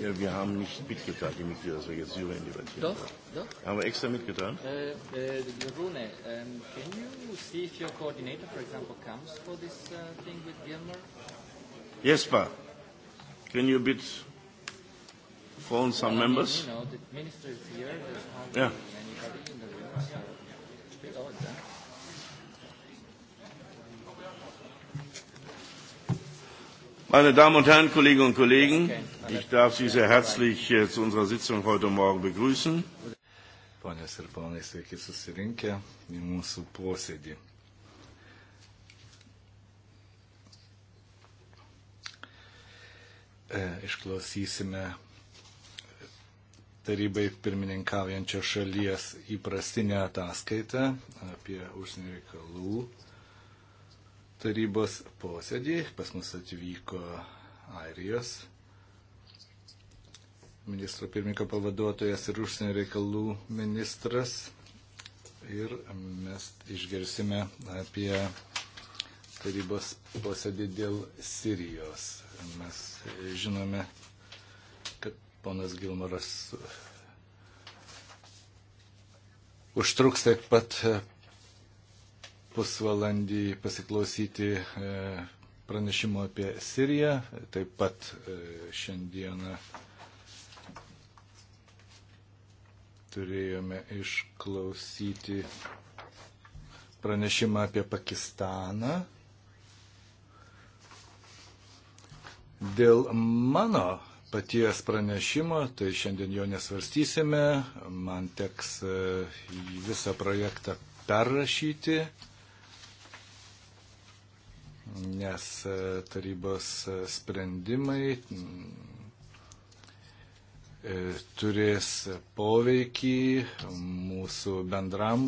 Ja, wir haben nicht mitgeteilt, die Mitglieder, dass wir jetzt Syrien debattieren. Doch, doch. Haben wir extra mitgeteilt? Uh, uh, Rune, um, can you see if your coordinator, for example, comes for this uh, thing with Gilmer? Jesper, can you bit phone some well, members? I mean, you know, the minister is here. There's hardly yeah. anybody in the room. So it's a bit odd, huh? Meine Damen und Herren, Kolleginnen und Kollegen, ich darf Sie sehr herzlich zu unserer Sitzung heute Morgen begrüßen. Ponios ir ponai, sveiki susirinkę į mūsų posėdį. E, išklausysime tarybai pirmininkaujančio šalies įprastinę ataskaitą apie užsienio reikalų tarybos posėdį. Pas mus atvyko Airijos ministro pirmininko pavaduotojas ir užsienio reikalų ministras. Ir mes išgirsime apie tarybos posėdį dėl Sirijos. Mes žinome, kad ponas Gilmaras užtruks tiek pat pusvalandį pasiklausyti e, pranešimo apie Siriją. Taip pat e, šiandieną turėjome išklausyti pranešimą apie Pakistaną. Dėl mano paties pranešimo, tai šiandien jo nesvarstysime, man teks e, visą projektą perrašyti nes e, tarybos e, sprendimai e, turės poveikį mūsų bendram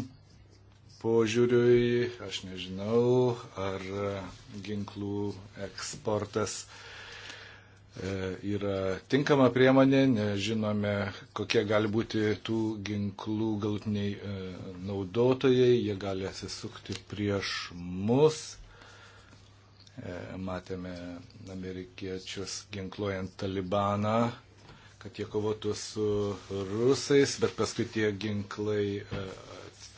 požiūriui. Aš nežinau, ar ginklų eksportas yra tinkama priemonė, nežinome, kokie gali būti tų ginklų galutiniai naudotojai, jie gali atsisukti prieš mus. E, matėme amerikiečius ginkluojant Talibaną, kad jie kovotų su rusais, bet paskui tie ginklai e,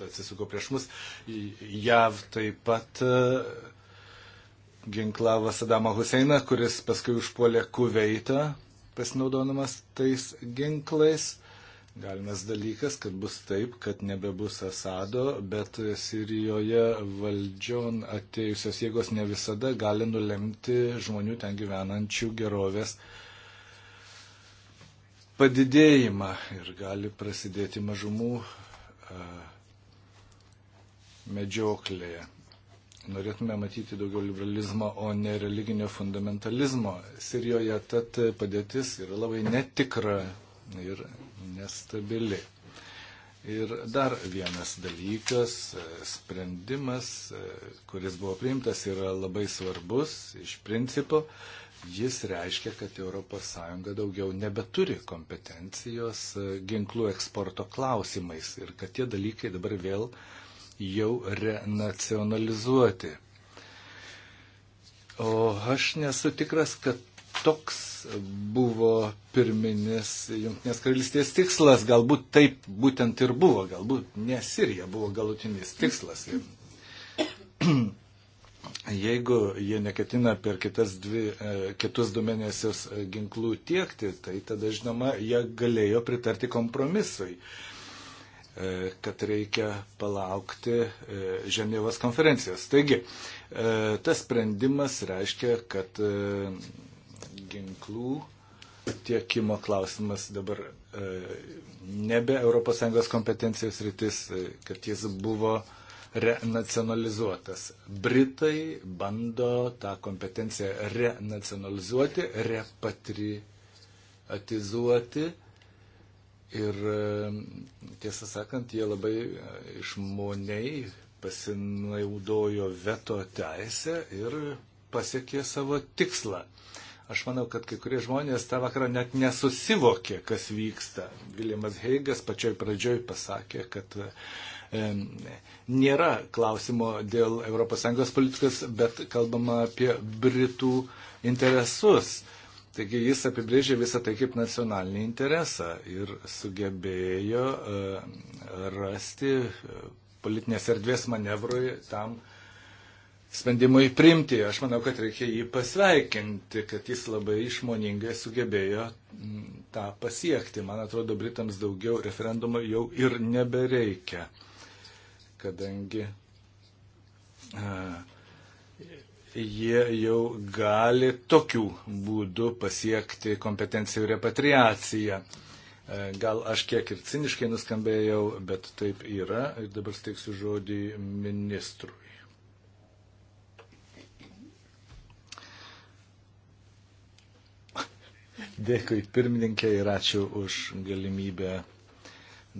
atsisuko prieš mus. JAV taip pat e, ginklavo Sadamą Huseiną, kuris paskui užpuolė Kuveitą, pasinaudodamas tais ginklais. Galimas dalykas, kad bus taip, kad nebebus Asado, bet Sirijoje valdžion atėjusios jėgos ne visada gali nulemti žmonių ten gyvenančių gerovės padidėjimą ir gali prasidėti mažumų medžioklėje. Norėtume matyti daugiau liberalizmo, o ne religinio fundamentalizmo. Sirijoje tad padėtis yra labai netikra ir nestabili. Ir dar vienas dalykas, e, sprendimas, e, kuris buvo priimtas, yra labai svarbus iš principo. Jis reiškia, kad ES daugiau nebeturi kompetencijos e, ginklų eksporto klausimais ir kad tie dalykai dabar vėl jau renacionalizuoti. O aš nesu tikras, kad toks buvo pirminis Junktinės karalystės tikslas, galbūt taip būtent ir buvo, galbūt ne Sirija buvo galutinis tikslas. Jeigu jie neketina per kitas dvi, e, kitus du mėnesius e, ginklų tiekti, tai tada, žinoma, jie galėjo pritarti kompromisui e, kad reikia palaukti Ženevos konferencijos. Taigi, tas sprendimas reiškia, kad ginklų tiekimo klausimas dabar e, nebe ES kompetencijos rytis, e, kad jis buvo renacionalizuotas. Britai bando tą kompetenciją renacionalizuoti, repatriatizuoti ir e, tiesą sakant, jie labai išmoniai pasinaudojo veto teisę ir pasiekė savo tikslą. Aš manau, kad kai kurie žmonės tą vakarą net nesusivokė, kas vyksta. Viljamas Heigas pačioj pradžioj pasakė, kad e, nėra klausimo dėl ES politikos, bet kalbama apie Britų interesus. Taigi jis apibrėžė visą tai kaip nacionalinį interesą ir sugebėjo rasti e, politinės erdvės manevrui tam, sprendimui primti. Aš manau, kad reikia jį pasveikinti, kad jis labai išmoningai sugebėjo mm, tą pasiekti. Man atrodo, Britams daugiau referendumo jau ir nebereikia, kadangi a, jie jau gali tokiu būdu pasiekti kompetencijų repatriaciją. Gal aš kiek ir ciniškai nuskambėjau, bet taip yra. Ir dabar steiksiu žodį ministrui. Dėkui pirmininkė ir ačiū už galimybę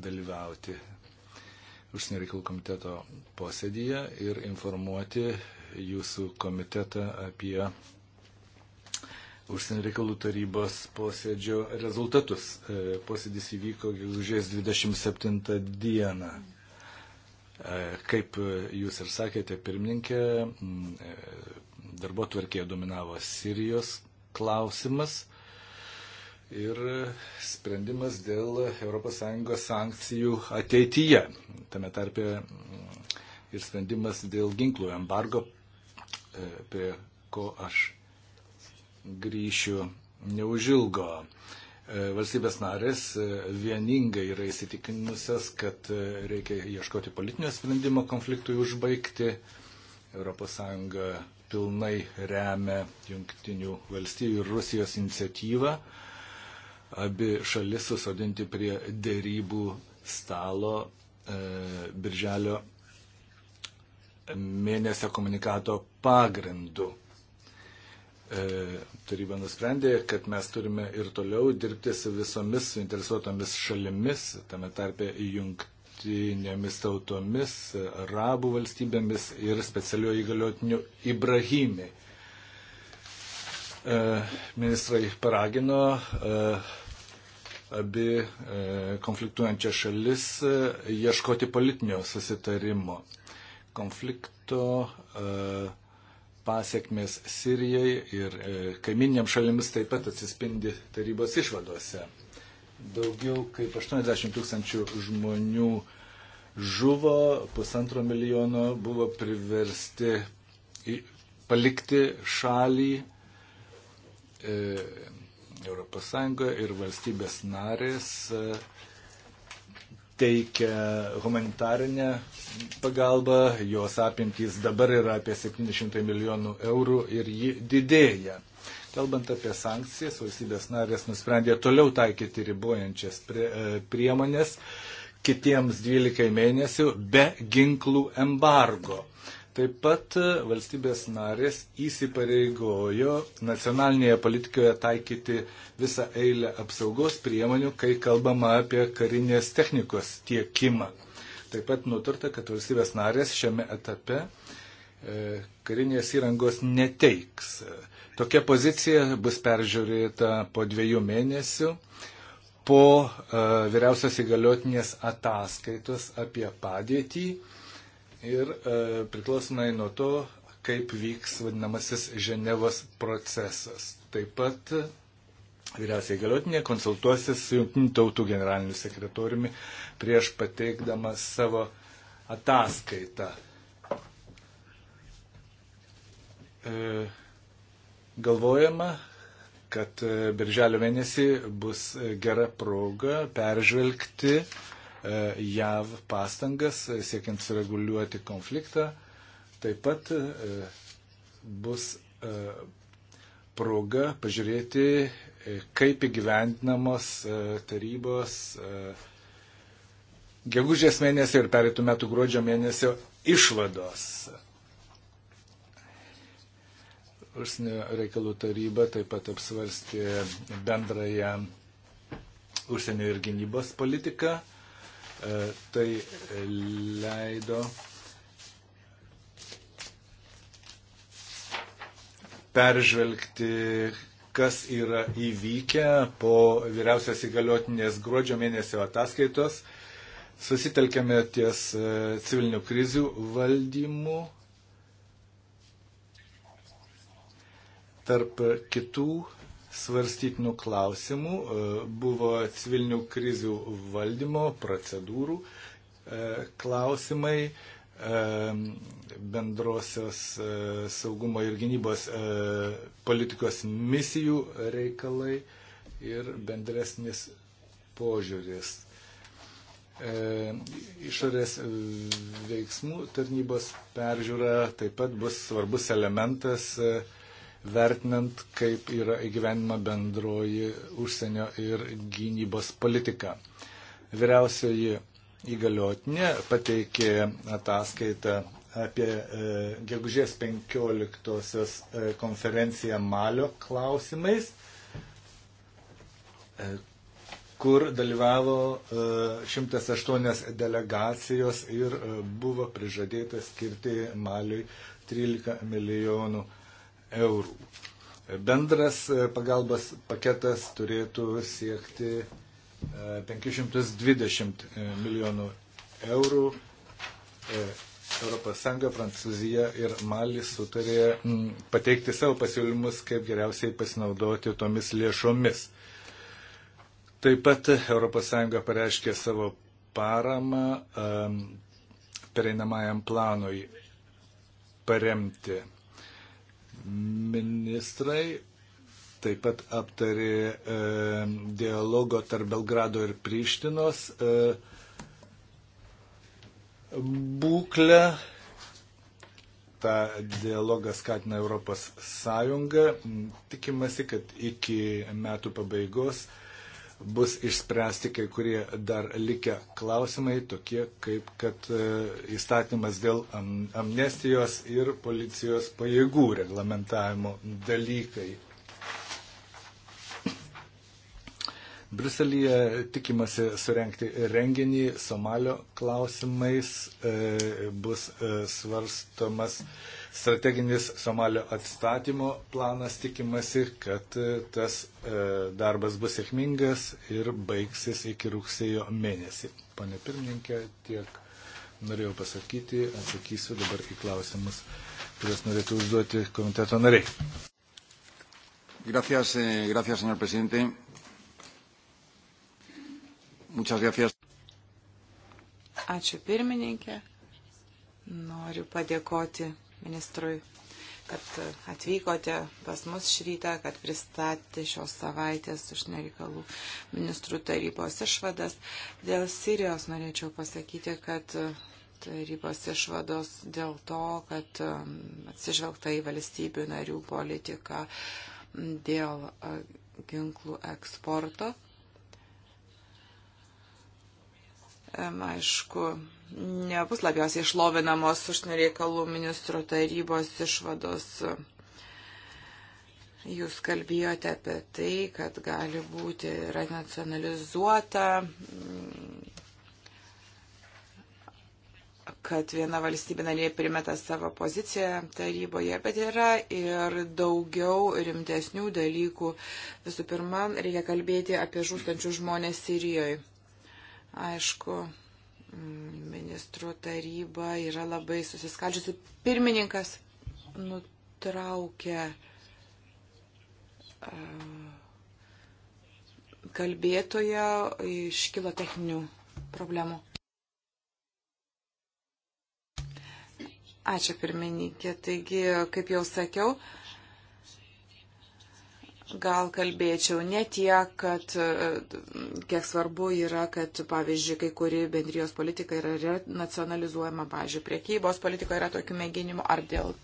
dalyvauti užsienio reikalų komiteto posėdyje ir informuoti jūsų komitetą apie užsienio reikalų tarybos posėdžio rezultatus. E, posėdis įvyko gegužės 27 dieną. E, kaip jūs ir sakėte, pirmininkė, e, darbo tvarkėje dominavo Sirijos klausimas ir sprendimas dėl ES sankcijų ateityje. Tame tarpe mm, ir sprendimas dėl ginklų embargo, e, prie ko aš grįšiu neužilgo. E, valstybės narės e, vieningai yra įsitikinusios, kad reikia ieškoti politinio sprendimo konfliktui užbaigti. ES pilnai remia Junktinių valstybių ir Rusijos iniciatyvą abi šalis susodinti prie dėrybų stalo e, birželio mėnesio komunikato pagrindu. E, taryba nusprendė, kad mes turime ir toliau dirbti su visomis suinteresuotomis šalimis, tame tarpe jungtinėmis tautomis, arabų valstybėmis ir specialiuoju įgaliotiniu Ibrahimiai. E, ministrai paragino e, abi e, konfliktuojančias šalis ieškoti politinio susitarimo. Konflikto pasiekmes Sirijai ir kaiminėms šalims taip pat atsispindi tarybos išvadose. Daugiau kaip 80 tūkstančių žmonių žuvo, pusantro milijono buvo priversti palikti šalį ES ir valstybės narės e, teikia humanitarinę pagalbą, jos apimtys dabar yra apie 700 milijonų eurų ir ji didėja. Kalbant apie sankcijas, valstybės narės nusprendė toliau taikyti ribojančias prie, e, priemonės kitiems 12 mėnesių be ginklų embargo. Taip pat e, valstybės narės įsipareigojo nacionalinėje politikoje taikyti visą eilę apsaugos priemonių, kai kalbama apie karinės technikos tiekimą. Taip pat nutarta, kad valstybės narės šiame etape e, karinės įrangos neteiks. Tokia pozicija bus peržiūrėta po dviejų mėnesių po e, vyriausios įgaliotinės ataskaitos apie padėtį ir e, priklausomai nuo to, kaip vyks vadinamasis Ženevos procesas. Taip pat vyriausiai galiotinė konsultuosis su Junktinių tautų generaliniu sekretoriumi prieš pateikdama savo ataskaitą. E, galvojama, kad e, birželio mėnesį bus e, gera proga peržvelgti e, E, JAV pastangas e, siekiant sureguliuoti konfliktą. Taip pat e, bus proga pažiūrėti, kaip įgyvendinamos tarybos gegužės mėnesio ir perėtų metų gruodžio mėnesio išvados. Užsienio reikalų taryba taip pat apsvarstė bendrąją užsienio ir gynybos politiką. E, tai leido peržvelgti, kas yra įvykę po vyriausios įgaliotinės gruodžio mėnesio ataskaitos. Susitelkėme ties e, civilinių krizių valdymu tarp kitų svarstytinų klausimų, e, buvo civilinių krizių valdymo procedūrų e, klausimai, e, bendrosios saugumo ir gynybos politikos misijų reikalai ir bendresnis požiūris. Išorės veiksmų tarnybos peržiūra taip pat bus svarbus elementas uh, vertinant, kaip yra įgyvenima bendroji užsienio ir gynybos politika. Vyriausioji įgaliotinė pateikė ataskaitą apie e, gegužės 15-osios e, konferenciją Malio klausimais, e, kur dalyvavo e, 108 delegacijos ir e, buvo prižadėta skirti Maliui 13 milijonų e, eurų. Bendras e, pagalbas paketas turėtų siekti 520 e, e, milijonų eurų. ES, Prancūzija ir Malis sutarė pateikti savo pasiūlymus, kaip geriausiai pasinaudoti tomis lėšomis. Taip pat ES pareiškė savo paramą um, pereinamajam planui paremti. Ministrai taip pat aptarė e, dialogo tarp Belgrado ir Prištinos e, būklę. Ta dialogą skatina Europos Sąjunga. Tikimasi, kad iki metų pabaigos e, bus išspręsti kai kurie dar likę klausimai, tokie kaip kad e, įstatymas dėl amnestijos ir policijos pajėgų reglamentavimo dalykai. Bruselėje tikimasi surenkti renginį Somalio klausimais, e, bus e, svarstomas Strateginis Somalio atstatymo planas tikimasi, kad e, tas e, darbas bus sėkmingas ir baigsis iki rugsėjo mėnesį. Pane pirmininkė, tiek norėjau pasakyti, atsakysiu dabar į klausimus, kuriuos norėtų užduoti komiteto nariai. Gracias, eh, gracias, señor presidente. Muchas gracias. Ačiū pirmininkė. Noriu padėkoti ministrui, kad atvykote pas mus šį rytą, kad pristatė šios savaitės užsienio reikalų ministrų tarybos išvadas. Dėl Sirijos norėčiau pasakyti, kad tarybos išvados dėl to, kad um, atsižvelgta į valstybių narių politiką dėl uh, ginklų eksporto aišku, nebus labiausiai išlovinamos užsienio reikalų ministro tarybos išvados. Jūs kalbėjote apie tai, kad gali būti renacionalizuota, kad viena valstybė narė primeta savo poziciją taryboje, bet yra ir daugiau rimtesnių dalykų. Visų pirma, reikia kalbėti apie žūstančių žmonės Sirijoje Aišku, ministrų taryba yra labai susiskaldžiusi. Pirmininkas nutraukė kalbėtoje iškilo techninių problemų. Ačiū pirmininkė. Taigi, kaip jau sakiau, gal kalbėčiau ne tiek, kad e, kiek svarbu yra, kad, pavyzdžiui, kai kuri bendrijos politika yra nacionalizuojama, pavyzdžiui, priekybos politika yra tokių mėginimų, ar dėl,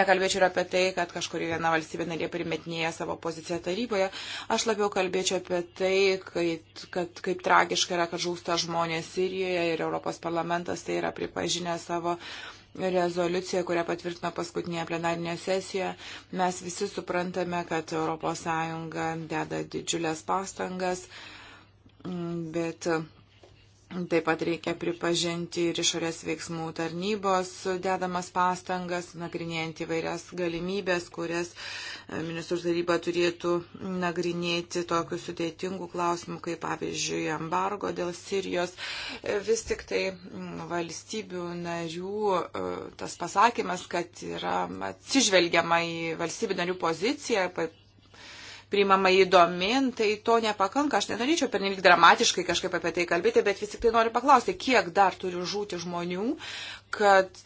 nekalbėčiau ir apie tai, kad kažkuri viena valstybė narė primetinėja savo poziciją taryboje, aš labiau kalbėčiau apie tai, kad, kad kaip tragiška yra, kad žūsta žmonės Sirijoje ir Europos parlamentas tai yra pripažinę savo rezoliuciją, kurią patvirtino paskutinėje plenarinėje sesijoje. Mes visi suprantame, kad ES deda didžiulės pastangas, bet Taip pat reikia pripažinti ir išorės veiksmų tarnybos dedamas pastangas, nagrinėjant įvairias galimybės, kurias e, ministrų taryba turėtų nagrinėti tokių sudėtingų klausimų, kaip pavyzdžiui embargo dėl Sirijos. E, vis tik tai valstybių narių e, tas pasakymas, kad yra atsižvelgiama į valstybių narių poziciją, priimama įdomin, tai to nepakanka. Aš nenorėčiau pernelyg dramatiškai kažkaip apie tai kalbėti, bet vis tik tai noriu paklausti, kiek dar turi žūti žmonių, kad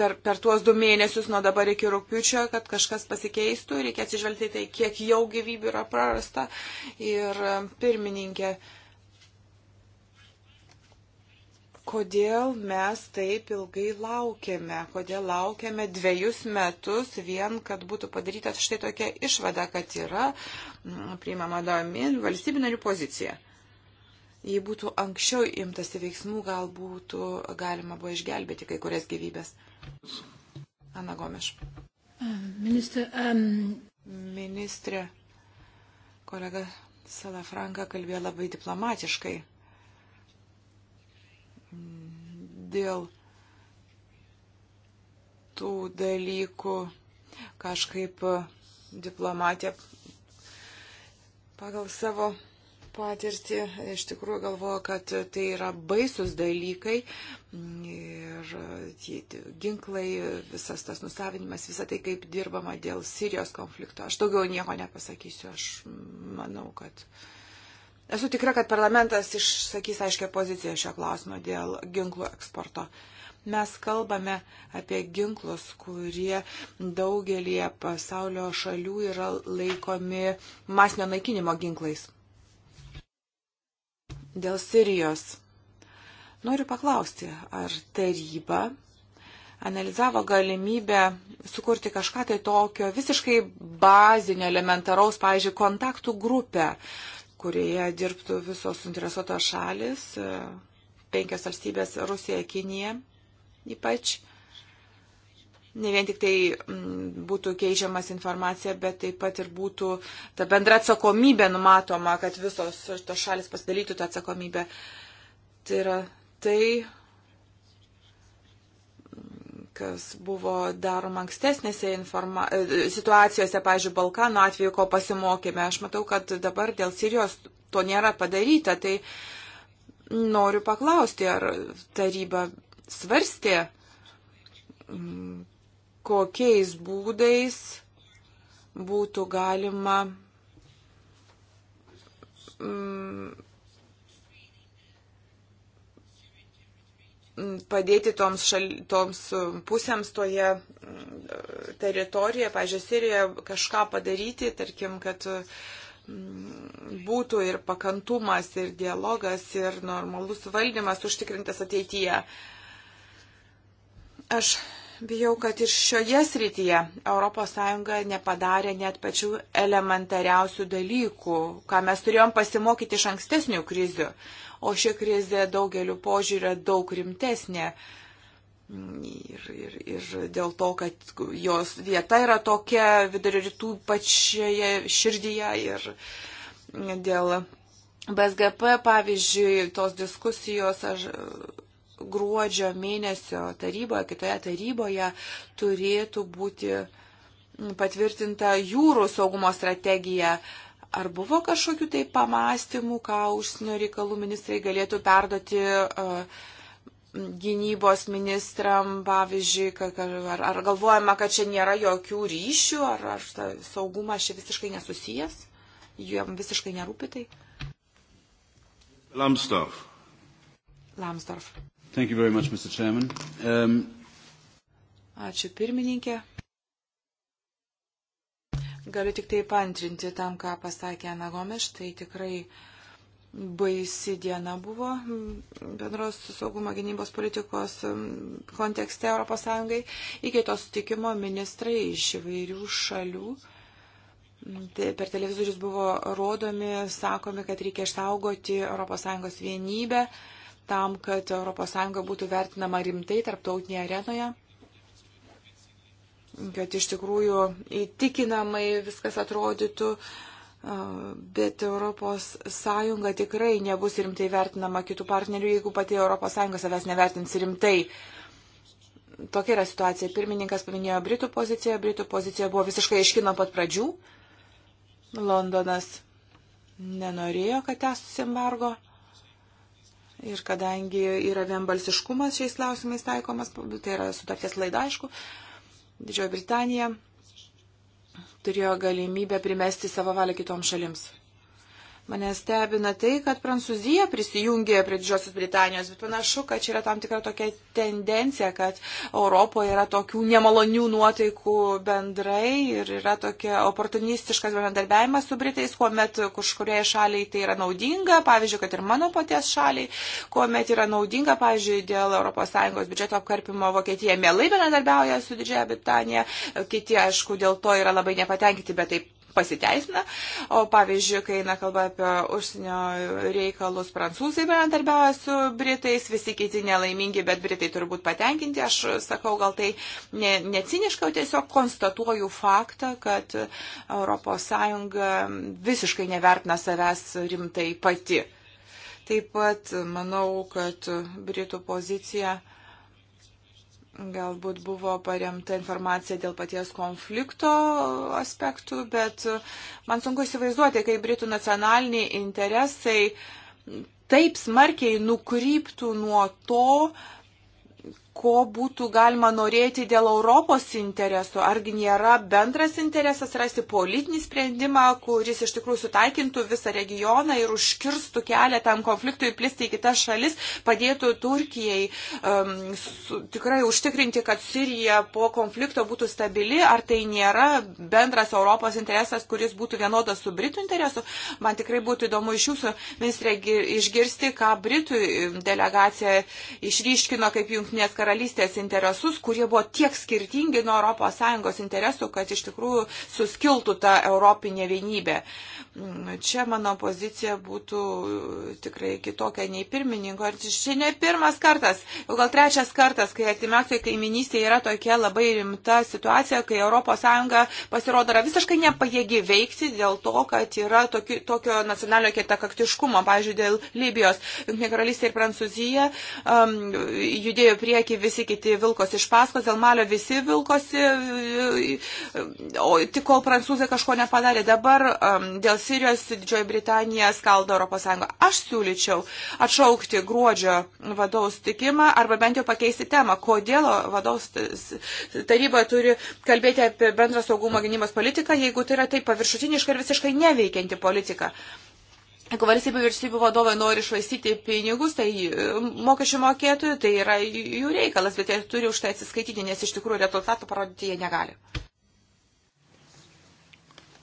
per, per tuos du mėnesius nuo dabar iki rūpiučio, kad kažkas pasikeistų, reikia atsižvelgti tai, kiek jau gyvybių yra prarasta. Ir pirmininkė, uh, kodėl mes taip ilgai laukiame, kodėl laukiame dviejus metus vien, kad būtų padaryta štai tokia išvada, kad yra mm, priimama domin valstybinarių pozicija. Jei būtų anksčiau imtasi veiksmų, gal būtų galima buvo išgelbėti kai kurias gyvybės. Ana Gomeš. Ministrė. Um... Ministrė. Kolega Salafranka kalbėjo labai diplomatiškai dėl tų dalykų kažkaip e, diplomatė pagal savo patirtį iš tikrųjų galvoju, kad tai yra baisus dalykai ir ginklai, visas tas nusavinimas, visą tai, kaip dirbama dėl Sirijos konflikto. Aš daugiau nieko nepasakysiu, aš manau, kad. Uh, Esu tikra, kad parlamentas išsakys aiškę poziciją šio klausimo dėl ginklų eksporto. Mes kalbame apie ginklus, kurie daugelie pasaulio šalių yra laikomi masinio naikinimo ginklais. Dėl Sirijos. Noriu paklausti, ar taryba analizavo galimybę sukurti kažką tai tokio visiškai bazinio, elementaraus, pavyzdžiui, kontaktų grupę kurioje dirbtų visos suinteresuotos šalis, e, penkios valstybės - Rusija, Kinija ypač. Ne vien tik tai mm, būtų keičiamas informacija, bet taip pat ir būtų ta bendra atsakomybė numatoma, kad visos tos šalis pasidalytų tą atsakomybę. Tai yra tai, kas buvo daroma ankstesnėse informa... E, situacijose, pavyzdžiui, Balkanų atveju, ko pasimokėme. Aš matau, kad dabar dėl Sirijos to nėra padaryta. Tai noriu paklausti, ar taryba svarstė, mm, kokiais būdais būtų galima mm, padėti toms, šal, toms e, pusėms toje mm, teritorijoje, pažiūrėjau, Sirijoje kažką padaryti, tarkim, kad e, mm, būtų ir pakantumas, ir dialogas, ir normalus valdymas užtikrintas ateityje. Aš Bijau, kad ir šioje srityje ES nepadarė net pačių elementariausių dalykų, ką mes turėjom pasimokyti iš ankstesnių krizių, o ši krizė daugeliu požiūrė daug rimtesnė. Ir, ir, ir dėl to, kad jos vieta yra tokia vidurio rytų pačioje širdyje ir dėl BSGP, pavyzdžiui, tos diskusijos aš gruodžio mėnesio taryboje, kitoje taryboje turėtų būti mm, patvirtinta jūrų saugumo strategija. Ar buvo kažkokių tai pamastymų, ką užsienio reikalų ministrai galėtų perduoti uh, gynybos ministram, pavyzdžiui, ar, ar galvojama, kad čia nėra jokių ryšių, ar, ar saugumas čia visiškai nesusijęs, jam visiškai nerūpi tai? Lamsdorf. Lamsdorf. Thank you very much, Mr. Chairman. Um... Ačiū pirmininkė. Galiu tik tai pantrinti tam, ką pasakė Ana Gomes, tai tikrai baisi diena buvo bendros saugumo gynybos politikos um, kontekste ES. Iki to sutikimo ministrai iš įvairių šalių tai per televizorius buvo rodomi, sakomi, kad reikia išsaugoti ES vienybę tam, kad ES būtų vertinama rimtai tarptautinėje arenoje, kad iš tikrųjų įtikinamai viskas atrodytų, bet ES tikrai nebus rimtai vertinama kitų partnerių, jeigu pati ES savęs nevertins rimtai. Tokia yra situacija. Pirmininkas paminėjo Britų poziciją, Britų pozicija buvo visiškai aiški nuo pat pradžių. Londonas nenorėjo, kad tęstųsi embargo. Ir kadangi yra vienbalsiškumas šiais klausimais taikomas, tai yra sutarties laida, aišku, Didžioji Britanija turėjo galimybę primesti savo valią kitoms šalims. Mane stebina tai, kad Prancūzija prisijungė prie Didžiosios Britanijos, bet panašu, kad čia yra tam tikra tokia tendencija, kad Europoje yra tokių nemalonių nuotaikų bendrai ir yra tokia oportunistiškas bendradarbiavimas su Britais, kuomet kažkuriai šaliai tai yra naudinga, pavyzdžiui, kad ir mano paties šaliai, kuomet yra naudinga, pavyzdžiui, dėl ES biudžeto apkarpimo Vokietija mielai bendradarbiauja su Didžiaja Britanija, kiti, aišku, dėl to yra labai nepatenkinti, bet taip pasiteisina. O pavyzdžiui, kai eina kalba apie užsienio reikalus, prancūzai bendarbiavo su britais, visi kiti nelaimingi, bet britai turbūt patenkinti. Aš sakau, gal tai ne, neciniška, o tiesiog konstatuoju faktą, kad ES visiškai nevertina savęs rimtai pati. Taip pat manau, kad Britų pozicija uh, galbūt buvo paremta informacija dėl paties konflikto aspektų, bet uh, man sunku įsivaizduoti, kai Britų nacionaliniai interesai taip smarkiai nukryptų nuo to, uh, ko būtų galima norėti dėl Europos interesų. Argi nėra bendras interesas rasti politinį sprendimą, kuris iš tikrųjų sutaikintų visą regioną ir užkirstų kelią tam konfliktui plisti į kitas šalis, padėtų Turkijai um, su, tikrai užtikrinti, kad Sirija po konflikto būtų stabili. Ar tai nėra bendras Europos interesas, kuris būtų vienodas su Britų interesu? Man tikrai būtų įdomu iš jūsų, ministrė, išgirsti, ką Britų delegacija išryškino kaip jungtinės karalystės interesus, kurie buvo tiek skirtingi nuo ES interesų, kad iš tikrųjų suskiltų ta europinė vienybė. Mm, čia mano pozicija būtų tikrai kitokia nei pirmininko. Ir čia ne pirmas kartas, jau gal trečias kartas, kai artimiausiai kaiminystėje yra tokia labai rimta situacija, kai ES pasirodo yra visiškai nepajėgi veikti dėl to, kad yra tokio, tokio nacionalinio kietakaktiškumo, pavyzdžiui, dėl Libijos. Junktinė karalystė ir Prancūzija um, judėjo prieki pasakė, visi kiti vilkosi iš paskos, dėl malio visi vilkosi, o tik kol prancūzai kažko nepadarė. Dabar um, dėl Sirijos Didžioji Britanija skaldo Europos Sąjungą. Aš siūlyčiau atšaukti gruodžio vadovų sutikimą arba bent jau pakeisti temą, kodėl vadovų taryba turi kalbėti apie bendrą saugumo gynybos politiką, jeigu tai yra taip paviršutiniška ir visiškai neveikianti politika. Jeigu valstybių virsybių vadovai nori išvaistyti pinigus, tai e, mokesčių mokėtojų, tai yra jų reikalas, bet jie turi už tai atsiskaityti, nes iš tikrųjų rezultatų parodyti jie negali.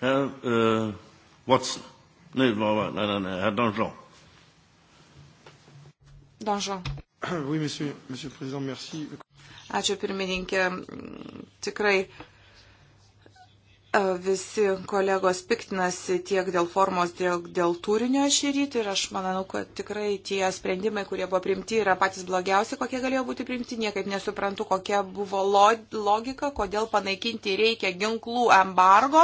Herr uh, Watson. Nee, nein, nein, nein, Herr Danjean. Danjean. Oui, monsieur, monsieur le Président, merci. Ačiū pirmininkė. Mm, tikrai. Uh, Visi kolegos piktinasi tiek dėl formos, dėl, dėl turinio šį rytį ir aš manau, kad tikrai tie sprendimai, kurie buvo priimti, yra patys blogiausi, kokie galėjo būti priimti. Niekaip nesuprantu, kokia buvo logika, kodėl panaikinti reikia ginklų embargo.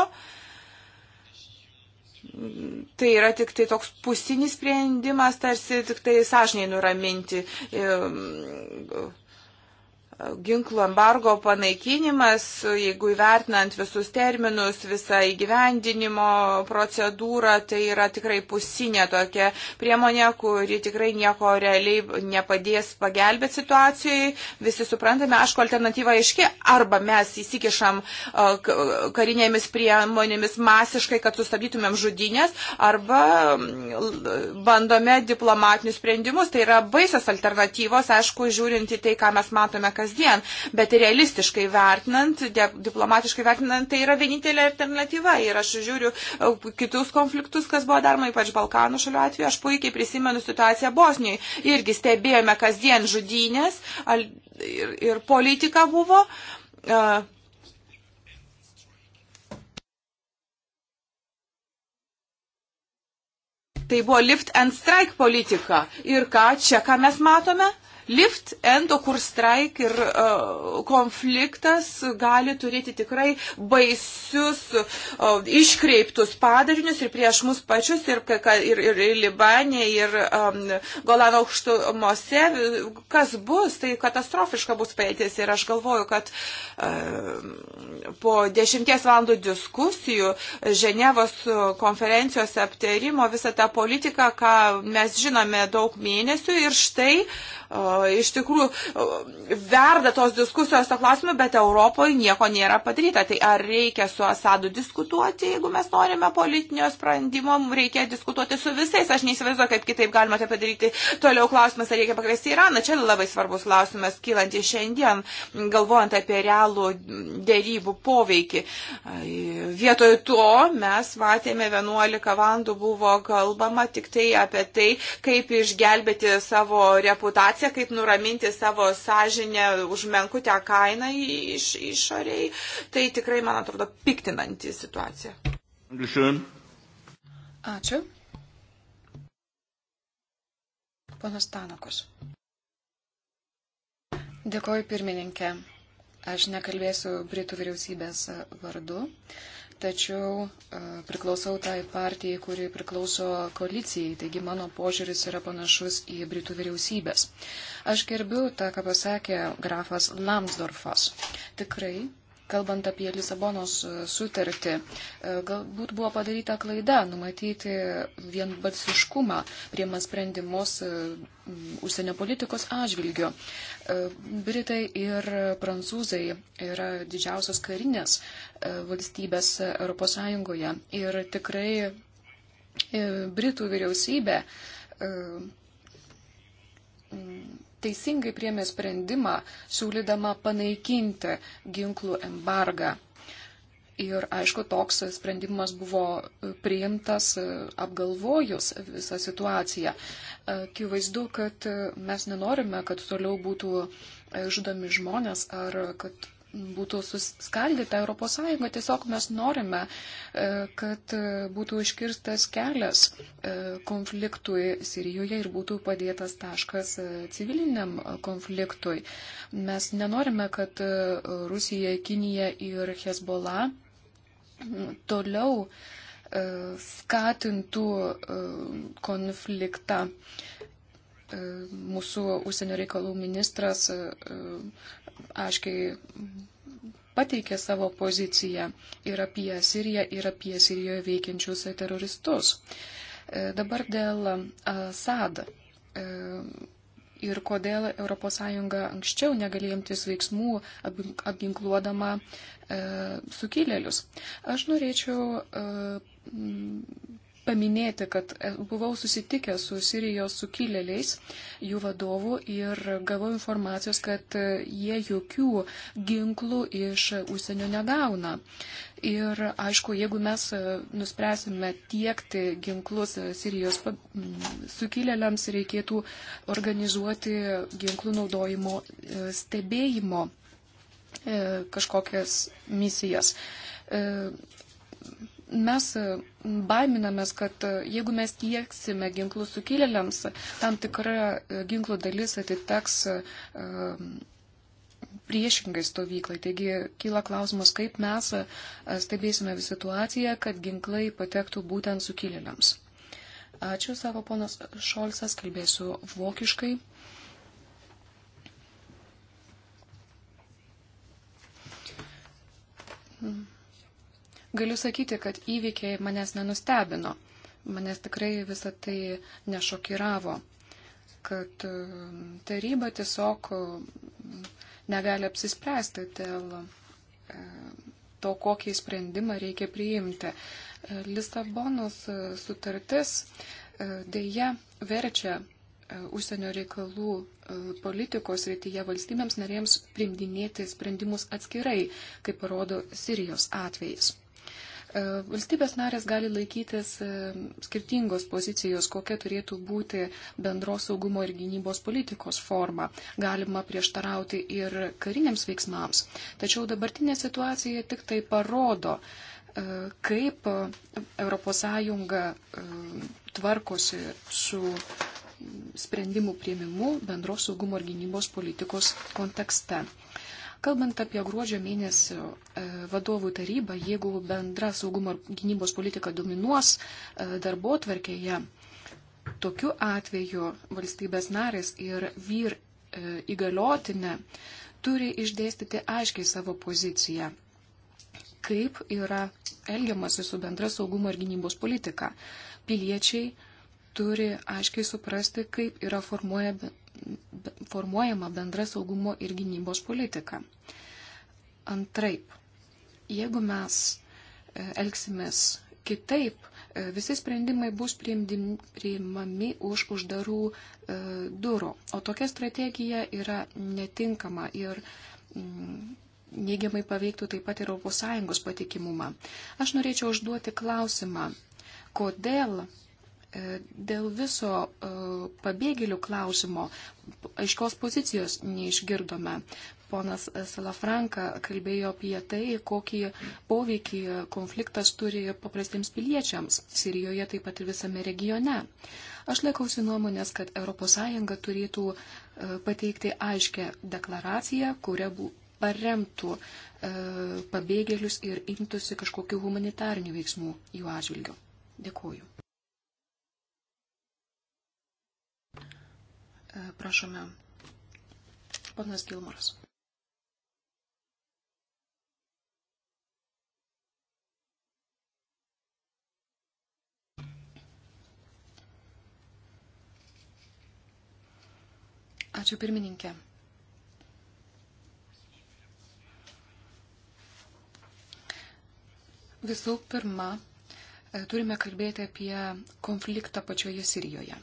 Tai yra tik tai toks pusinis sprendimas, tarsi tik tai sąžiniai nuraminti. E, ginklų embargo panaikinimas, jeigu įvertinant visus terminus, visą įgyvendinimo procedūrą, tai yra tikrai pusinė tokia priemonė, kuri tikrai nieko realiai nepadės pagelbėti situacijai. Visi suprantame, aišku, alternatyva aiški, arba mes įsikišam karinėmis priemonėmis masiškai, kad sustabdytumėm žudynės, arba mm, bandome diplomatinius sprendimus. Tai yra baisios alternatyvos, aišku, žiūrint į tai, ką mes matome, kad kasdien, bet realistiškai vertinant, diplomatiškai vertinant, tai yra vienintelė alternatyva. Ir aš žiūriu e, kitus konfliktus, kas buvo daroma, ypač Balkanų šalių atveju. Aš puikiai prisimenu situaciją Bosnijoje. Irgi stebėjome kasdien žudynės ir, ir politika buvo. Uh, tai buvo lift and strike politika. Ir ką čia, ką mes matome? Lift and okur strike ir uh, konfliktas gali turėti tikrai baisius uh, iškreiptus padarinius ir prieš mus pačius ir, ir, ir, ir Libanė, ir um, Golano aukštumose. Kas bus, tai katastrofiška bus paėtis ir aš galvoju, kad uh, po dešimties valandų diskusijų Ženevos konferencijos aptarimo visą tą politiką, ką mes žinome daug mėnesių ir štai Iš tikrųjų, verda tos diskusijos to klausimu, bet Europoje nieko nėra padaryta. Tai ar reikia su Asadu diskutuoti, jeigu mes norime politinio sprendimo, reikia diskutuoti su visais. Aš neįsivaizduoju, kaip kitaip galima tai padaryti. Toliau klausimas, ar reikia pakviesti Iraną. Čia labai svarbus klausimas, kylant iš šiandien, galvojant apie realų dėrybų poveikį. Vietoj to mes matėme 11 valandų buvo kalbama tik tai apie tai, kaip išgelbėti savo reputaciją situaciją, kaip nuraminti savo sąžinę už menkutę kainą iš, išoriai, tai tikrai, man atrodo, piktinanti situacija. Ačiū. Ponas Tanakos. Dėkoju pirmininkė. Aš nekalbėsiu Britų vyriausybės vardu tačiau e, priklausau tai partijai, kuri priklauso koalicijai, taigi mano požiūris yra panašus į Britų vyriausybės. Aš gerbiu tą, ką pasakė grafas Lamsdorfas. Tikrai kalbant apie Lisabonos e, sutartį, e, galbūt buvo padaryta klaida numatyti vienbalsiškumą priema sprendimus e, užsienio politikos atžvilgiu. Britai ir prancūzai yra didžiausios karinės valstybės ES ir tikrai Britų vyriausybė teisingai priemė sprendimą, siūlydama panaikinti ginklų embargą. Ir aišku, toks sprendimas buvo priimtas apgalvojus visą situaciją. Akivaizdu, kad mes nenorime, kad toliau būtų žudomi žmonės ar kad būtų suskaldyta ES, tiesiog mes norime, e, kad e, būtų iškirstas kelias e, konfliktui Sirijoje ir būtų padėtas taškas civiliniam konfliktui. Mes nenorime, kad Rusija, Kinija ir Hezbollah toliau skatintų konfliktą. Mūsų užsienio reikalų ministras aiškiai pateikė savo poziciją ir apie Siriją, ir apie Sirijoje veikiančius teroristus. E, dabar dėl SAD e, ir kodėl ES anksčiau negalėjimtis veiksmų apginkluodama e, sukilėlius. Aš norėčiau paminėti, kad buvau susitikęs su Sirijos sukilėliais, jų vadovu ir gavau informacijos, kad jie jokių ginklų iš užsienio negauna. Ir aišku, jeigu mes nuspręsime tiekti ginklus Sirijos sukilėliams, reikėtų organizuoti ginklų naudojimo e, stebėjimo e, kažkokias misijas e, Mes e, baiminamės, kad e, jeigu mes tieksime ginklus sukilėliams, tam tikra e, ginklų dalis atiteks priešingai stovyklai. Taigi kyla klausimas, kaip mes stebėsime situaciją, kad ginklai patektų būtent sukilėliams. Ačiū, sako ponas Šolcas, kalbėsiu vokiškai. Mm. Galiu sakyti, kad įvykiai manęs nenustebino. Manęs tikrai visą tai nešokiravo, kad um, taryba tiesiog um, negali apsispręsti dėl um, to, kokį sprendimą reikia priimti. Lisabonos uh, sutartis uh, dėja verčia uh, užsienio reikalų politikos rytyje valstybėms narėms primdinėti sprendimus atskirai, kaip parodo Sirijos atvejais. E, valstybės narės gali laikytis e, skirtingos pozicijos, kokia turėtų būti bendros saugumo ir gynybos politikos forma. Galima prieštarauti ir kariniams veiksmams. Tačiau dabartinė situacija tik tai parodo, e, kaip ES tvarkosi su sprendimų prieimimu bendros saugumo ir gynybos politikos kontekste. Kalbant apie gruodžio mėnesio e, vadovų tarybą, jeigu bendra saugumo ir gynybos politika dominuos e, darbo tvarkėje, tokiu atveju valstybės narės ir vyr e, įgaliotinė turi išdėstyti aiškiai savo poziciją, kaip yra elgiamasi su bendra saugumo ir gynybos politika. Piliečiai turi aiškiai suprasti, kaip yra formuojami formuojama bendra saugumo ir gynybos politika. Antraip, jeigu mes e, elgsimės kitaip, e, visi sprendimai bus priimami už uždarų e, durų, o tokia strategija yra netinkama ir mm, neigiamai paveiktų taip pat ir ES patikimumą. Aš norėčiau užduoti klausimą, kodėl E, dėl viso e, pabėgėlių klausimo aiškios pozicijos neišgirdome. Ponas Salafranka kalbėjo apie tai, kokį poveikį konfliktas turi paprastiems piliečiams Sirijoje, taip pat ir visame regione. Aš laikausi nuomonės, kad ES turėtų e, pateikti aiškę deklaraciją, kuria paremtų pabėgėlius ir imtųsi kažkokių humanitarnių veiksmų jų atžvilgių. Dėkuoju. E, prašome, ponas Gilmoras. Ačiū pirmininkė. Visų pirma, e, turime kalbėti apie konfliktą pačioje Sirijoje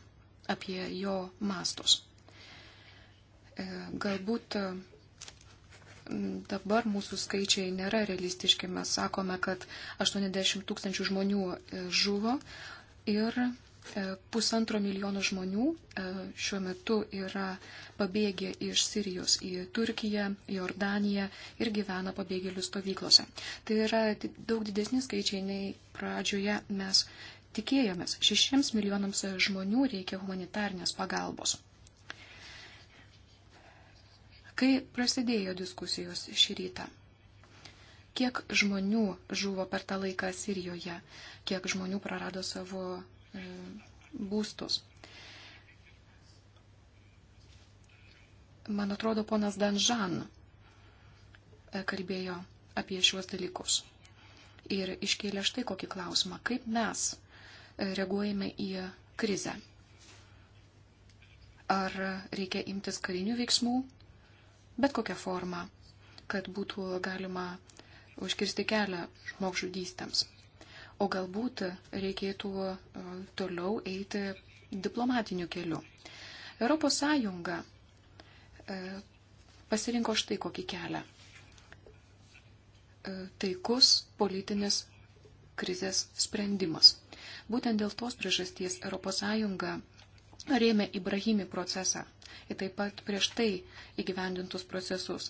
apie jo mastus. E, galbūt e, dabar mūsų skaičiai nėra realistiški. Mes sakome, kad 80 tūkstančių žmonių e, žuvo ir pusantro milijono žmonių šiuo metu yra pabėgę iš Sirijos į Turkiją, Jordaniją ir gyvena pabėgėlių stovyklose. Tai yra daug didesni skaičiai nei pradžioje mes tikėjomės. Šešiems milijonams žmonių reikia humanitarnės pagalbos. Kai prasidėjo diskusijos šį rytą, kiek žmonių žuvo per tą laiką Sirijoje, kiek žmonių prarado savo e, būstus. Man atrodo, ponas Danžan e, kalbėjo apie šiuos dalykus ir iškėlė štai kokį klausimą, kaip mes reaguojame į krizę. Ar reikia imtis karinių veiksmų, bet kokią formą, kad būtų galima užkirsti kelią žmogžudystėms. O galbūt reikėtų e, toliau eiti diplomatiniu keliu. Europos Sąjunga e, pasirinko štai kokį kelią. E, taikus politinis krizės sprendimas. Būtent dėl tos priežasties ES rėmė Ibrahimi procesą ir taip pat prieš tai įgyvendintus procesus.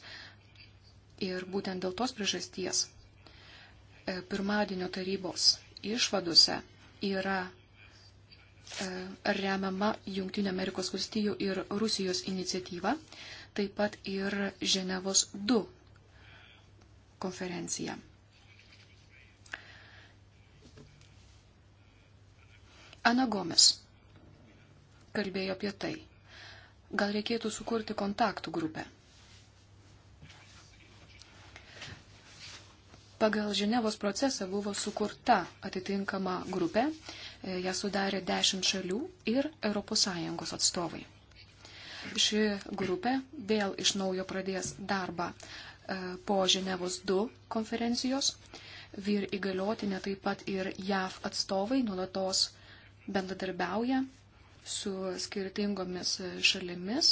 Ir būtent dėl tos priežasties e, pirmadienio tarybos išvadose yra e, remiama Junktinio Amerikos valstijų ir Rusijos iniciatyva, taip pat ir Ženevos 2 konferencija. Ana Gomes kalbėjo apie tai. Gal reikėtų sukurti kontaktų grupę. Pagal Ženevos procesą buvo sukurta atitinkama grupė, e, ją sudarė 10 šalių ir ES atstovai. Ši grupė vėl iš naujo pradės darbą e, po Ženevos 2 konferencijos. Vyr įgaliotinė taip pat ir JAV atstovai nuolatos bendradarbiauja su skirtingomis šalimis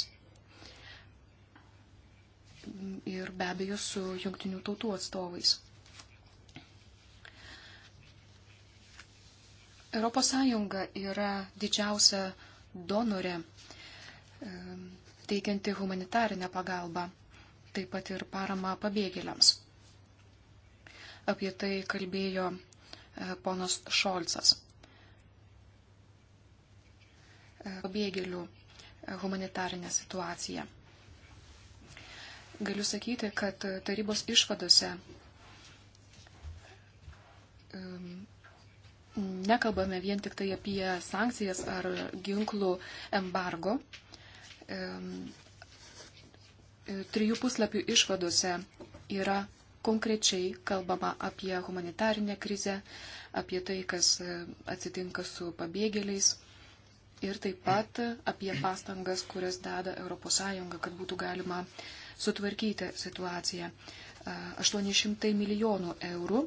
ir be abejo su jungtinių tautų atstovais. ES yra didžiausia donorė e, teikianti humanitarinę pagalbą, taip pat ir parama pabėgėliams. Apie tai kalbėjo e, ponas Šolcas. E, pabėgėlių e, humanitarinę situaciją. Galiu sakyti, kad tarybos išvadose nekalbame vien tik tai apie sankcijas ar ginklų embargo. E, trijų puslapių išvadose yra konkrečiai kalbama apie humanitarinę krizę, apie tai, kas atsitinka su pabėgėliais ir taip pat apie pastangas, kurias deda ES, kad būtų galima sutvarkyti situaciją. 800 milijonų eurų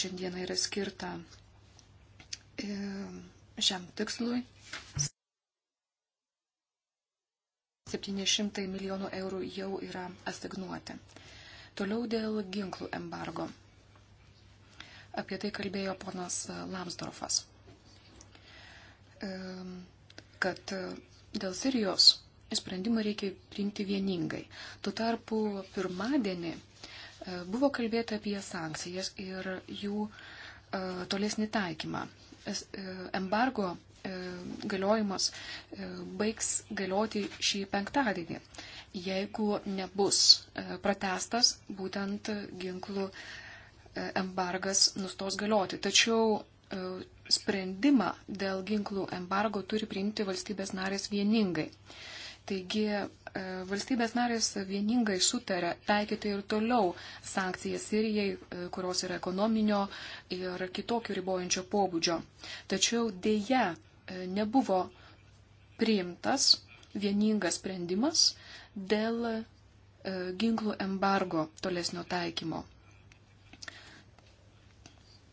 šiandieną yra skirta e, šiam tikslui. 700 milijonų eurų jau yra asignuoti. Toliau dėl ginklų embargo. Apie tai kalbėjo ponas Lamsdorfas kad e, dėl Sirijos sprendimą reikia priimti vieningai. Tuo tarpu pirmadienį e, buvo kalbėta apie sankcijas ir jų e, tolesnį taikymą. Embargo galiojimas baigs galioti šį penktadienį, jeigu nebus pratestas būtent ginklų embargas nustos galioti. Tačiau sprendimą dėl ginklų embargo turi priimti valstybės narės vieningai. Taigi e, valstybės narės vieningai sutarė taikyti ir toliau sankcijas Sirijai, e, kurios yra ekonominio ir kitokio ribojančio pobūdžio. Tačiau dėja e, nebuvo priimtas vieningas sprendimas dėl ginklų embargo tolesnio taikymo.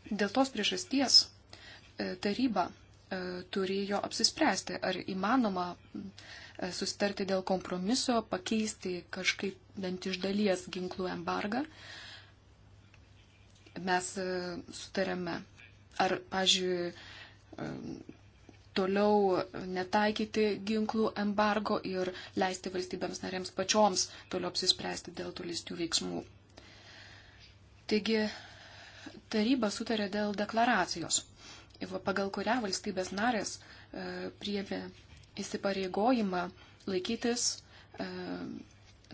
Dėl tos priežasties E, taryba e, turėjo apsispręsti, ar įmanoma e, sustarti dėl kompromiso, pakeisti kažkaip bent iš dalies ginklų embargą. Mes sutarėme, ar, pažiūrėjau, toliau netaikyti ginklų embargo ir leisti valstybėms narėms pačioms toliau apsispręsti dėl tolesnių veiksmų. Taigi, taryba sutarė dėl deklaracijos pagal kurią valstybės narės e, priėmė įsipareigojimą laikytis e,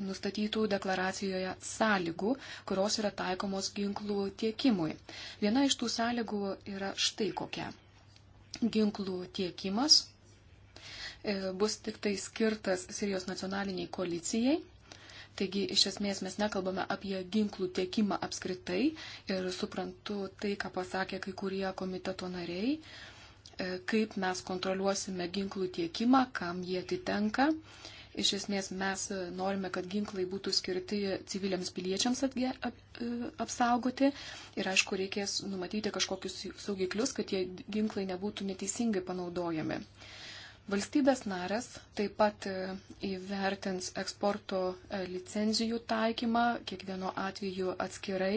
nustatytų deklaracijoje sąlygų, kurios yra taikomos ginklų tiekimui. Viena iš tų sąlygų yra štai kokia. Ginklų tiekimas e, bus tik tai skirtas Sirijos nacionaliniai koalicijai Taigi, iš esmės, mes nekalbame apie ginklų tiekimą apskritai ir suprantu tai, ką pasakė kai kurie komiteto nariai, e, kaip mes kontroliuosime ginklų tiekimą, kam jie atitenka. Iš esmės, mes norime, kad ginklai būtų skirti civiliams piliečiams atge, ap, e, apsaugoti ir, aišku, reikės numatyti kažkokius saugiklius, kad tie ginklai nebūtų neteisingai panaudojami. Uh, Valstybės narės taip pat e, įvertins eksporto e, licenzijų taikymą kiekvieno atveju atskirai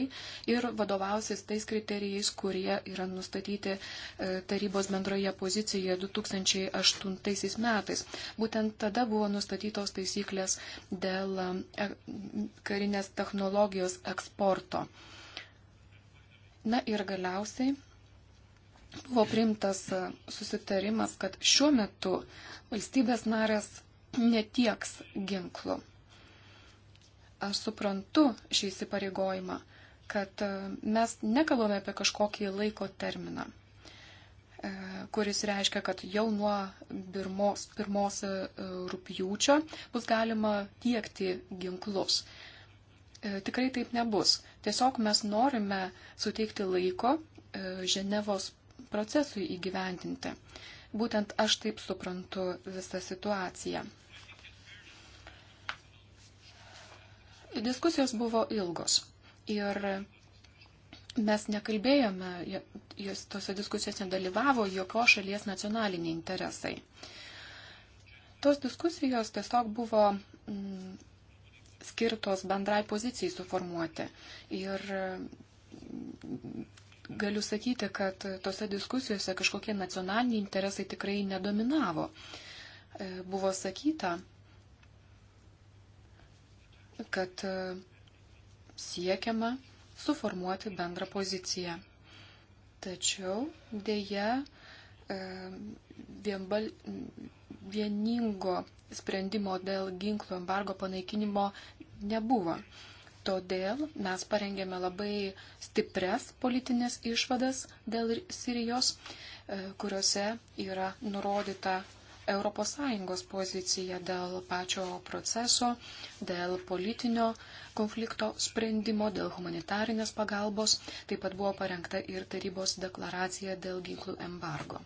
ir vadovausis tais kriterijais, kurie yra nustatyti e, tarybos bendroje pozicijoje 2008 metais. Būtent tada buvo nustatytos taisyklės dėl karinės technologijos eksporto. Na ir galiausiai buvo priimtas e, susitarimas, kad šiuo metu valstybės narės netieks ginklų. Aš suprantu šį įsipareigojimą, kad e, mes nekalbame apie kažkokį laiko terminą, e, kuris reiškia, kad jau nuo pirmos, pirmos rūpjūčio bus galima tiekti ginklus. Tikrai taip nebus. Tiesiog mes norime suteikti laiko Ženevos procesui įgyvendinti. Būtent aš taip suprantu visą situaciją. Diskusijos buvo ilgos ir mes nekalbėjome, jos tose diskusijose nedalyvavo jokio šalies nacionaliniai interesai. Tos diskusijos tiesiog buvo mm, skirtos bendrai pozicijai suformuoti. Ir galiu sakyti, kad tose diskusijose kažkokie nacionaliniai interesai tikrai nedominavo. E, buvo sakyta, kad e, siekiama suformuoti bendrą poziciją. Tačiau dėja e, vienbal, vieningo sprendimo dėl ginklų embargo panaikinimo nebuvo. Todėl mes parengėme labai stipres politinės išvadas dėl Sirijos, e, kuriuose yra nurodyta ES pozicija dėl pačio proceso, dėl politinio konflikto sprendimo, dėl humanitarinės pagalbos. Taip pat buvo parengta ir tarybos deklaracija dėl ginklų embargo.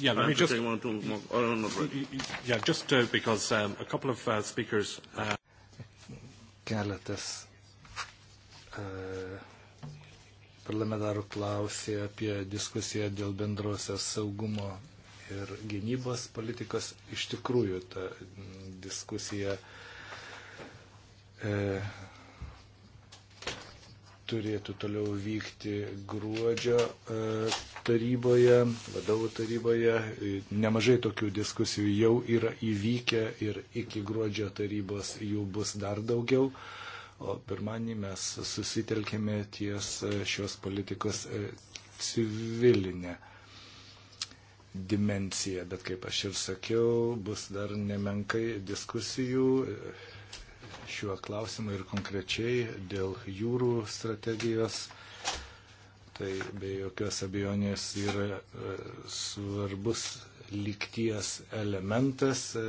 Yeah, let me just. Want to move, or not ready. Yeah, just uh, because um, a couple of uh, speakers. Uh... Keletas uh, parlamentarų klausė apie diskusiją dėl bendrosios saugumo ir gynybos politikos. Iš tikrųjų, ta diskusija. Uh, turėtų toliau vykti gruodžio e, taryboje, vadovų taryboje. E, nemažai tokių diskusijų jau yra įvykę ir iki gruodžio tarybos jų bus dar daugiau. O pirmąjį mes susitelkėme ties e, šios politikos civilinę dimensiją, bet kaip aš ir sakiau, bus dar nemenkai diskusijų šiuo klausimu ir konkrečiai dėl jūrų strategijos. Tai be jokios abejonės yra e, svarbus lygties elementas e,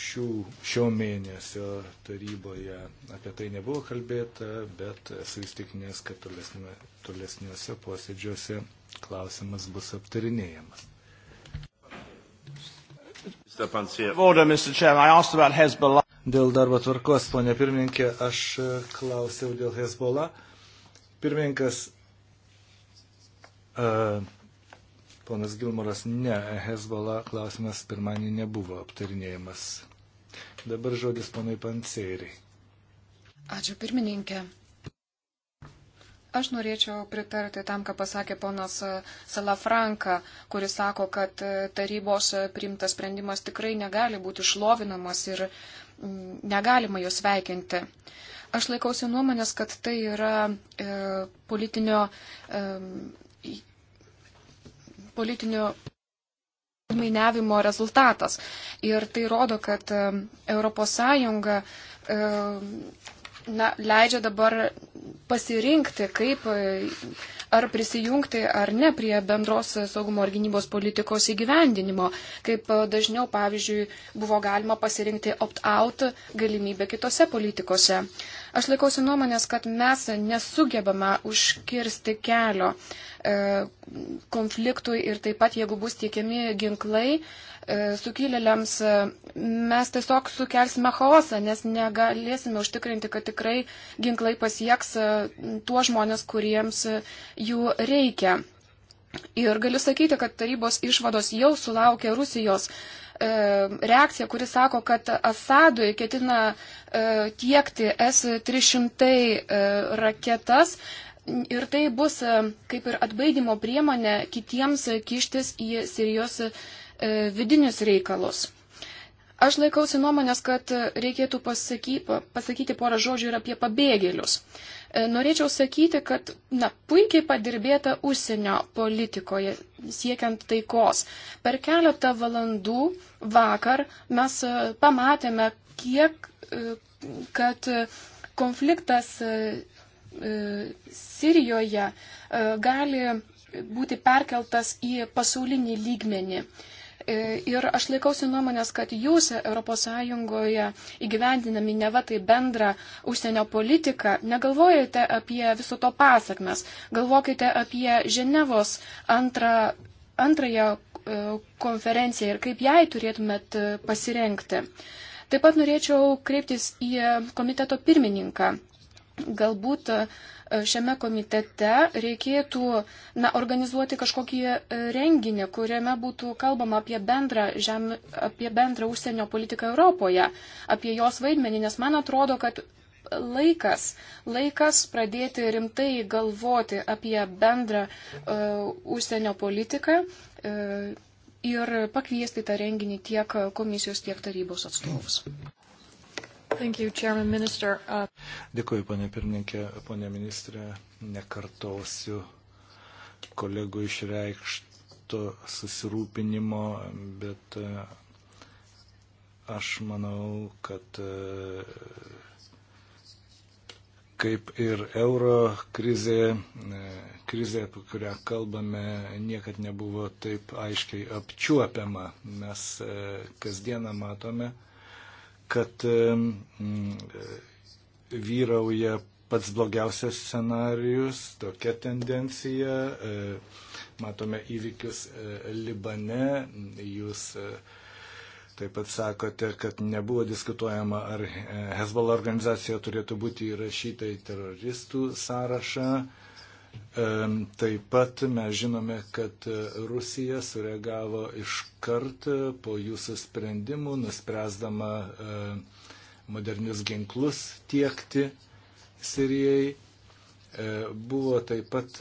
šių, šio mėnesio taryboje. Apie tai nebuvo kalbėta, bet esu įstikinęs, kad tolesnė, tolesniuose posėdžiuose klausimas bus aptarinėjamas. Order, Mr. Chairman, I asked about Hezbollah. Dėl darbo tvarkos, ponė pirmininkė, aš e, klausiau dėl Hezbollah. Pirmininkas, uh, ponas Gilmoras, ne, Hezbollah klausimas pirmanį nebuvo aptarinėjimas. Dabar žodis ponai Pansėriai. Ačiū pirmininkė. Aš norėčiau pritarti tam, ką pasakė ponas e, Salafranka, kuris sako, kad tarybos priimtas sprendimas tikrai negali būti šlovinamas ir negalima jos veikinti. Aš laikausi nuomonės, kad tai yra e, politinio, e, politinio mainavimo rezultatas. Ir tai rodo, kad e, ES e, na, leidžia dabar pasirinkti, kaip e, ar prisijungti ar ne prie bendros saugumo ir gynybos politikos įgyvendinimo, kaip e, dažniau, pavyzdžiui, buvo galima pasirinkti opt-out galimybę kitose politikose. Aš laikausi nuomonės, kad mes nesugebame užkirsti kelio e, konfliktui ir taip pat, jeigu bus tiekiami ginklai, E, sukilėliams, e, mes tiesiog sukelsime chaosą, nes negalėsime užtikrinti, kad tikrai ginklai pasieks e, tuos žmonės, kuriems jų reikia. Ir galiu sakyti, kad tarybos išvados jau sulaukė Rusijos reakcija, kuri sako, kad Asadui ketina tiekti S-300 raketas ir tai bus kaip ir atbaidimo priemonė kitiems kištis į Sirijos E, vidinius reikalus. Aš laikausi nuomonės, kad reikėtų pasaky, pasakyti porą žodžių ir apie pabėgėlius. E, norėčiau sakyti, kad na, puikiai padirbėta užsienio politikoje siekiant taikos. Per keletą valandų vakar mes e, pamatėme, kiek, kad konfliktas Sirijoje gali būti perkeltas į pasaulinį lygmenį. E, ir aš laikausi nuomonės, kad jūs ES įgyvendinami ne va tai bendrą užsienio politiką, negalvojate apie viso to pasakmes, galvokite apie Ženevos antrą, antrąją e, konferenciją ir kaip jai turėtumėt e, pasirenkti. Taip pat norėčiau kreiptis į komiteto pirmininką. Galbūt uh, šiame komitete reikėtų na, organizuoti kažkokį e, renginį, kuriame būtų kalbama apie bendrą, žem, apie bendrą užsienio politiką Europoje, apie jos vaidmenį, nes man atrodo, kad laikas, laikas pradėti rimtai galvoti apie bendrą uh, užsienio politiką. Uh, Ir pakviesti tą renginį tiek komisijos, tiek tarybos atstovus. You, Chairman, uh... Dėkuoju, ponė pirmininkė, ponė ministrė, nekartosiu kolegų išreikšto susirūpinimo, bet uh, aš manau, kad uh, kaip ir euro krizė, uh, krizė, apie kurią kalbame, niekad nebuvo taip aiškiai apčiuopiama. Mes kasdieną matome, kad vyrauja pats blogiausias scenarius, tokia tendencija. E, matome įvykius e, Libane, jūs e, taip pat sakote, kad nebuvo diskutuojama, ar Hezbollah organizacija turėtų būti įrašyta į teroristų sąrašą. Taip pat mes žinome, kad e, Rusija sureagavo iš kart e, po jūsų sprendimų, nuspręsdama e, modernius ginklus tiekti Sirijai. Buvo taip pat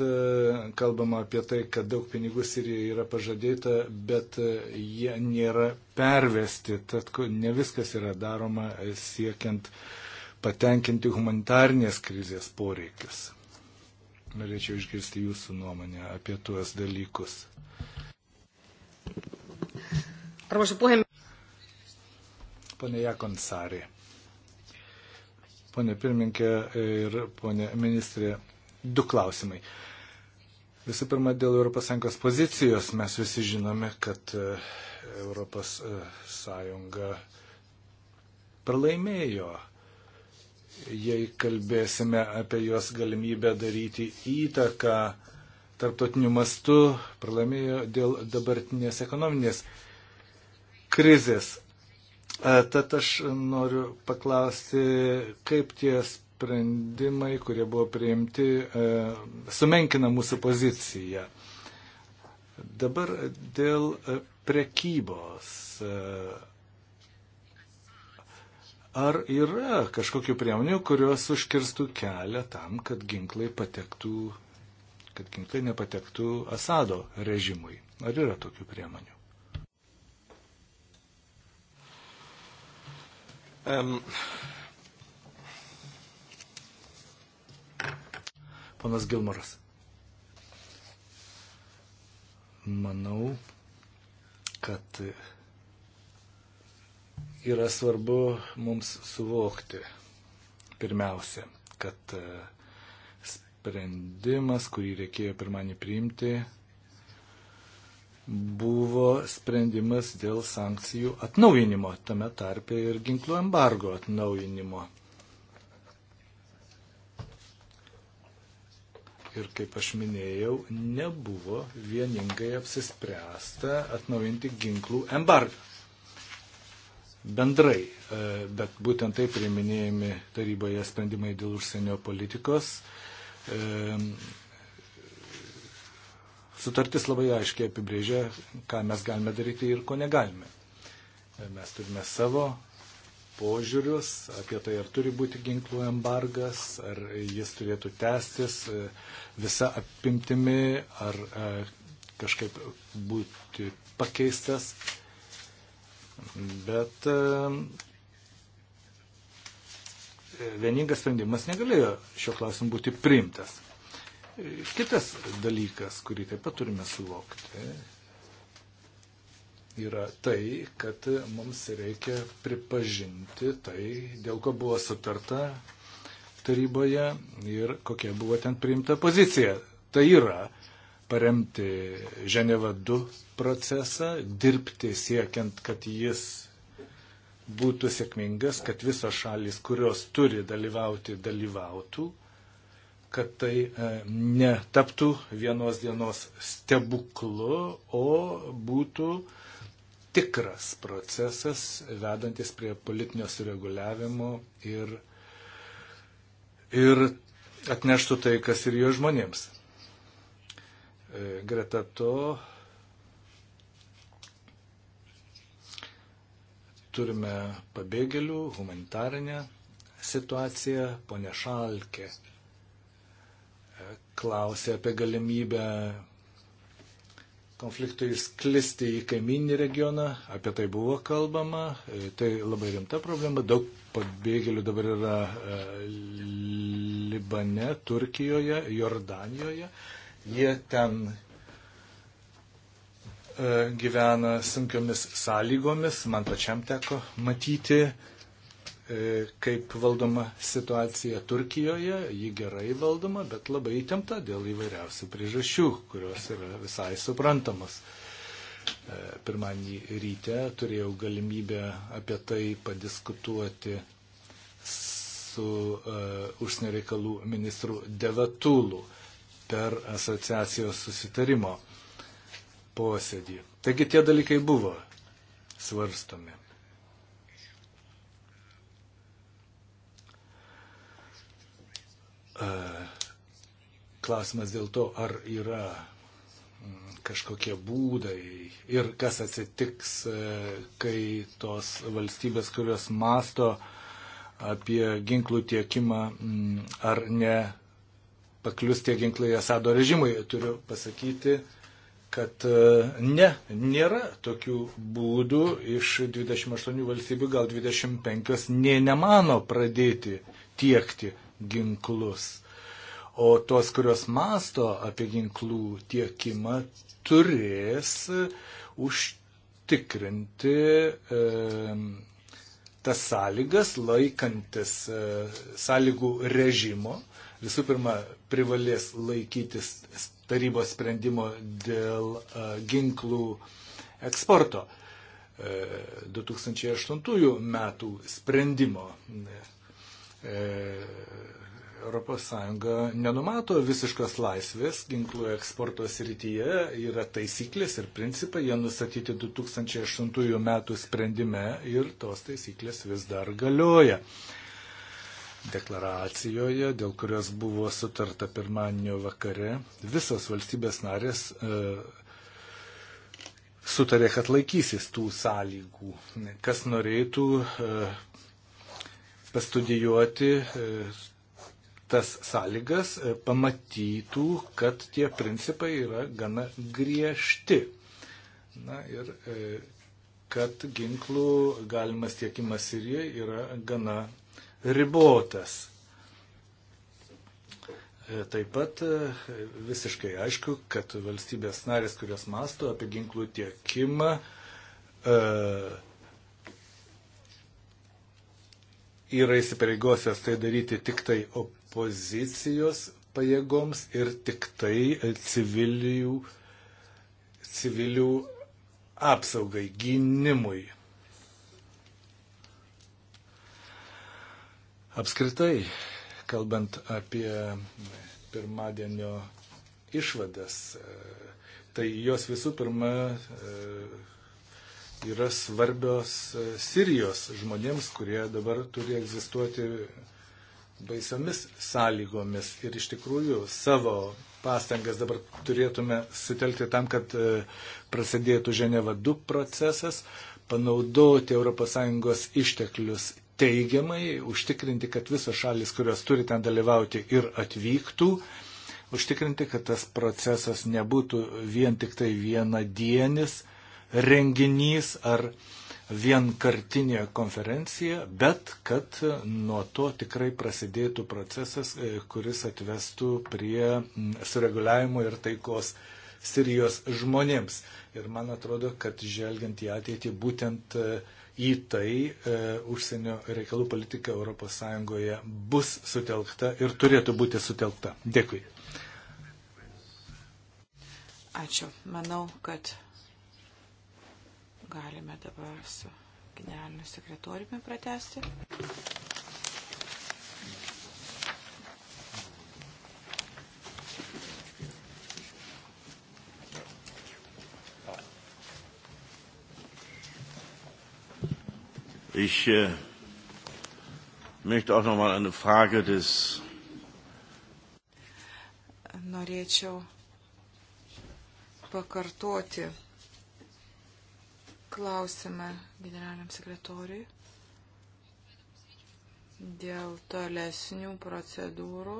kalbama apie tai, kad daug pinigų Sirijai yra pažadėta, bet jie nėra pervesti, tad ne viskas yra daroma siekiant patenkinti humanitarnės krizės poreikius. Norėčiau išgirsti jūsų nuomonę apie tuos dalykus. Arvoisa puhemies. Pane Jakonsarė. Pone pirmininkė ir pone ministrė, du klausimai. Visų pirma, dėl ES pozicijos mes visi žinome, kad ES e, pralaimėjo jei kalbėsime apie jos galimybę daryti įtaką tarptautiniu mastu, pralaimėjo dėl dabartinės ekonominės krizės. E, tad aš noriu paklausti, kaip tie sprendimai, kurie buvo priimti, e, sumenkina mūsų poziciją. Dabar dėl e, prekybos Ar yra kažkokių priemonių, kurios užkirstų kelią tam, kad ginklai patektų, kad ginklai nepatektų Asado režimui? Ar yra tokių priemonių? Um. Ponas Gilmaras. Manau, kad yra svarbu mums suvokti. Pirmiausia, kad e, sprendimas, kurį reikėjo pirmąjį priimti, buvo sprendimas dėl sankcijų atnaujinimo, tame tarpe ir ginklų embargo atnaujinimo. Ir kaip aš minėjau, nebuvo vieningai apsispręsta atnaujinti ginklų embargą bendrai, e, bet būtent taip priminėjami taryboje sprendimai dėl užsienio politikos. E, sutartis labai aiškiai apibrėžia, ką mes galime daryti ir ko negalime. E, mes turime savo požiūrius apie tai, ar turi būti ginklų embargas, ar jis turėtų tęstis visa apimtimi, ar kažkaip būti pakeistas. Bet e, vieningas sprendimas negalėjo šio klausimu būti priimtas. E, kitas dalykas, kurį taip pat turime suvokti, yra tai, kad mums reikia pripažinti tai, dėl ko buvo sutarta taryboje ir kokia buvo ten priimta pozicija. Tai yra, paremti Ženeva 2 procesą, dirbti siekiant, kad jis būtų sėkmingas, kad visos šalis, kurios turi dalyvauti, dalyvautų, kad tai e, netaptų vienos dienos stebuklu, o būtų tikras procesas, vedantis prie politinio sureguliavimo ir, ir atneštų tai, kas ir jo žmonėms. E, Greta to turime pabėgėlių, humanitarinę situaciją. Pone Šalkė e, klausė apie galimybę konfliktui sklisti į kaiminį regioną, apie tai buvo kalbama, e, tai labai rimta problema, daug pabėgėlių dabar yra Libane, Turkijoje, Jordanijoje. Jie ten e, gyvena sunkiomis sąlygomis, man pačiam teko matyti, e, kaip valdoma situacija Turkijoje, ji gerai valdoma, bet labai įtempta dėl įvairiausių priežasčių, kurios yra visai suprantamos. E, pirmąjį ryte turėjau galimybę apie tai padiskutuoti su uh, užsienio reikalų ministru Devatulu. Uh, per asociacijos susitarimo posėdį. Taigi tie dalykai buvo svarstomi. Klausimas dėl to, ar yra mm, kažkokie būdai ir kas atsitiks, e, kai tos valstybės, kurios masto apie ginklų tiekimą mm, ar ne paklius tie ginklai Asado režimui. Turiu pasakyti, kad e, ne, nėra tokių būdų iš 28 valstybių, gal 25 nė nemano pradėti tiekti ginklus. O tos, kurios masto apie ginklų tiekimą, turės užtikrinti e, tas sąlygas, laikantis e, sąlygų režimo, visų pirma privalės laikytis tarybos sprendimo dėl e, ginklų eksporto 2008 e, metų sprendimo. ES nenumato visiškos laisvės ginklų eksporto srityje, yra taisyklės ir principai, jie nustatyti 2008 metų sprendime ir tos taisyklės vis dar galioja. E, deklaracijoje, dėl kurios buvo sutarta pirmadienio vakare, visos valstybės narės e, sutarė, kad laikysis tų sąlygų. Kas norėtų e, pastudijuoti e, tas sąlygas, e, pamatytų, kad tie principai yra gana griežti. Na ir e, kad ginklų galimas tiekimas Sirijoje yra gana ribotas. E, taip pat e, visiškai aišku, kad valstybės narės, kurios masto apie ginklų tiekimą, e, yra įsipareigosios tai daryti tik tai opozicijos pajėgoms ir tik tai civilių, civilių apsaugai, gynimui. Apskritai, kalbant apie pirmadienio išvadas, e, tai jos visų pirma e, yra svarbios e, Sirijos žmonėms, kurie dabar turi egzistuoti baisiomis sąlygomis. Ir iš tikrųjų savo pastangas dabar turėtume sutelkti tam, kad prasidėtų Ženeva 2 procesas, panaudoti ES išteklius teigiamai, užtikrinti, kad visos šalis, kurios turi ten dalyvauti ir atvyktų, užtikrinti, kad tas procesas nebūtų vien tik tai vienadienis renginys ar vienkartinė konferencija, bet kad nuo to tikrai prasidėtų procesas, e, kuris atvestų prie sureguliavimo ir taikos Sirijos žmonėms. Ir man atrodo, kad žvelgiant į ateitį būtent uh, į tai e, užsienio reikalų politika ES bus sutelkta ir turėtų būti sutelkta. Dėkui. Ačiū. Manau, kad galime dabar su generaliniu sekretoriumi pratesti. Ich äh, möchte auch nochmal eine Frage des. Norėčiau pakartoti klausimą generaliniam sekretoriui dėl tolesnių procedūrų,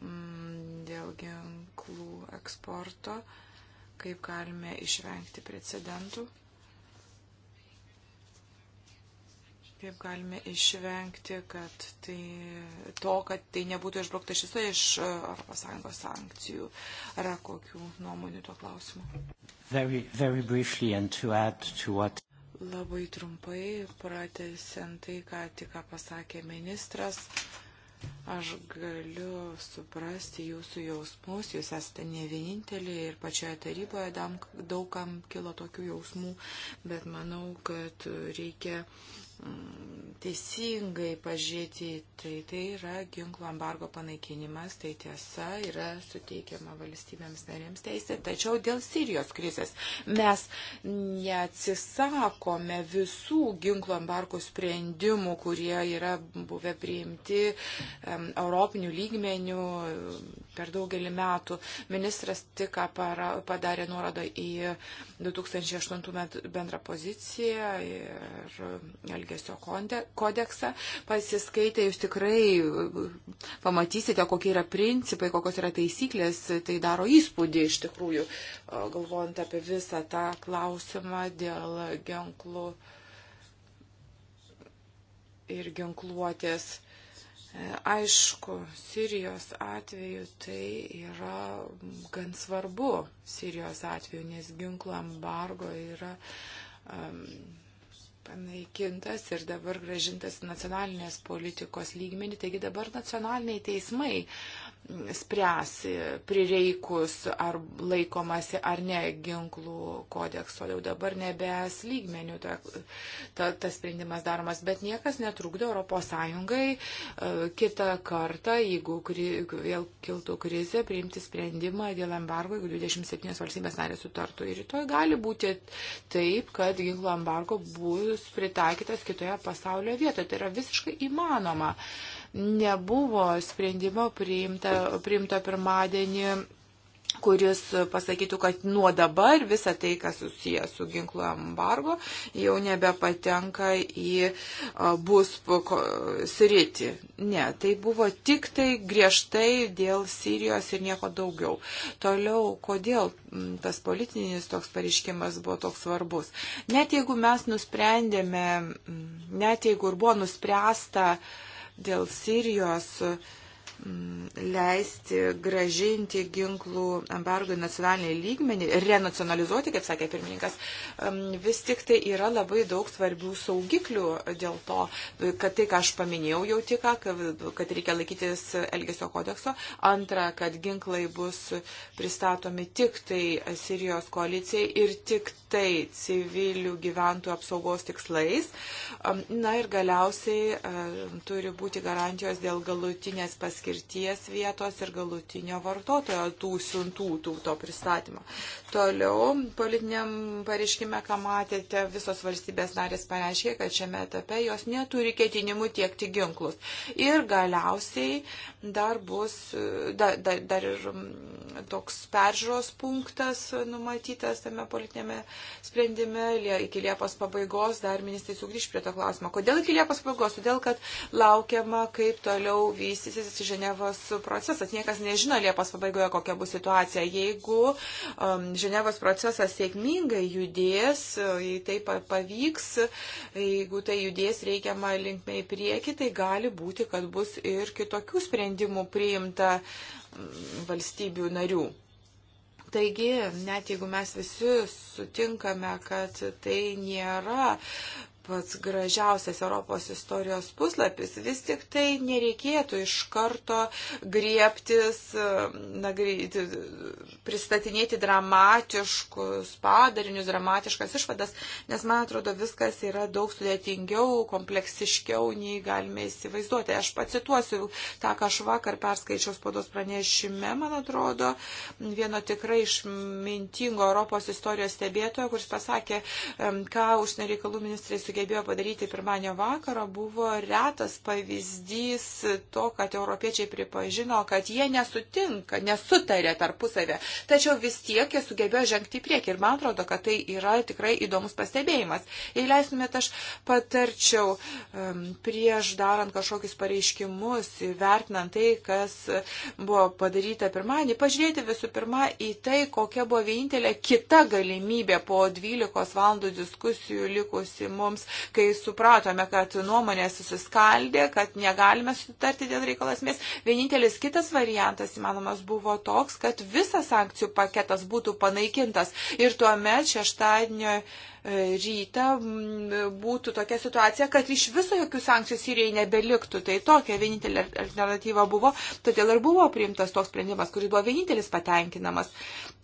mm, dėl ginklų eksporto, kaip galime išvengti precedentų. Taip galime išvengti, kad tai, to, kad tai nebūtų išbraukta iš viso iš ES sankcijų. Ar kokių nuomonių tuo klausimu? Very, very briefly and to add to what Labai trumpai, pratesiant tai, ką tik pasakė ministras, aš galiu suprasti jūsų jausmus, jūs esate ne vienintelė ir pačioje taryboje daugam kilo tokių jausmų, bet manau, kad reikia Mm, teisingai pažiūrėti, tai tai yra ginklo embargo panaikinimas, tai tiesa yra suteikiama valstybėms narėms teisė, tačiau dėl Sirijos krizės mes neatsisakome visų ginklo embargo sprendimų, kurie yra buvę priimti um, europinių lygmenių per daugelį metų. Ministras tik para, padarė nuorodą į 2008 metų bendrą poziciją ir Elgesio kodeksą, pasiskaitę jūs tikrai uh, pamatysite, kokie yra principai, kokios yra taisyklės, tai daro įspūdį iš tikrųjų, uh, galvojant apie visą tą klausimą dėl ginklų ir ginkluotės. Uh, aišku, Sirijos atveju tai yra gan svarbu, Sirijos atveju, nes ginklų embargo yra um, panaikintas ir dabar gražintas nacionalinės politikos lygmenį. Taigi dabar nacionaliniai teismai uh, spręs prireikus, ar laikomasi ar ne ginklų kodekso, jau dabar nebes lygmenių ta, ta, tas sprendimas daromas, bet niekas netrukdo ES e, kitą kartą, jeigu kri, vėl kiltų krizė, priimti sprendimą dėl embargo, jeigu 27 valstybės narės sutartų. Ir rytoj gali būti taip, kad ginklo embargo bus pritaikytas kitoje pasaulio vietoje. Tai yra visiškai įmanoma. Uh, nebuvo sprendimo priimta, priimto pirmadienį kuris pasakytų, kad nuo dabar visa tai, kas susijęs su ginklo embargo, jau nebepatenka į bus sritį. Ne, tai buvo tik tai griežtai dėl Sirijos ir nieko daugiau. Toliau, kodėl tas politinis toks pareiškimas buvo toks svarbus. Net jeigu mes nusprendėme, net jeigu ir buvo nuspręsta, uh, dėl Sirijos. Uh, Mm, leisti gražinti ginklų embargo į nacionalinį lygmenį, renacionalizuoti, kaip sakė pirmininkas, mm, vis tik tai yra labai daug svarbių saugiklių dėl to, kad tai, ką aš paminėjau jau tik, kad reikia laikytis Elgesio kodekso. Antra, kad ginklai bus pristatomi tik tai Sirijos koalicijai ir tik tai civilių gyventojų apsaugos tikslais. Mm, na ir galiausiai turi būti garantijos dėl galutinės paskirties paskirties vietos ir galutinio vartotojo tų siuntų, tų to pristatymo. Toliau politiniam pareiškime, ką matėte, visos valstybės narės pareiškė, kad šiame etape jos neturi ketinimų tiekti ginklus. Ir galiausiai dar bus, da, da, dar ir toks peržiūros punktas numatytas tame politinėme sprendime iki Liepos pabaigos, dar ministrai sugrįž prie to klausimo. Kodėl iki Liepos pabaigos? Todėl, kad laukiama, kaip toliau vystysis Ženevos procesas. Niekas nežino Liepos pabaigoje, kokia bus situacija. Jeigu um, Ženevos procesas sėkmingai judės, uh, jei tai pavyks, jeigu tai judės reikiamą linkmę į priekį, tai gali būti, kad bus ir kitokių sprendimų priimta mm, valstybių narių. Taigi, net jeigu mes visi sutinkame, kad tai nėra pats gražiausias Europos istorijos puslapis, vis tik tai nereikėtų iš karto griebtis, na, pristatinėti dramatiškus padarinius, dramatiškas išvadas, nes man atrodo viskas yra daug sudėtingiau, kompleksiškiau, nei galime įsivaizduoti. Aš pacituosiu tą, ką aš vakar perskaičiau spaudos pranešime, man atrodo, vieno tikrai išmintingo Europos istorijos stebėtojo, kuris pasakė, ką užsienio reikalų ministrai sugebėjo sugebėjo padaryti pirmanio vakaro, buvo retas pavyzdys to, kad europiečiai pripažino, kad jie nesutinka, nesutarė tarpusavę. Tačiau vis tiek jie sugebėjo žengti į priekį. Ir man atrodo, kad tai yra tikrai įdomus pastebėjimas. Jei leisumėt, aš patarčiau um, prieš darant kažkokius pareiškimus, vertinant tai, kas buvo padaryta pirmąjį, pažiūrėti visų pirma į tai, kokia buvo vienintelė kita galimybė po 12 valandų diskusijų likusi mums kai supratome, kad nuomonės susiskaldė, kad negalime sutarti dėl reikalas mės. Vienintelis kitas variantas įmanomas buvo toks, kad visas sankcijų paketas būtų panaikintas ir tuomet šeštadienio e, rytą būtų tokia situacija, kad iš viso jokių sankcijų Sirijai nebeliktų. Tai tokia vienintelė alternatyva buvo, todėl ir buvo priimtas toks sprendimas, kuris buvo vienintelis patenkinamas.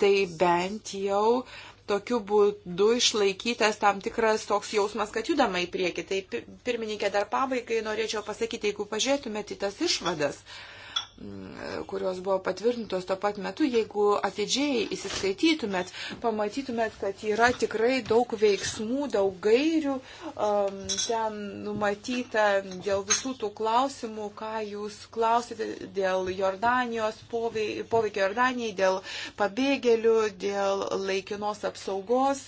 Tai bent jau uh, tokiu būdu išlaikytas tam tikras toks jausmas, kad judama į priekį. Tai pirmininkė dar pabaigai norėčiau pasakyti, jeigu pažiūrėtumėte į tas išvadas, uh, Mm, kurios buvo patvirtintos tuo pat metu, jeigu atidžiai įsiskaitytumėt, pamatytumėt, kad yra tikrai daug veiksmų, daug gairių um, ten numatyta dėl visų tų klausimų, ką jūs klausite dėl Jordanijos poveikio Jordanijai, dėl pabėgėlių, dėl laikinos apsaugos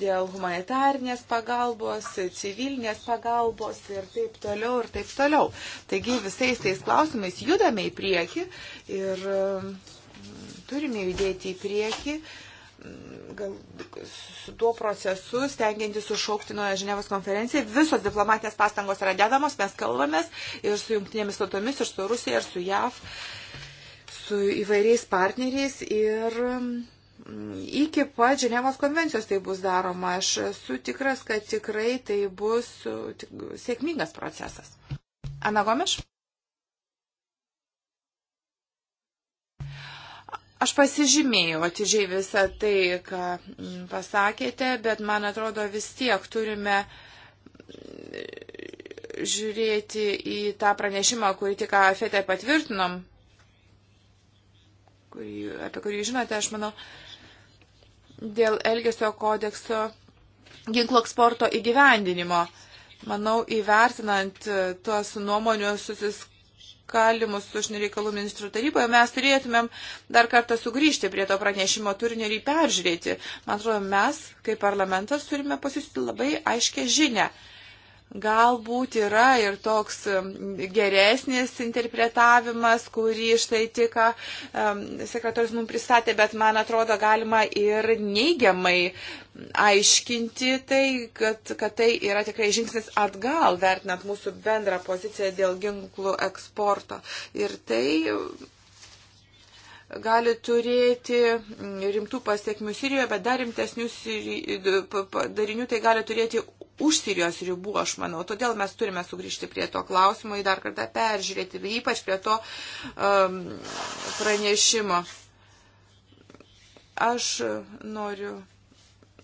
dėl humanitarnės pagalbos, civilinės pagalbos ir taip toliau, ir taip toliau. Taigi visais tais klausimais judame į priekį ir mm, turime judėti į priekį mm, gal, su tuo procesu, stengiantis užšaukti nuo Ženevos konferenciją. Visos diplomatinės pastangos yra dedamos, mes kalbamės ir su jungtinėmis tautomis, ir su Rusija, ir su JAV, su įvairiais partneriais. Ir mm, Iki pat Ženevos konvencijos tai bus daroma. Aš esu tikras, kad tikrai tai bus tik, sėkmingas procesas. Ana Gomiš? Aš pasižymėjau atidžiai visą tai, ką mm, pasakėte, bet man atrodo vis tiek turime mm, žiūrėti į tą pranešimą, kurį tik Fete patvirtinom, kurį, apie kurį žinote, aš manau, dėl Elgesio kodekso ginklo eksporto įgyvendinimo. Manau, įvertinant e, tuos nuomonių susiskalimus su užnereikalų ministrų taryboje, mes turėtumėm dar kartą sugrįžti prie to pranešimo turinio ir jį peržiūrėti. Man atrodo, mes, kaip parlamentas, turime pasiūsti labai aiškę žinę. Galbūt yra ir toks um, geresnis interpretavimas, kurį štai tik um, sekretorius mums pristatė, bet man atrodo galima ir neigiamai aiškinti tai, kad, kad tai yra tikrai žingsnis atgal, vertinant mūsų bendrą poziciją dėl ginklų eksporto. Ir tai gali turėti mm, rimtų pasiekmių Sirijoje, bet dar rimtesnių e, e, darinių tai gali turėti už Sirijos ribų, aš manau. Todėl mes turime sugrįžti prie to klausimo ir dar kartą peržiūrėti, ypač prie to um, pranešimo. Aš noriu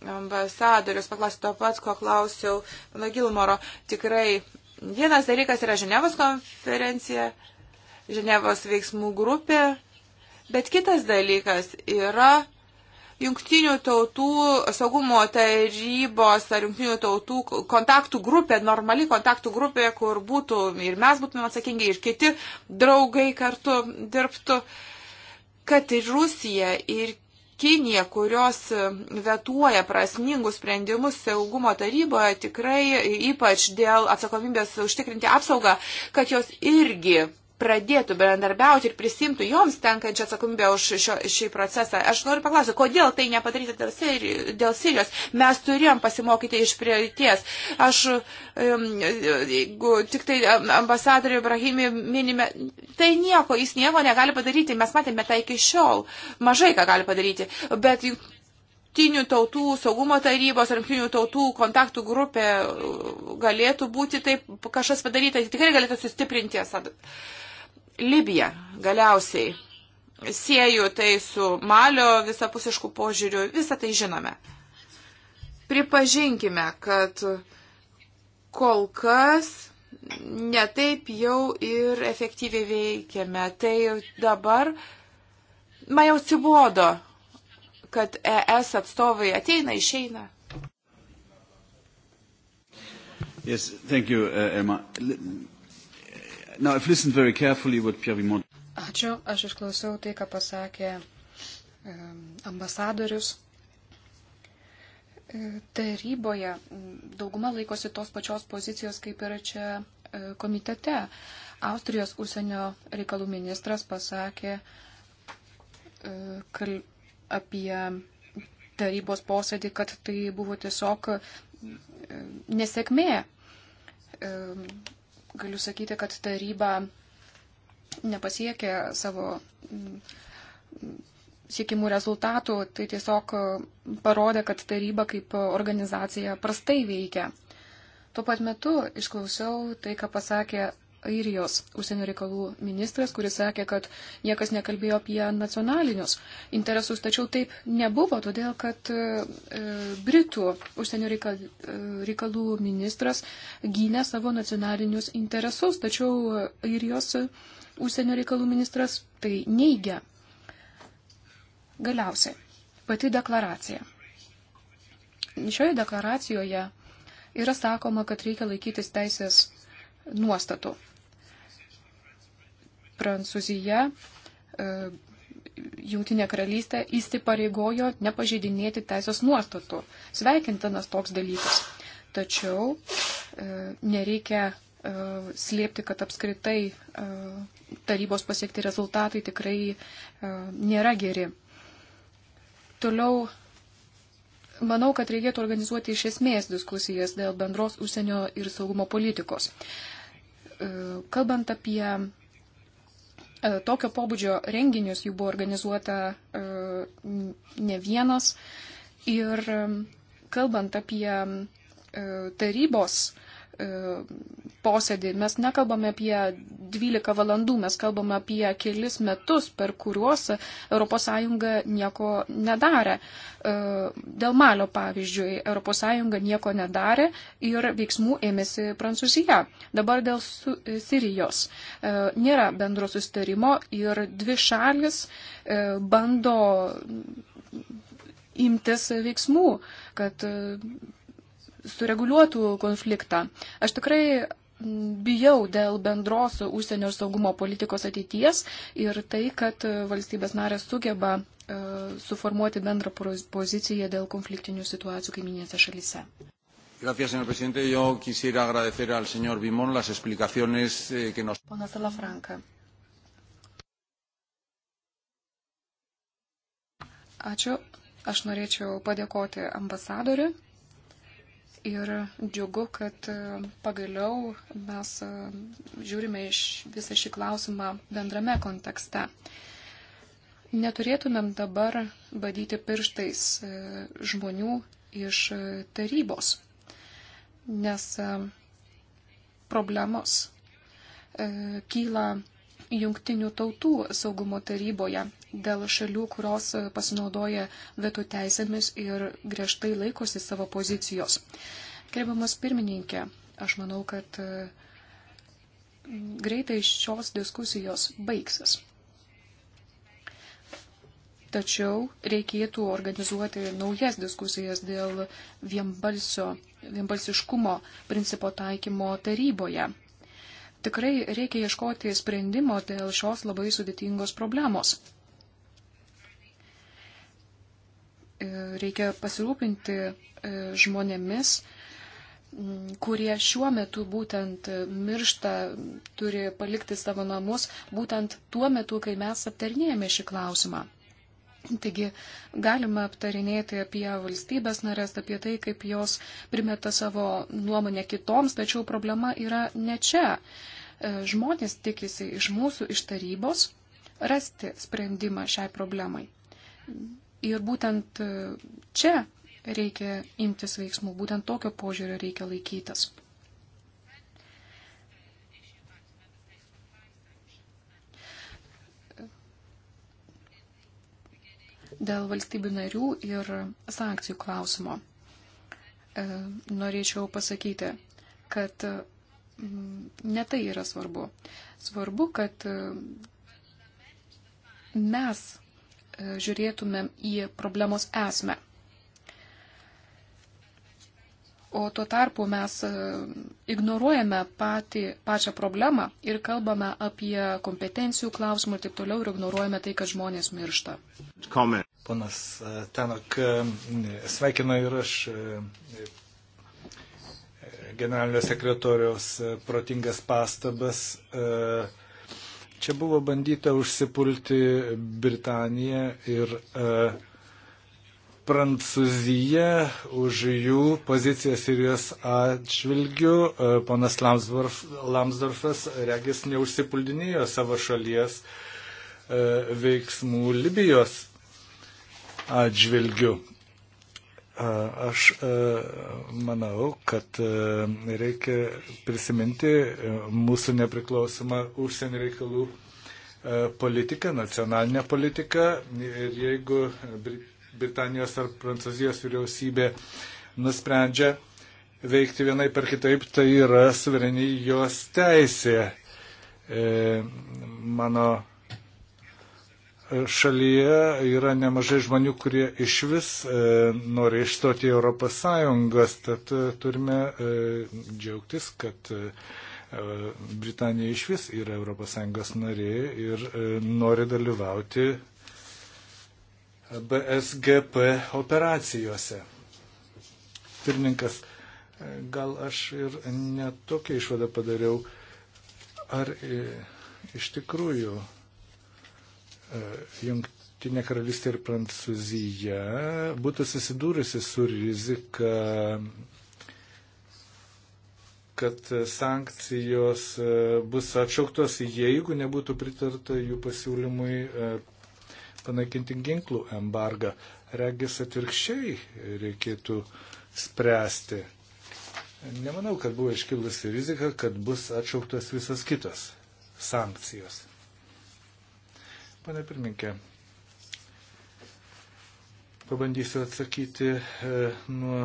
ambasadorius paklausė to pats, ko klausiau pana Gilmoro. Tikrai vienas dalykas yra Ženevos konferencija, Ženevos veiksmų grupė, bet kitas dalykas yra Jungtinių tautų saugumo tarybos ar jungtinių tautų kontaktų grupė, normali kontaktų grupė, kur būtų ir mes būtumėm atsakingi, ir kiti draugai kartu dirbtų, kad ir Rusija, ir Kinija, kurios vetuoja prasmingus sprendimus saugumo taryboje, tikrai ypač dėl atsakomybės užtikrinti apsaugą, kad jos irgi pradėtų bendarbiauti ir prisimtų joms tenkančią atsakomybę už šio, šį procesą. Aš noriu paklausyti, kodėl tai nepadaryti dėl, Siri, dėl Sirijos. Mes turėjom pasimokyti iš priorities. Aš jeigu um, tik tai ambasadorių Ibrahimį minime, tai nieko, jis nieko negali padaryti. Mes matėme tai iki šiol. Mažai ką gali padaryti. Bet jungtinių tautų saugumo tarybos ar jungtinių tautų kontaktų grupė galėtų būti taip kažkas padaryta, tikrai galėtų sustiprinti Asadą. Libija galiausiai. Sieju tai su Malio visapusišku požiūriu, visą tai žinome. Pripažinkime, kad kol kas netaip jau ir efektyviai veikiame. Tai dabar man jau atsibodo, kad ES atstovai ateina, išeina. Yes, thank you, uh, Emma. Ačiū, aš išklausiau tai, ką pasakė ambasadorius. E, taryboje dauguma laikosi tos pačios pozicijos, kaip ir čia e, komitete. Austrijos užsienio reikalų ministras pasakė e, apie tarybos posėdį, kad tai buvo tiesiog nesėkmė galiu sakyti, kad taryba nepasiekė savo mm, siekimų rezultatų, tai tiesiog mm, parodė, kad taryba kaip organizacija prastai veikia. Tuo pat metu išklausiau tai, ką pasakė Airijos užsienio reikalų ministras, kuris sakė, kad niekas nekalbėjo apie nacionalinius interesus, tačiau taip nebuvo, todėl kad e, e, Britų užsienio e, reikalų ministras gynė savo nacionalinius interesus, tačiau Airijos užsienio reikalų ministras tai neigia. Galiausiai, pati deklaracija. Šioje deklaracijoje yra sakoma, kad reikia laikytis teisės nuostatų. Prancūzija, e, Jungtinė karalystė įsipareigojo nepažeidinėti teisės nuostatų. Sveikintinas toks dalykas. Tačiau e, nereikia e, slėpti, kad apskritai tarybos pasiekti rezultatai tikrai nėra geri. Toliau manau, kad reikėtų organizuoti iš esmės diskusijas dėl bendros užsienio ir saugumo politikos. Kalbant apie E, tokio pobūdžio renginius jų buvo organizuota e, ne vienas. Ir e, kalbant apie tarybos E, posėdį. Mes nekalbame apie 12 valandų, mes kalbame apie kelis metus, per kuriuos ES nieko nedarė. E, dėl Malio, pavyzdžiui, ES nieko nedarė ir veiksmų ėmėsi Prancūzija. Dabar dėl Sirijos. E, nėra bendro sustarimo ir dvi šalis bando imtis veiksmų, kad sureguliuotų konfliktą. Aš tikrai bijau dėl bendros užsienio ir saugumo politikos ateities ir tai, kad valstybės narės sugeba e, suformuoti bendrą poziciją dėl konfliktinių situacijų kaiminėse šalyse. Gracias, señor presidente. Yo quisiera agradecer al señor Bimón las explicaciones eh, que nos. Ponas Salafranca. Ačiū. Aš norėčiau padėkoti ambasadoriui Ir džiugu, kad e, pagaliau mes e, žiūrime iš visą šį klausimą bendrame kontekste. Neturėtumėm dabar badyti pirštais e, žmonių iš tarybos, nes problemos kyla Jungtinių tautų saugumo taryboje dėl šalių, kurios pasinaudoja vetų teisėmis ir griežtai laikosi savo pozicijos. Gerbiamas pirmininkė, aš manau, kad mm, greitai šios diskusijos baigsis. Tačiau reikėtų organizuoti naujas diskusijas dėl vienbalsio, vienbalsiškumo principo taikymo taryboje Tikrai reikia ieškoti sprendimo dėl šios labai sudėtingos problemos. E, reikia pasirūpinti e, žmonėmis, kurie šiuo metu būtent miršta, turi palikti savo namus, būtent tuo metu, kai mes aptarnėjame šį klausimą. Taigi galima aptarinėti apie valstybės narės, apie tai, kaip jos primeta savo nuomonę kitoms, tačiau problema yra ne čia. E, žmonės tikisi iš mūsų, iš tarybos, rasti sprendimą šiai problemai. Ir būtent e, čia reikia imtis veiksmų, būtent tokio požiūrio reikia laikytis. Dėl valstybių narių ir sankcijų klausimo e, norėčiau pasakyti, kad mm, ne tai yra svarbu. Svarbu, kad e, mes e, žiūrėtumėm į problemos esmę. O tuo tarpu mes ignoruojame patį, pačią problemą ir kalbame apie kompetencijų klausimą ir taip toliau ir ignoruojame tai, kad žmonės miršta. Comment. Ponas e, Tenok, e, sveikinu ir aš e, generalinio sekretoriaus protingas pastabas. Čia buvo bandyta užsipulti Britaniją ir Prancūziją už jų pozicijas ir jos atšvilgių. Ponas Lamsdorf, Lamsdorfas regis neužsipuldinėjo savo šalies veiksmų Libijos atžvilgiu. Aš e, manau, kad e, reikia prisiminti e, mūsų nepriklausomą užsienio reikalų politiką, nacionalinę politiką. Ir jeigu Britanijos ar Prancūzijos vyriausybė nusprendžia veikti vienai per kitaip, tai yra suvereniai jos teisė. Mano šalyje yra nemažai žmonių, kurie iš vis e, nori išstoti į Europos Sąjungas, tad e, turime e, džiaugtis, kad e, Britanija iš vis yra Europos Sąjungos narė ir e, nori dalyvauti BSGP operacijose. Pirmininkas, e, gal aš ir netokią išvadą padariau, ar e, iš tikrųjų E, Jungtinė karalystė ir Prancūzija būtų susidūrusi su rizika, kad sankcijos e, bus atšauktos, jeigu nebūtų pritarta jų pasiūlymui e, panaikinti ginklų embargą. Regis atvirkščiai reikėtų spręsti. Nemanau, kad buvo iškilusi rizika, kad bus atšauktas visas kitas sankcijos. Pane pirminkė, pabandysiu atsakyti e, nuo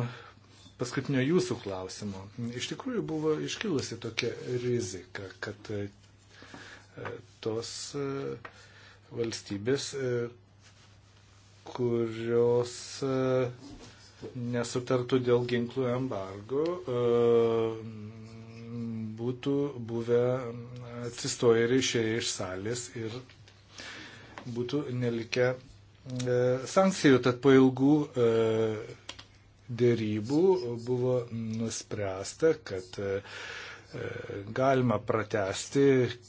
paskutinio jūsų klausimo. Iš tikrųjų buvo iškilusi tokia rizika, kad e, tos e, valstybės, kurios nesutartų dėl ginklų embargo, būtų buvę atsistoję ir išėję iš salės ir būtų nelikę e, sankcijų. Tad po ilgų e, dėrybų buvo nuspręsta, kad e, galima pratesti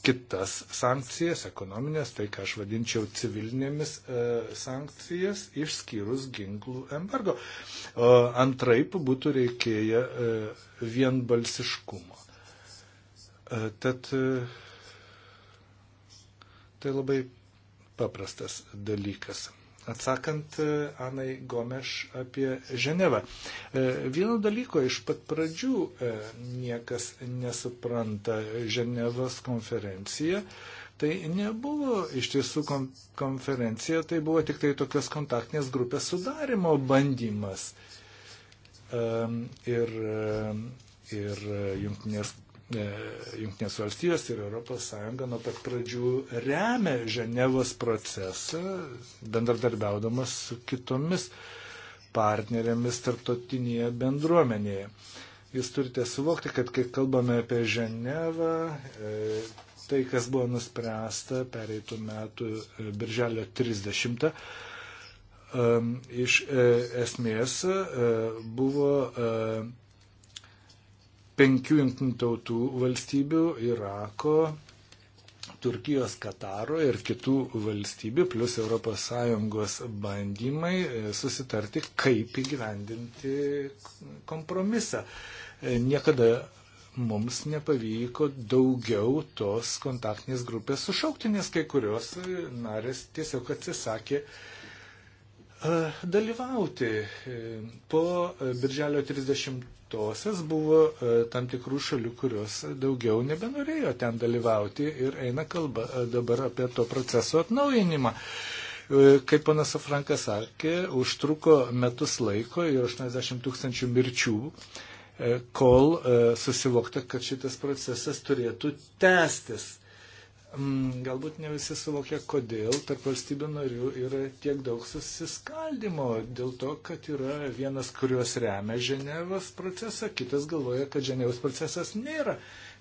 kitas sankcijas, ekonominės, tai ką aš vadinčiau civilinėmis e, sankcijas, išskyrus ginklų embargo. O antraip būtų reikėję e, vienbalsiškumo. E, tad e, tai labai paprastas dalykas. Atsakant e, Anai Gomeš apie Ženevą. E, vieno dalyko iš pat pradžių e, niekas nesupranta Ženevos konferencija. Tai nebuvo iš tiesų konferencija, tai buvo tik tai tokios kontaktinės grupės sudarimo bandymas. Ir, ir Junktinės E, Junktinės valstijos ir ES nuo pat pradžių remia Ženevos procesą, bendradarbiaudamas su kitomis partnerėmis tarptautinėje bendruomenėje. Jūs turite suvokti, kad kai kalbame apie Ženevą, e, tai, kas buvo nuspręsta pereitų metų e, birželio 30 iš esmės buvo penkių jungtinių tautų valstybių - Irako, Turkijos, Kataro ir kitų valstybių, plus ES bandymai e, susitarti, kaip įgyvendinti kompromisą. E, niekada mums nepavyko daugiau tos kontaktinės grupės sušaukti, nes kai kurios e, narės tiesiog atsisakė uh, dalyvauti. E, po birželio 30-osios buvo e, tam tikrų šalių, kurios daugiau nebenorėjo ten dalyvauti ir eina kalba e, dabar apie to proceso atnaujinimą kaip panas Afrankas sakė, užtruko metus laiko ir 80 tūkstančių mirčių, kol susivokta, kad šitas procesas turėtų tęstis. Mm, galbūt ne visi suvokia, kodėl tarp valstybių narių yra tiek daug susiskaldimo. Dėl to, kad yra vienas, kurios remia Ženevos procesą, kitas galvoja, kad Ženevos procesas nėra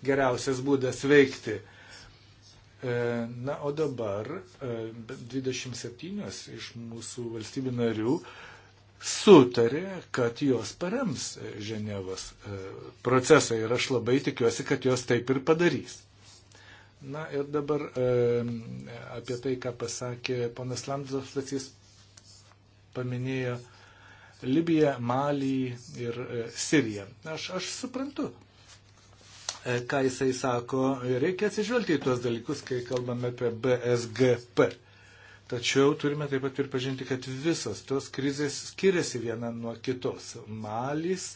geriausias būdas veikti. E, na, o dabar 27 e, iš mūsų valstybių narių sutarė, kad jos parems Ženevos e, procesą ir aš labai tikiuosi, kad jos taip ir padarys. Na ir dabar e, apie tai, ką pasakė ponas Lamzovas, jis paminėjo Libiją, Malį ir e, Siriją. Aš, aš suprantu, e, ką jisai sako, reikia atsižvelgti į tuos dalykus, kai kalbame apie BSGP. Tačiau turime taip pat ir pažinti, kad visos tos krizės skiriasi viena nuo kitos. Malis,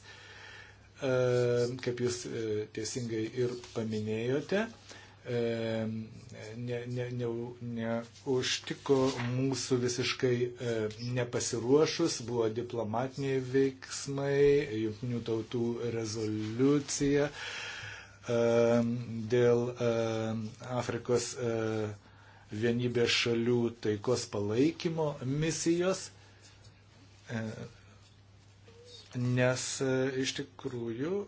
kaip jūs teisingai ir paminėjote, neužtiko ne, ne, ne mūsų visiškai nepasiruošus, buvo diplomatiniai veiksmai, jungtinių tautų rezoliucija dėl Afrikos vienybės šalių taikos palaikymo misijos, nes iš tikrųjų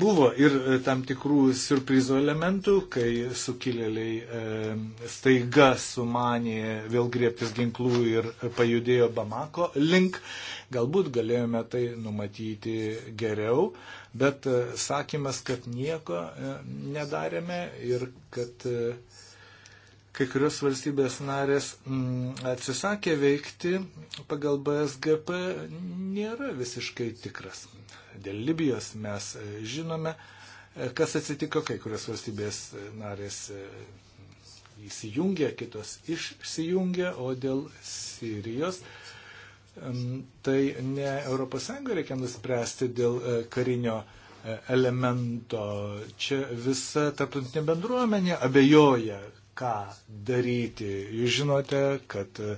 Buvo ir e, tam tikrų surprizo elementų, kai sukilėliai e, staiga sumanė vėl griebtis ginklų ir pajudėjo Bamako link. Galbūt galėjome tai numatyti geriau, bet e, sakymas, kad nieko nedarėme ir kad kai kurios valstybės narės m, mm, atsisakė veikti pagal BSGP, nėra visiškai tikras. Dėl Libijos mes e, žinome, e, kas atsitiko, kai kurios valstybės e, narės įsijungė, kitos išsijungė, o dėl Sirijos. Tai ne ES reikia nuspręsti dėl karinio elemento. Čia visa tarptautinė bendruomenė abejoja, ką daryti. Jūs žinote, kad e,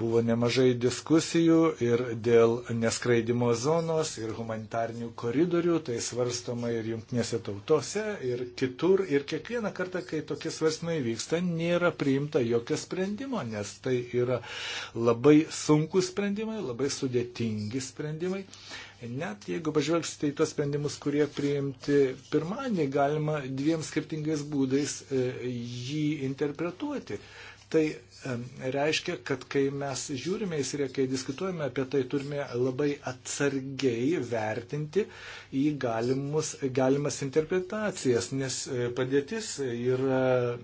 buvo nemažai diskusijų ir dėl neskraidimo zonos, ir humanitarnių koridorių, tai svarstoma ir jungtinėse tautose, ir kitur, ir kiekvieną kartą, kai tokie svarstymai vyksta, nėra priimta jokio sprendimo, nes tai yra labai sunkus sprendimai, labai sudėtingi sprendimai. Net jeigu pažvelgsite į tos sprendimus, kurie priimti pirmadienį, galima dviem skirtingais būdais e, jį interpretuoti. Tai e, reiškia, kad kai mes žiūrime į Siriją, kai diskutuojame apie tai, turime labai atsargiai vertinti į galimus, galimas interpretacijas, nes e, padėtis yra. Ir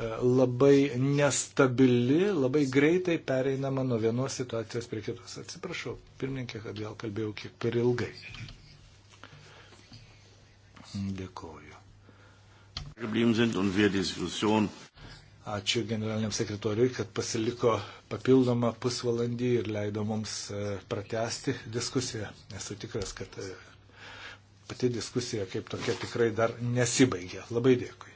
labai nestabili, labai greitai pereinama nuo vienos situacijos prie kitos. Atsiprašau, pirmininkė, kad gal kalbėjau kiek per ilgai. Dėkoju. Ačiū generaliniam sekretoriui, kad pasiliko papildomą pusvalandį ir leido mums e, pratesti diskusiją. Esu tikras, kad e, pati diskusija kaip tokia tikrai dar nesibaigė. Labai dėkui.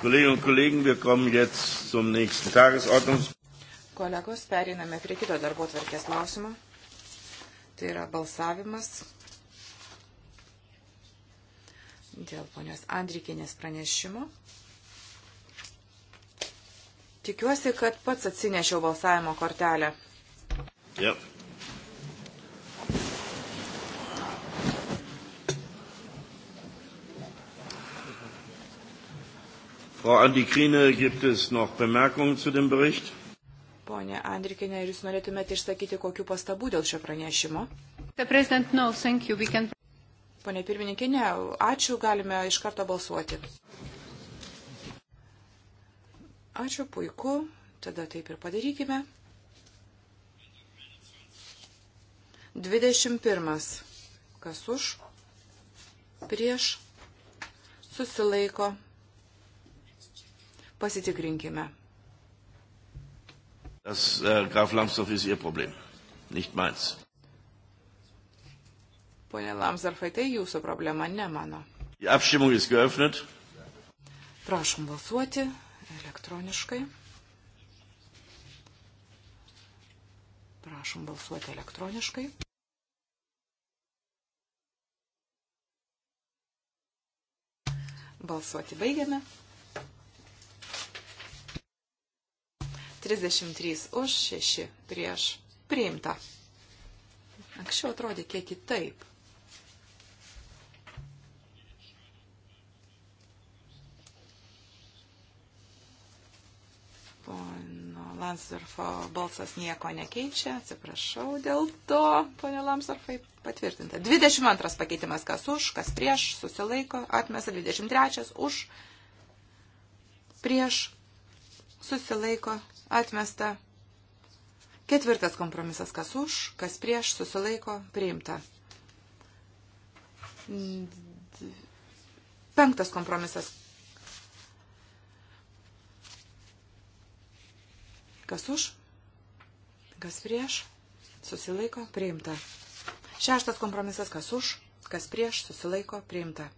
Kolleginnen und Kollegen, wir kommen jetzt zum nächsten Tagesordnungspunkt. Kolegos, pereiname prie kito darbo tvarkės klausimo. Tai yra balsavimas dėl ponios Andrikinės pranešimo. Tikiuosi, kad pats atsinešiau balsavimo kortelę. Yep. Frau Andikrine, gibt es noch Bemerkungen zu dem Bericht? Pone Andrikinė, ar jūs norėtumėte išsakyti kokiu pastabu dėl šio pranešimo? No, can... Pone pirmininkė, ne, ačiū, galime iš karto balsuoti. Ačiū, puiku, tada taip ir padarykime. 21. Kas už? Prieš? Susilaiko Pasitikrinkime. Das äh, Graf Lambsdorff ist Ihr Problem, nicht meins. Pone Lamsdorfai, tai Jūsų problema, ne mano. Die Abstimmung ist geöffnet. Prašom balsuoti elektroniškai. Prašom balsuoti elektroniškai. Balsuoti baigiame. 33 už 6 prieš priimta. Anksčiau atrodė kiek kitaip. Pono Lansdorfo balsas nieko nekeičia, atsiprašau dėl to, ponio Lansdorfai patvirtinta. 22 pakeitimas, kas už, kas prieš, susilaiko, atmesa 23, už, prieš, susilaiko, Atmesta. Ketvirtas kompromisas, kas už, kas prieš, susilaiko, priimta. Penktas kompromisas. Kas už, kas prieš, susilaiko, priimta. Šeštas kompromisas, kas už, kas prieš, susilaiko, priimta.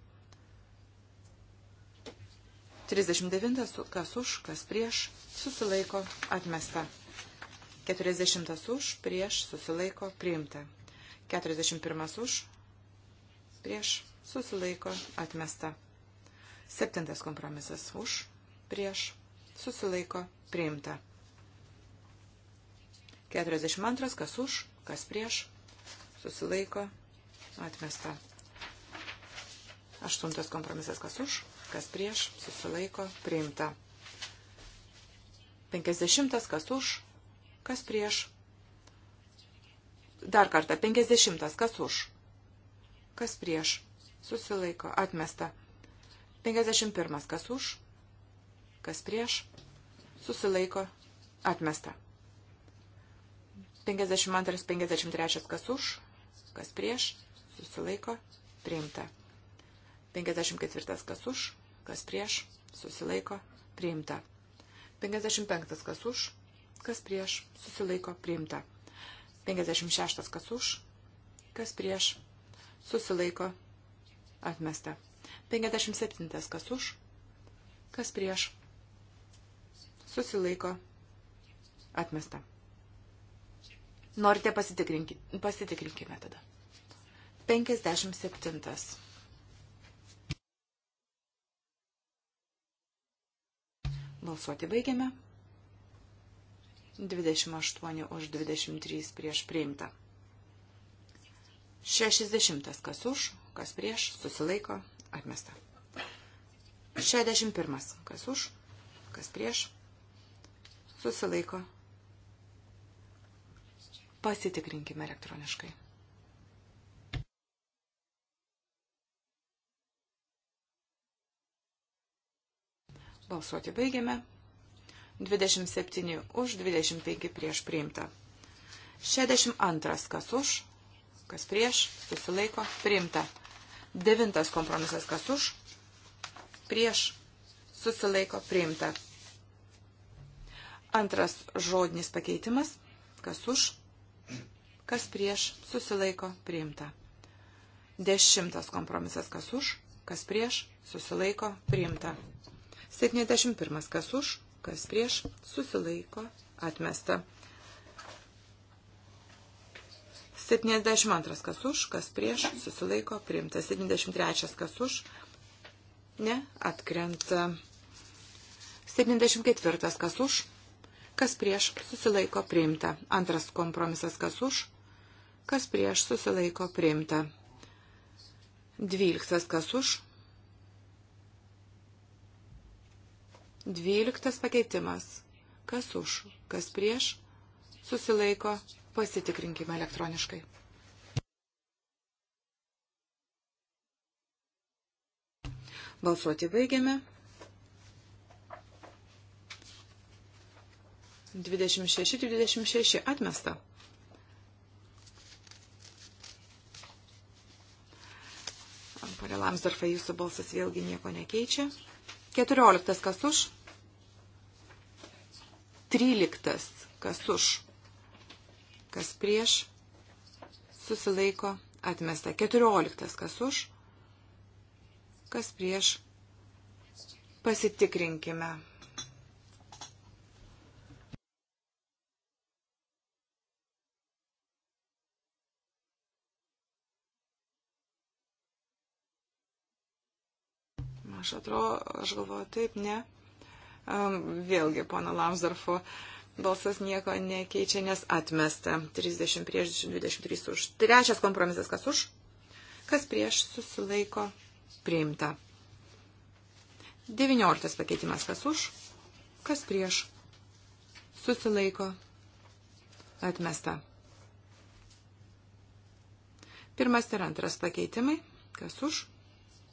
39 kas už, kas prieš, susilaiko, atmesta. 40 už, prieš, susilaiko, priimta. 41 už, prieš, susilaiko, atmesta. 7 kompromisas už, prieš, susilaiko, priimta. 42 kas už, kas prieš, susilaiko, atmesta. Aštuntas kompromisas kas už, kas prieš, susilaiko, priimta. 50, kas už, kas prieš. Dar kartą, 50, kas už, kas prieš, susilaiko, atmesta. 51, kas už, kas prieš, susilaiko, atmesta. 52, 53, kas už, kas prieš, susilaiko, priimta. 54, kas už, kas prieš, susilaiko, priimta. 55 kas už, kas prieš, susilaiko, priimta. 56 kas už, kas prieš, susilaiko, atmesta. 57 kas už, kas prieš, susilaiko, atmesta. Norite pasitikrinkime tada. 57. Balsuoti baigiame. 28 už 23 prieš priimta. 60 kas už, kas prieš, susilaiko, atmesta. 61 kas už, kas prieš, susilaiko. Pasitikrinkime elektroniškai. Balsuoti baigiame. 27 už, 25 prieš priimta. 62 kas už, kas prieš, susilaiko, priimta. 9 kompromisas kas už, prieš, susilaiko, priimta. Antras žodinis pakeitimas, kas už, kas prieš, susilaiko, priimta. Dešimtas kompromisas kas už, kas prieš, susilaiko, priimta. 71. Kas už, kas prieš, susilaiko, atmesta. 72. Kas už, kas prieš, susilaiko, priimta. 73. Kas už, ne, atkrenta. 74. Kas už, kas prieš, susilaiko, priimta. Antras kompromisas. Kas už, kas prieš, susilaiko, priimta. 12. Kas už, Dvyliktas pakeitimas. Kas už, kas prieš, susilaiko, pasitikrinkime elektroniškai. Balsuoti baigiame. 26-26 atmesta. Pone Lamsdorfai, jūsų balsas vėlgi nieko nekeičia. 14 kas už, 13 kas už, kas prieš, susilaiko, atmesta. 14 kas už, kas prieš, pasitikrinkime. Aš atrodo, aš galvoju, taip, ne. Um, vėlgi, pono Lamsdorfo balsas nieko nekeičia, nes atmesta. 30 prieš 23 už. Trečias kompromisas, kas už, kas prieš susilaiko priimta. 19 pakeitimas, kas už, kas prieš susilaiko atmesta. Pirmas ir antras pakeitimai, kas už,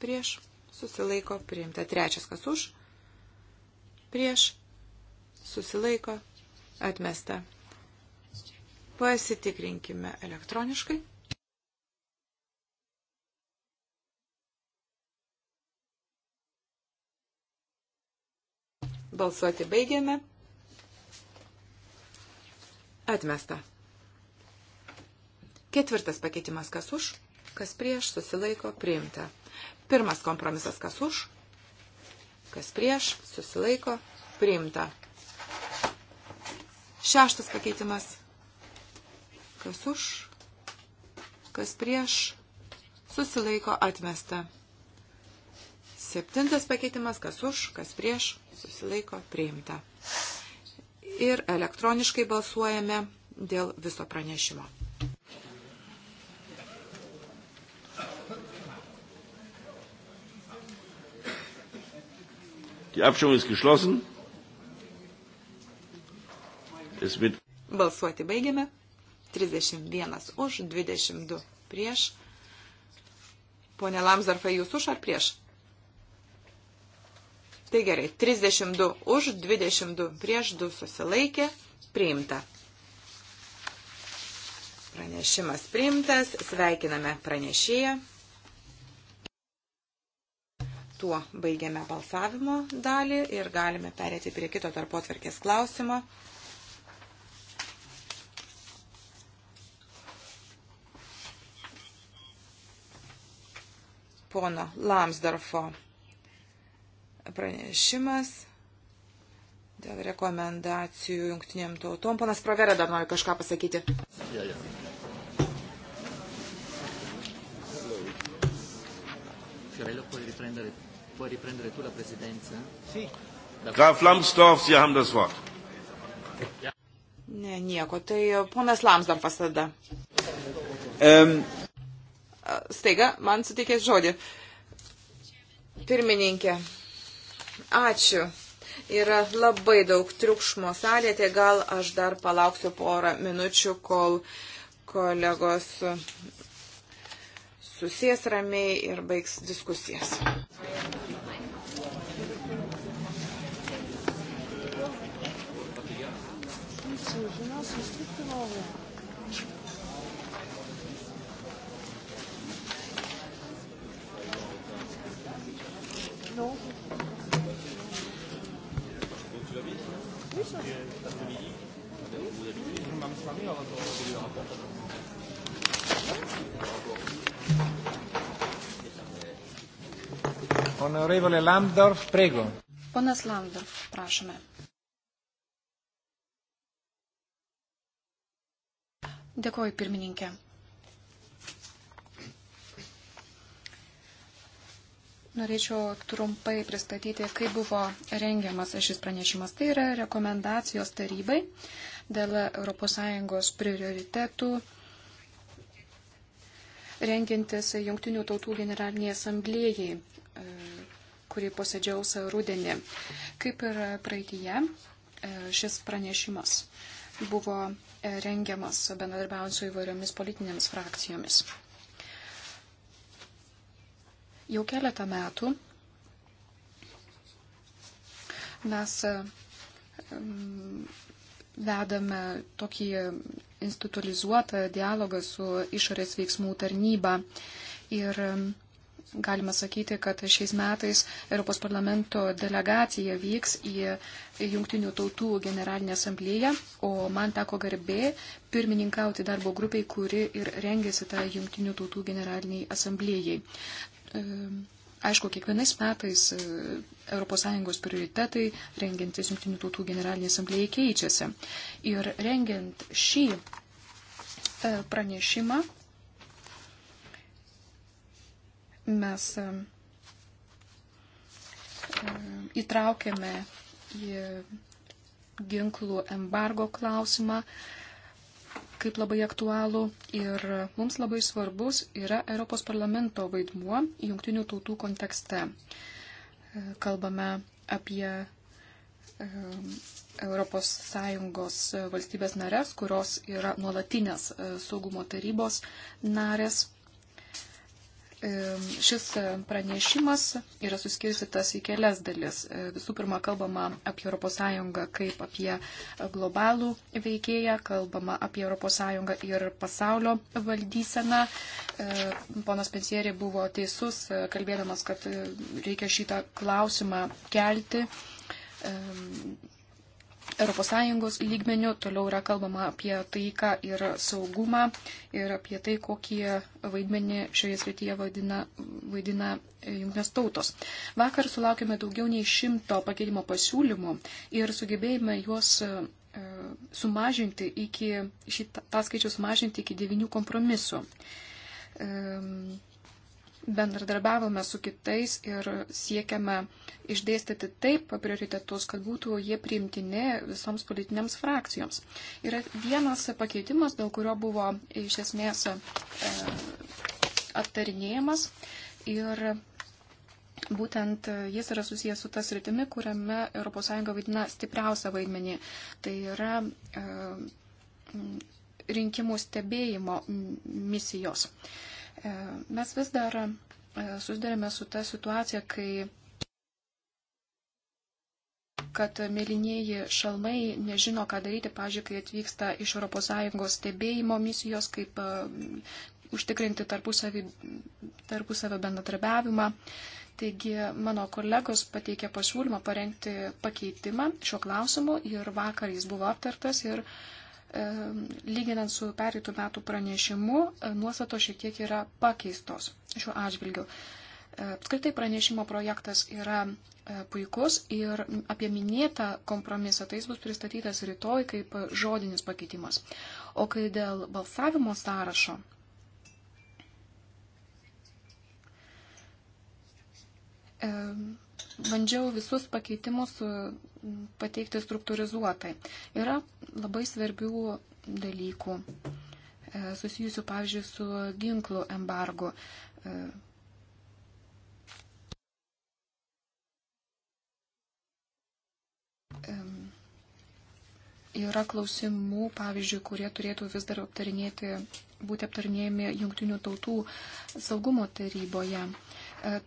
prieš susilaiko priimta. Trečias kas už, prieš, susilaiko atmesta. Pasitikrinkime elektroniškai. Balsuoti baigiame. Atmesta. Ketvirtas pakeitimas kas už, kas prieš, susilaiko, priimta. Pirmas kompromisas, kas už, kas prieš, susilaiko, priimta. Šeštas pakeitimas, kas už, kas prieš, susilaiko, atmesta. Septintas pakeitimas, kas už, kas prieš, susilaiko, priimta. Ir elektroniškai balsuojame dėl viso pranešimo. Die Abstimmung ist geschlossen. Es wird... Balsuoti baigiame. 31 už, 22 prieš. Pone Lamsdorfai, jūs už ar prieš? Tai gerai, 32 už, 22 prieš, 2 susilaikė, priimta. Pranešimas priimtas, sveikiname pranešėją. Tuo baigiame balsavimo dalį ir galime perėti prie kito tarpo atverkės klausimo. Pono Lamsdorfo pranešimas dėl rekomendacijų jungtiniam tautom. Ponas Provera dar nori kažką pasakyti. Ja, ja. Fiorello puoi riprendere puoi riprendere tu la presidenza? Sì. Graf Lambsdorff, Sie haben das Wort. Ne, nieko. Tai e, ponas Lamsdorfas tada. Um. Staiga, man suteikė žodį. Pirmininkė, ačiū. Yra labai daug triukšmo salėje, tai gal aš dar palauksiu porą minučių, kol kolegos susės ramiai ir baigs diskusijas. Seugenat sont strictement ouverts. Non. Tu vas bien Oui, ça va. Cet après-midi, vous avez vu, vous m'avez parlé avant de recevoir le rapport. Onorevole Lambdorf, prego. Ponas Lambdorf, prašome. Dėkoju, pirmininkė. Norėčiau trumpai pristatyti, kaip buvo rengiamas šis pranešimas. Tai yra rekomendacijos tarybai dėl ES prioritetų rengintis Junktinių tautų generaliniai asamblėjai, e, kuri posėdžiaus rūdienį. Kaip ir praeitie, e, šis pranešimas buvo rengiamas bendradarbiaujant su įvairiomis politinėmis frakcijomis. Jau keletą metų mes mm, vedame tokį institulizuotą dialogą su išorės veiksmų tarnyba ir mm, galima sakyti, kad šiais metais Europos parlamento delegacija vyks į Junktinių tautų generalinę asamblėją, o man teko garbė pirmininkauti darbo grupiai, kuri ir rengėsi tą tai Junktinių tautų generaliniai asamblėjai. Ehm, aišku, kiekvienais metais ES prioritetai rengiantis Junktinių tautų generalinį asamblėjai keičiasi. Ir rengiant šį e, pranešimą Mes e, e, įtraukėme į ginklų embargo klausimą kaip labai aktualų ir mums labai svarbus yra Europos parlamento vaidmuo jungtinių tautų kontekste. E, kalbame apie ES valstybės narės, kurios yra nuolatinės saugumo tarybos narės šis e, pranešimas yra suskirstytas į kelias dalis. E, visų pirma, kalbama apie ES kaip apie globalų veikėją, kalbama apie ES ir pasaulio valdyseną. E, ponas Pensierė buvo teisus, kalbėdamas, kad reikia šitą klausimą kelti ES lygmenių toliau yra kalbama apie taiką ir saugumą ir apie tai, kokį vaidmenį šioje srityje vaidina, vaidina jungtinės tautos. Vakar sulaukėme daugiau nei šimto pakeitimo pasiūlymų ir sugebėjome juos e, sumažinti iki, šitą skaičių sumažinti iki devinių kompromisų. Um, bendradarbiavome su kitais ir siekiame išdėstyti taip prioritetus, kad būtų jie priimtini visoms politinėms frakcijoms. Yra vienas pakeitimas, dėl kurio buvo iš esmės e, aptarinėjimas ir būtent jis yra susijęs su tas rytimi, kuriame ES vaidina stipriausią vaidmenį. Tai yra e, rinkimų stebėjimo misijos. E, E, mes vis dar e, susidarėme su ta situacija, kai kad mėlynieji šalmai nežino, ką daryti, pažiūrėk, kai atvyksta iš ES stebėjimo misijos, kaip uh, užtikrinti tarpusavį, tarpusavio bendradarbiavimą. Taigi mano kolegos pateikė pasiūlymą parengti pakeitimą šio klausimu ir vakar jis buvo aptartas ir uh, lyginant su pereitų metų pranešimu, e, nuostatos šiek tiek yra pakeistos šiuo atžvilgiu. E, apskritai pranešimo projektas yra e, puikus ir apie minėtą kompromisą tai jis bus pristatytas rytoj kaip žodinis pakeitimas. O kai dėl balsavimo sąrašo bandžiau visus pakeitimus pateikti struktūrizuotai. Yra labai svarbių dalykų e, susijusių, pavyzdžiui, su ginklų embargu. E, yra klausimų, pavyzdžiui, kurie turėtų vis dar aptarinėti, būti aptarinėjami jungtinių tautų saugumo taryboje. E, E,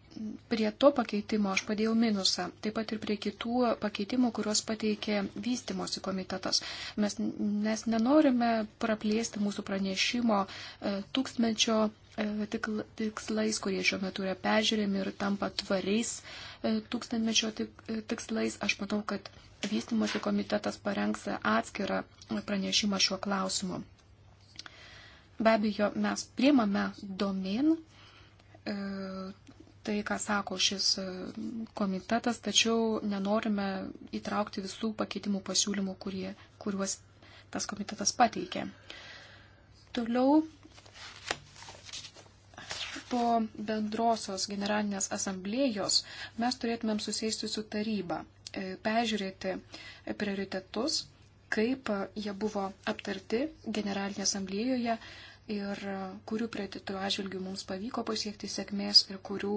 prie to pakeitimo aš padėjau minusą, taip pat ir prie kitų pakeitimų, kuriuos pateikė vystimosi komitetas. Mes, mes nenorime praplėsti mūsų pranešimo e, tūkstmečio e, tikslais, kurie šiuo metu yra peržiūrėmi ir tampa tvariais tūkstantmečio tikslais. Aš manau, kad vystimosi komitetas parengs atskirą pranešimą šiuo klausimu. Be abejo, mes priemame domin tai, ką sako šis e, komitetas, tačiau nenorime įtraukti visų pakeitimų pasiūlymų, kurie, kuriuos tas komitetas pateikė. Toliau po bendrosios generalinės asamblėjos mes turėtumėm susėsti su taryba, e, peržiūrėti prioritetus, kaip jie buvo aptarti generalinėje asamblėjoje ir kurių prioritetų atžvilgių mums pavyko pasiekti sėkmės ir kurių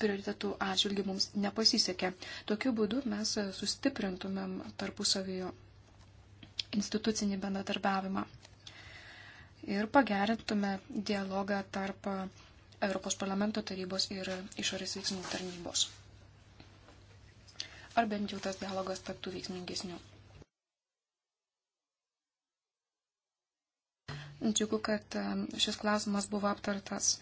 prioritetų atžvilgių mums nepasisekė. Tokiu būdu mes sustiprintumėm tarpusavio institucinį bendradarbiavimą ir pagerintume dialogą tarp Europos parlamento tarybos ir išorės veiksmų tarnybos. Ar bent jau tas dialogas taptų veiksmingesniu. Džiugu, kad e, šis klausimas buvo aptartas.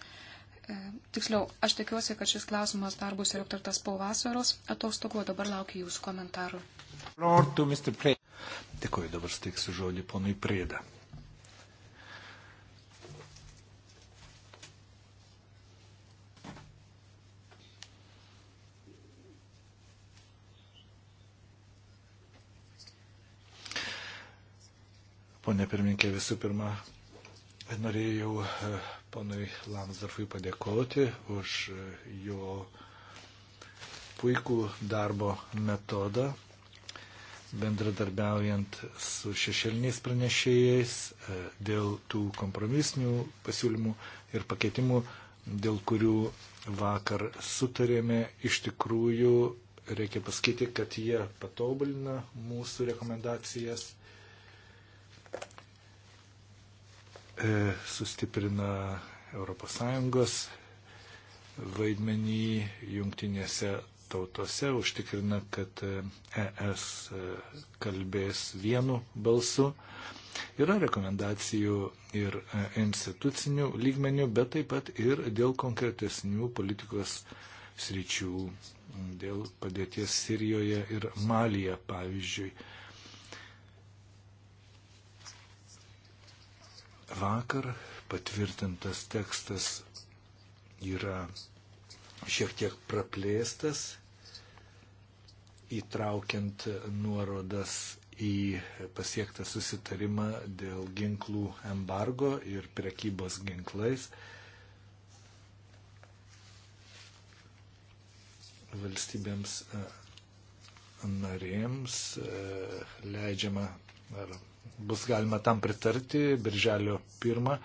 E, tiksliau, aš tikiuosi, kad šis klausimas dar bus ir aptartas po vasaros atostogų, dabar laukiu jūsų komentarų. Dėkuoju, dabar steiksiu žodį ponui Prėdą. Pone pirminkė, visų pirma, Norėjau e, ponui Lamsdorfui padėkoti už e, jo puikų darbo metodą, bendradarbiaujant su šešeliniais pranešėjais e, dėl tų kompromisinių pasiūlymų ir pakeitimų, dėl kurių vakar sutarėme, iš tikrųjų reikia pasakyti, kad jie patobulina mūsų rekomendacijas E, sustiprina ES vaidmenį jungtinėse tautose, užtikrina, kad ES e kalbės vienu balsu. Yra rekomendacijų ir e, institucinių lygmenių, bet taip pat ir dėl konkretesnių politikos sričių, dėl padėties Sirijoje ir Malyje, pavyzdžiui. vakar patvirtintas tekstas yra šiek tiek praplėstas, įtraukiant nuorodas į pasiektą susitarimą dėl ginklų embargo ir prekybos ginklais. Valstybėms narėms leidžiama ar bus galima tam pritarti birželio pirmą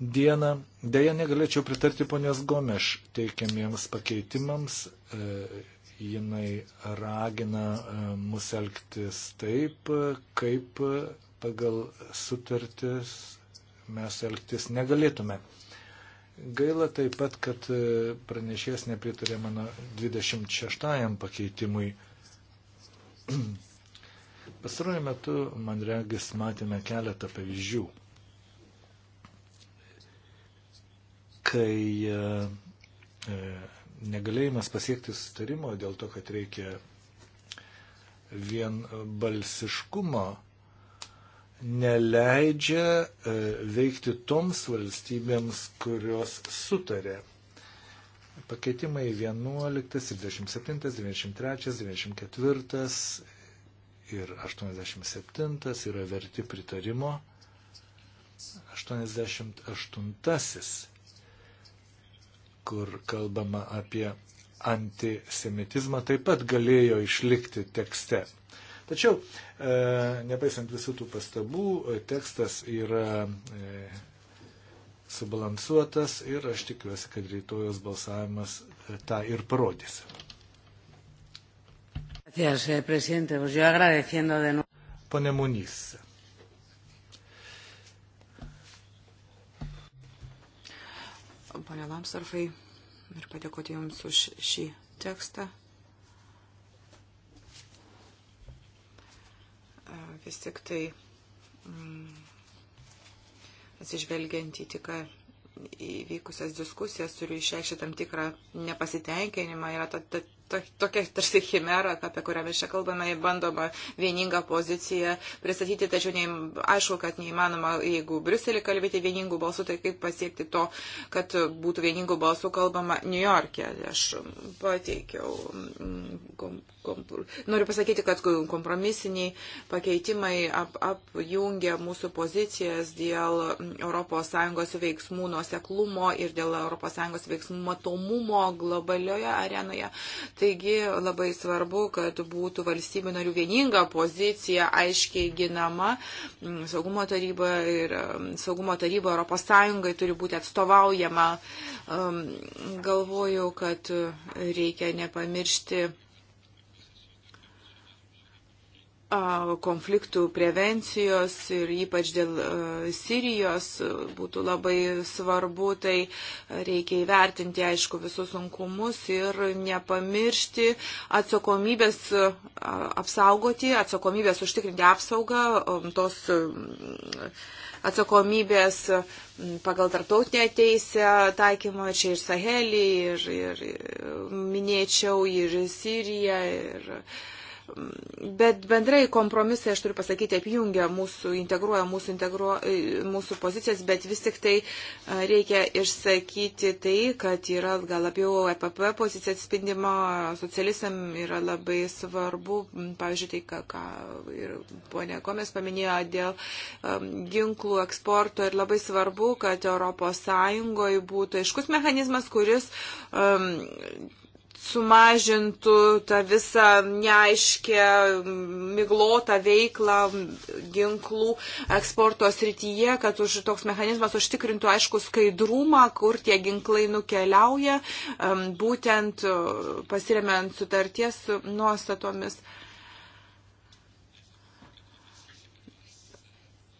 dieną. Deja, negalėčiau pritarti ponios Gomeš teikiamiems pakeitimams. E, jinai ragina e, mus elgtis taip, kaip pagal sutartis mes elgtis negalėtume. Gaila taip pat, kad e, pranešėjas nepritarė mano 26 pakeitimui Pastaruoju metu, man regis, matėme keletą pavyzdžių, kai e, e, negalėjimas pasiekti sustarimo dėl to, kad reikia vien balsiškumo, neleidžia e, veikti toms valstybėms, kurios sutarė. Pakeitimai 11, 27, 93, 94 ir 87 yra verti pritarimo. 88, kur kalbama apie antisemitizmą, taip pat galėjo išlikti tekste. Tačiau, e, nepaisant visų tų pastabų, tekstas yra e, subalansuotas ir aš tikiuosi, kad rytojos balsavimas e, tą ir parodys. Gracias, eh, presidente. Pues yo agradeciendo de nuevo. Pone Munys. Pane Lamsarfai, ir padėkoti Jums už šį tekstą. Vis tik tai mm, atsižvelgiant į tik įvykusias diskusijas, turiu išreikšti tam tikrą nepasitenkinimą. Yra ta, ta, tokia tarsi chimera, apie kurią mes čia kalbame, bandoma vieningą poziciją pristatyti, tačiau nei, aišku, kad neįmanoma, jeigu Briuselį kalbėti vieningų balsų, tai kaip pasiekti to, kad būtų vieningų balsų kalbama New York'e. Aš pateikiau, mm, kom, kom, noriu pasakyti, kad kompromisiniai pakeitimai ap, apjungia mūsų pozicijas dėl ES veiksmų nuoseklumo ir dėl ES veiksmų matomumo globalioje arenoje Taigi labai svarbu, kad būtų valstybių narių vieninga pozicija aiškiai ginama. Mm, saugumo taryba ir mm, saugumo taryba Europos Sąjungai turi būti atstovaujama. Mm, galvoju, kad reikia nepamiršti konfliktų prevencijos ir ypač dėl Sirijos būtų labai svarbu, tai reikia įvertinti, aišku, visus sunkumus ir nepamiršti atsakomybės apsaugoti, atsakomybės užtikrinti apsaugą tos atsakomybės pagal tarptautinę teisę taikymą čia ir Sahelį, ir, ir minėčiau, ir Siriją, ir Bet bendrai kompromisai, aš turiu pasakyti, apjungia mūsų, integruoja mūsų, integruo, e, mūsų pozicijas, bet vis tik tai e, reikia išsakyti tai, kad yra gal labiau EPP pozicija atspindima, socialistam yra labai svarbu, pavyzdžiui, tai, ką, ką ir ponė Komės paminėjo dėl um, ginklų eksporto ir labai svarbu, kad ES būtų aiškus mechanizmas, kuris um, sumažintų tą visą neaiškę, miglotą veiklą ginklų eksporto srityje, kad už toks mechanizmas užtikrintų aišku skaidrumą, kur tie ginklai nukeliauja, būtent e, pasiremiant sutarties nuostatomis.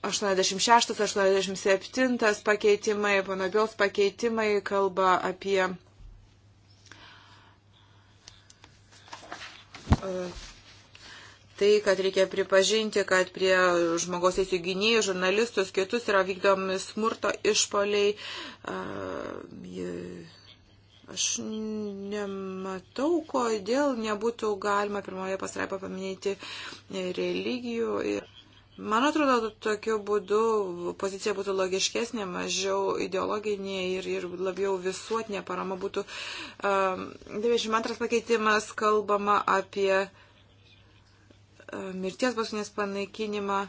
86-87 pakeitimai, panabios pakeitimai kalba apie Tai, kad reikia pripažinti, kad prie žmogaus teisų gynėjų, žurnalistus, kitus yra vykdomi smurto išpoliai. Aš nematau, kodėl nebūtų galima pirmoje pasraipoje paminėti religijų. Ir Man atrodo, tokiu būdu pozicija būtų logiškesnė, mažiau ideologinė ir, ir labiau visuotinė parama būtų. Um, 92 pakeitimas kalbama apie um, mirties bausmės panaikinimą.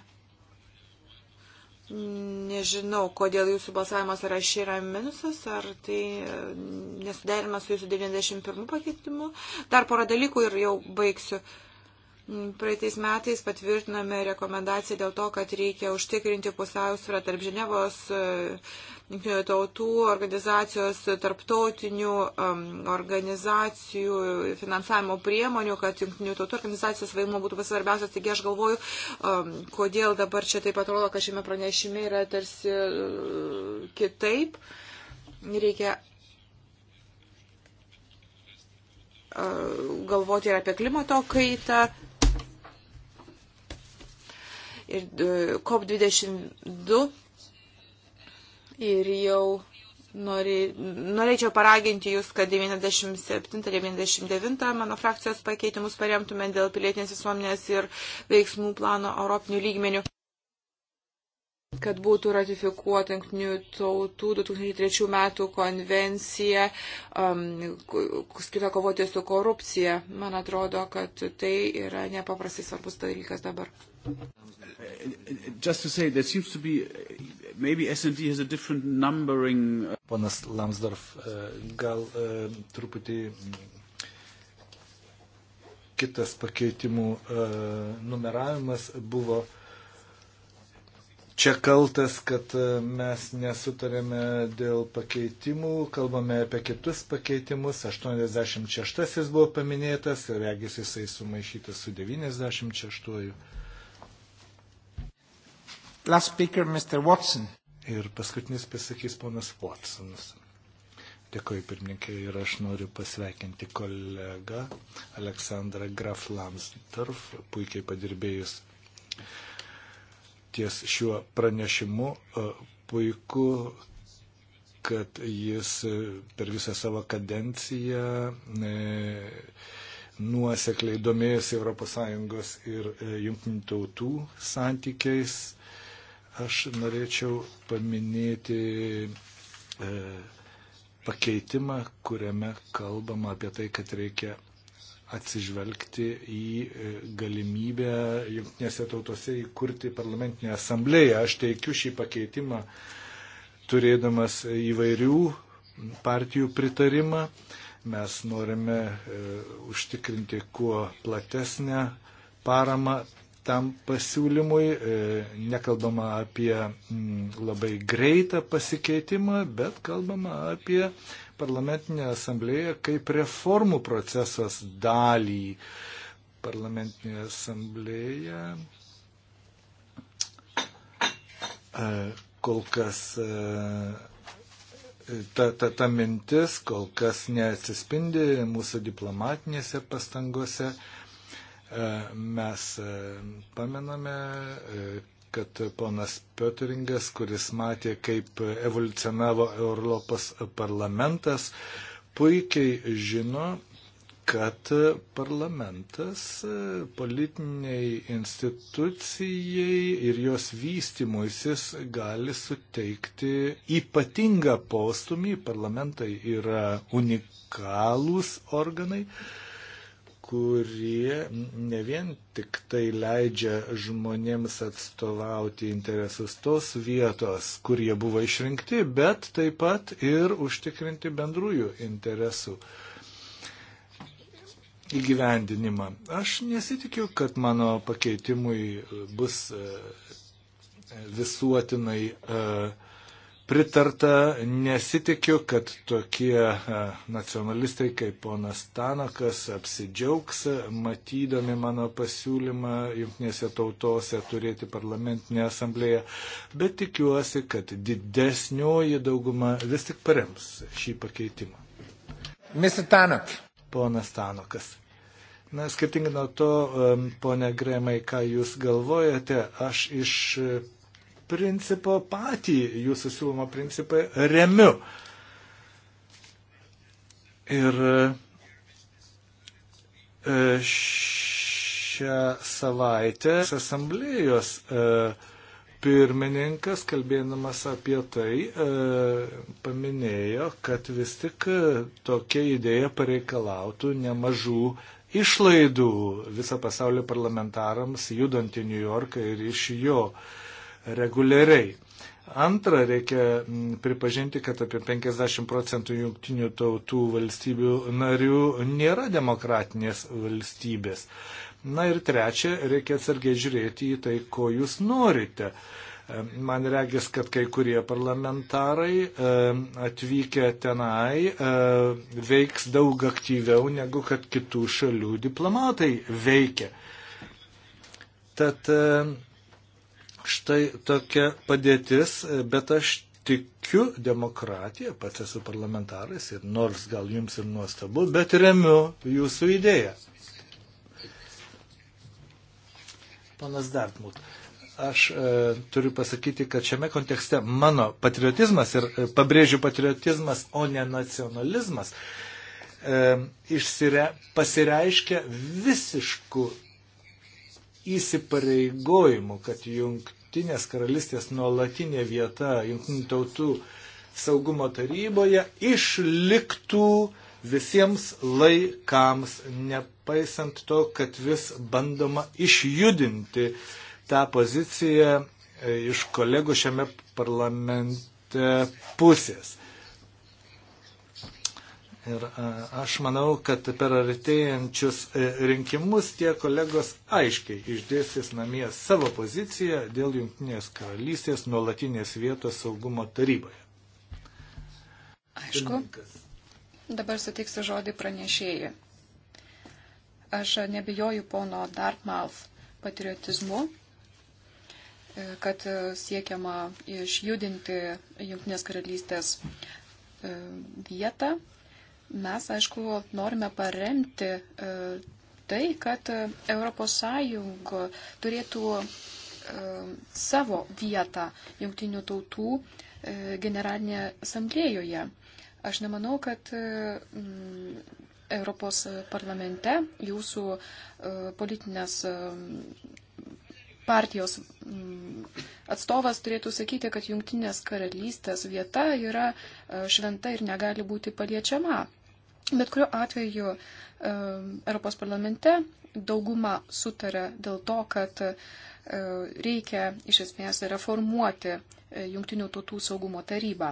Nežinau, kodėl jūsų balsavimas rašė yra minusas, ar tai um, nesuderima su jūsų 91 pakeitimu. Dar porą dalykų ir jau baigsiu. Uh, Praeitais metais patvirtinome rekomendaciją dėl to, kad reikia užtikrinti pusiausvyrą tarp Ženevos e, tautų organizacijos, tarptautinių um, organizacijų, finansavimo priemonių, kad jungtinių tautų organizacijos vaidmuo būtų pasvarbiausias. Taigi aš galvoju, um, kodėl dabar čia taip atrodo, kad šiame pranešime yra tarsi uh, kitaip. Reikia e, galvoti ir apie klimato kaitą ir e, COP22 ir jau Nori, norėčiau paraginti Jūs, kad 97-99 mano frakcijos pakeitimus paremtume dėl pilietinės visuomenės ir veiksmų plano europinių lygmenių kad būtų ratifikuota Junktinių tautų 2003 metų konvencija um, skirta kovoti su korupcija. Man atrodo, kad tai yra nepaprastai svarbus dalykas dabar. Say, be, uh, Ponas Lamsdorf, uh, gal uh, truputį kitas pakeitimų uh, numeravimas buvo uh, čia kaltas, kad e, mes nesutarėme dėl pakeitimų, kalbame apie kitus pakeitimus. 86 buvo paminėtas ir regis jisai sumaišytas su 96. Last speaker, Mr. Watson. Ir paskutinis pasakys ponas Watsonas. Dėkoju pirmininkai ir aš noriu pasveikinti kolegą Aleksandrą Graf Lamsdorf, puikiai padirbėjus ties šiuo pranešimu. E, puiku, kad jis e, per visą savo kadenciją e, nuosekliai domėjosi ES ir jungtinių tautų santykiais. Aš norėčiau paminėti pakeitimą, kuriame kalbama apie tai, kad reikia atsižvelgti į e, galimybę jungtinėse tautose įkurti parlamentinę asamblėją. Aš teikiu šį pakeitimą turėdamas įvairių partijų pritarimą. Mes norime e, užtikrinti kuo platesnę paramą tam pasiūlymui. E, nekalbama apie m, labai greitą pasikeitimą, bet kalbama apie parlamentinę asamblėją kaip reformų procesas dalį. Parlamentinė asamblėja e, kol kas e, ta, ta, ta mintis kol kas neatsispindi mūsų diplomatinėse pastangose. E, mes pamename, kad ponas Pöteringas, kuris matė, kaip evoliucionavo Europos parlamentas, puikiai žino, kad parlamentas politiniai institucijai ir jos vystimuisis gali suteikti ypatingą postumį. Parlamentai yra unikalūs organai kurie ne vien tik tai leidžia žmonėms atstovauti interesus tos vietos, kur jie buvo išrinkti, bet taip pat ir užtikrinti bendrųjų interesų įgyvendinimą. Aš nesitikiu, kad mano pakeitimui bus e, visuotinai uh, pritarta, nesitikiu, kad tokie e, nacionalistai kaip ponas Tanakas apsidžiaugs, matydami mano pasiūlymą jungtinėse tautose turėti parlamentinę asamblėją, bet tikiuosi, kad didesnioji dauguma vis tik parems šį pakeitimą. Mr. Tanak. Ponas Tanakas. Na, skirtingai nuo to, ponia Gremai, ką jūs galvojate, aš iš principo patį jūsų siūlomą principą remiu. Ir e, šią savaitę asamblėjos e, pirmininkas, kalbėdamas apie tai, e, paminėjo, kad vis tik tokia idėja pareikalautų nemažų išlaidų viso pasaulio parlamentarams judant į New Yorką ir iš jo reguliariai. Antra, reikia pripažinti, kad apie 50 procentų jungtinių tautų valstybių narių nėra demokratinės valstybės. Na ir trečia, reikia atsargiai žiūrėti į tai, ko jūs norite. Man regis, kad kai kurie parlamentarai atvykę tenai veiks daug aktyviau negu kad kitų šalių diplomatai veikia. Tad Štai tokia padėtis, bet aš tikiu demokratiją, pats esu parlamentaras ir nors gal jums ir nuostabu, bet remiu jūsų idėją. Panas Dartmut, aš e, turiu pasakyti, kad šiame kontekste mano patriotizmas ir e, pabrėžiu patriotizmas, o ne nacionalizmas, e, išsire, pasireiškia visišku įsipareigojimu, kad jungt Junktinės karalystės nuolatinė vieta Junktinių tautų saugumo taryboje išliktų visiems laikams, nepaisant to, kad vis bandoma išjudinti tą poziciją e, iš kolegų šiame parlamente pusės. Ir e, aš manau, kad per artėjančius e, rinkimus tie kolegos aiškiai išdėstys namie savo poziciją dėl Junktinės karalystės nuolatinės vietos saugumo taryboje. Aišku. Dabar suteiksiu žodį pranešėjai. Aš nebijoju pono Dartmouth patriotizmu, e, kad siekiama išjudinti Junktinės karalystės vietą Mes, aišku, norime paremti e, tai, kad ES turėtų e, savo vietą jungtinių tautų e, generalinėje asamblėjoje. Aš nemanau, kad Europos parlamente jūsų politinės partijos mm, atstovas turėtų sakyti, kad jungtinės karalystės vieta yra e, šventa ir negali būti paliečiama. Bet kuriuo atveju e, Europos parlamente dauguma sutarė dėl to, kad e, reikia iš esmės reformuoti Junktinių tautų saugumo tarybą.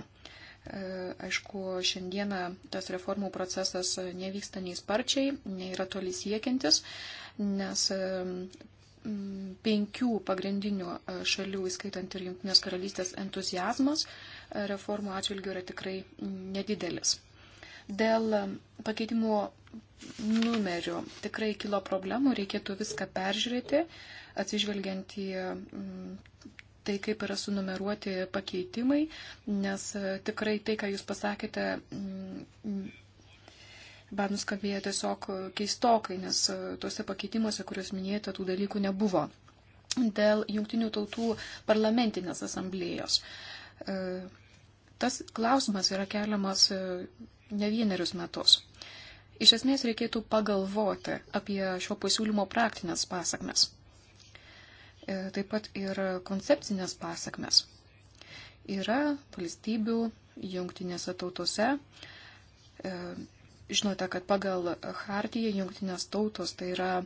Aišku, šiandieną tas reformų procesas nevyksta nei sparčiai, nei yra toli siekiantis, nes penkių pagrindinių e, šalių, įskaitant ir Junktinės karalystės entuzijazmas, e, reformų atžvilgių yra tikrai nedidelis. Dėl e, pakeitimų numerių tikrai kilo problemų, reikėtų viską peržiūrėti, atsižvelgiant į mm, tai, kaip yra sunumeruoti pakeitimai, nes tikrai tai, ką jūs pasakėte, mm, bet nuskambėjo tiesiog keistokai, nes e, tuose pakeitimuose, kuriuos minėjote, tų dalykų nebuvo. Dėl jungtinių tautų parlamentinės asamblėjos. E, tas klausimas yra keliamas e, ne vienerius metus. Iš esmės reikėtų pagalvoti apie šio pasiūlymo praktinės pasakmes. Taip pat ir koncepcinės pasakmes. Yra valstybių jungtinėse tautose Žinote, kad pagal Hartiją jungtinės tautos tai yra e,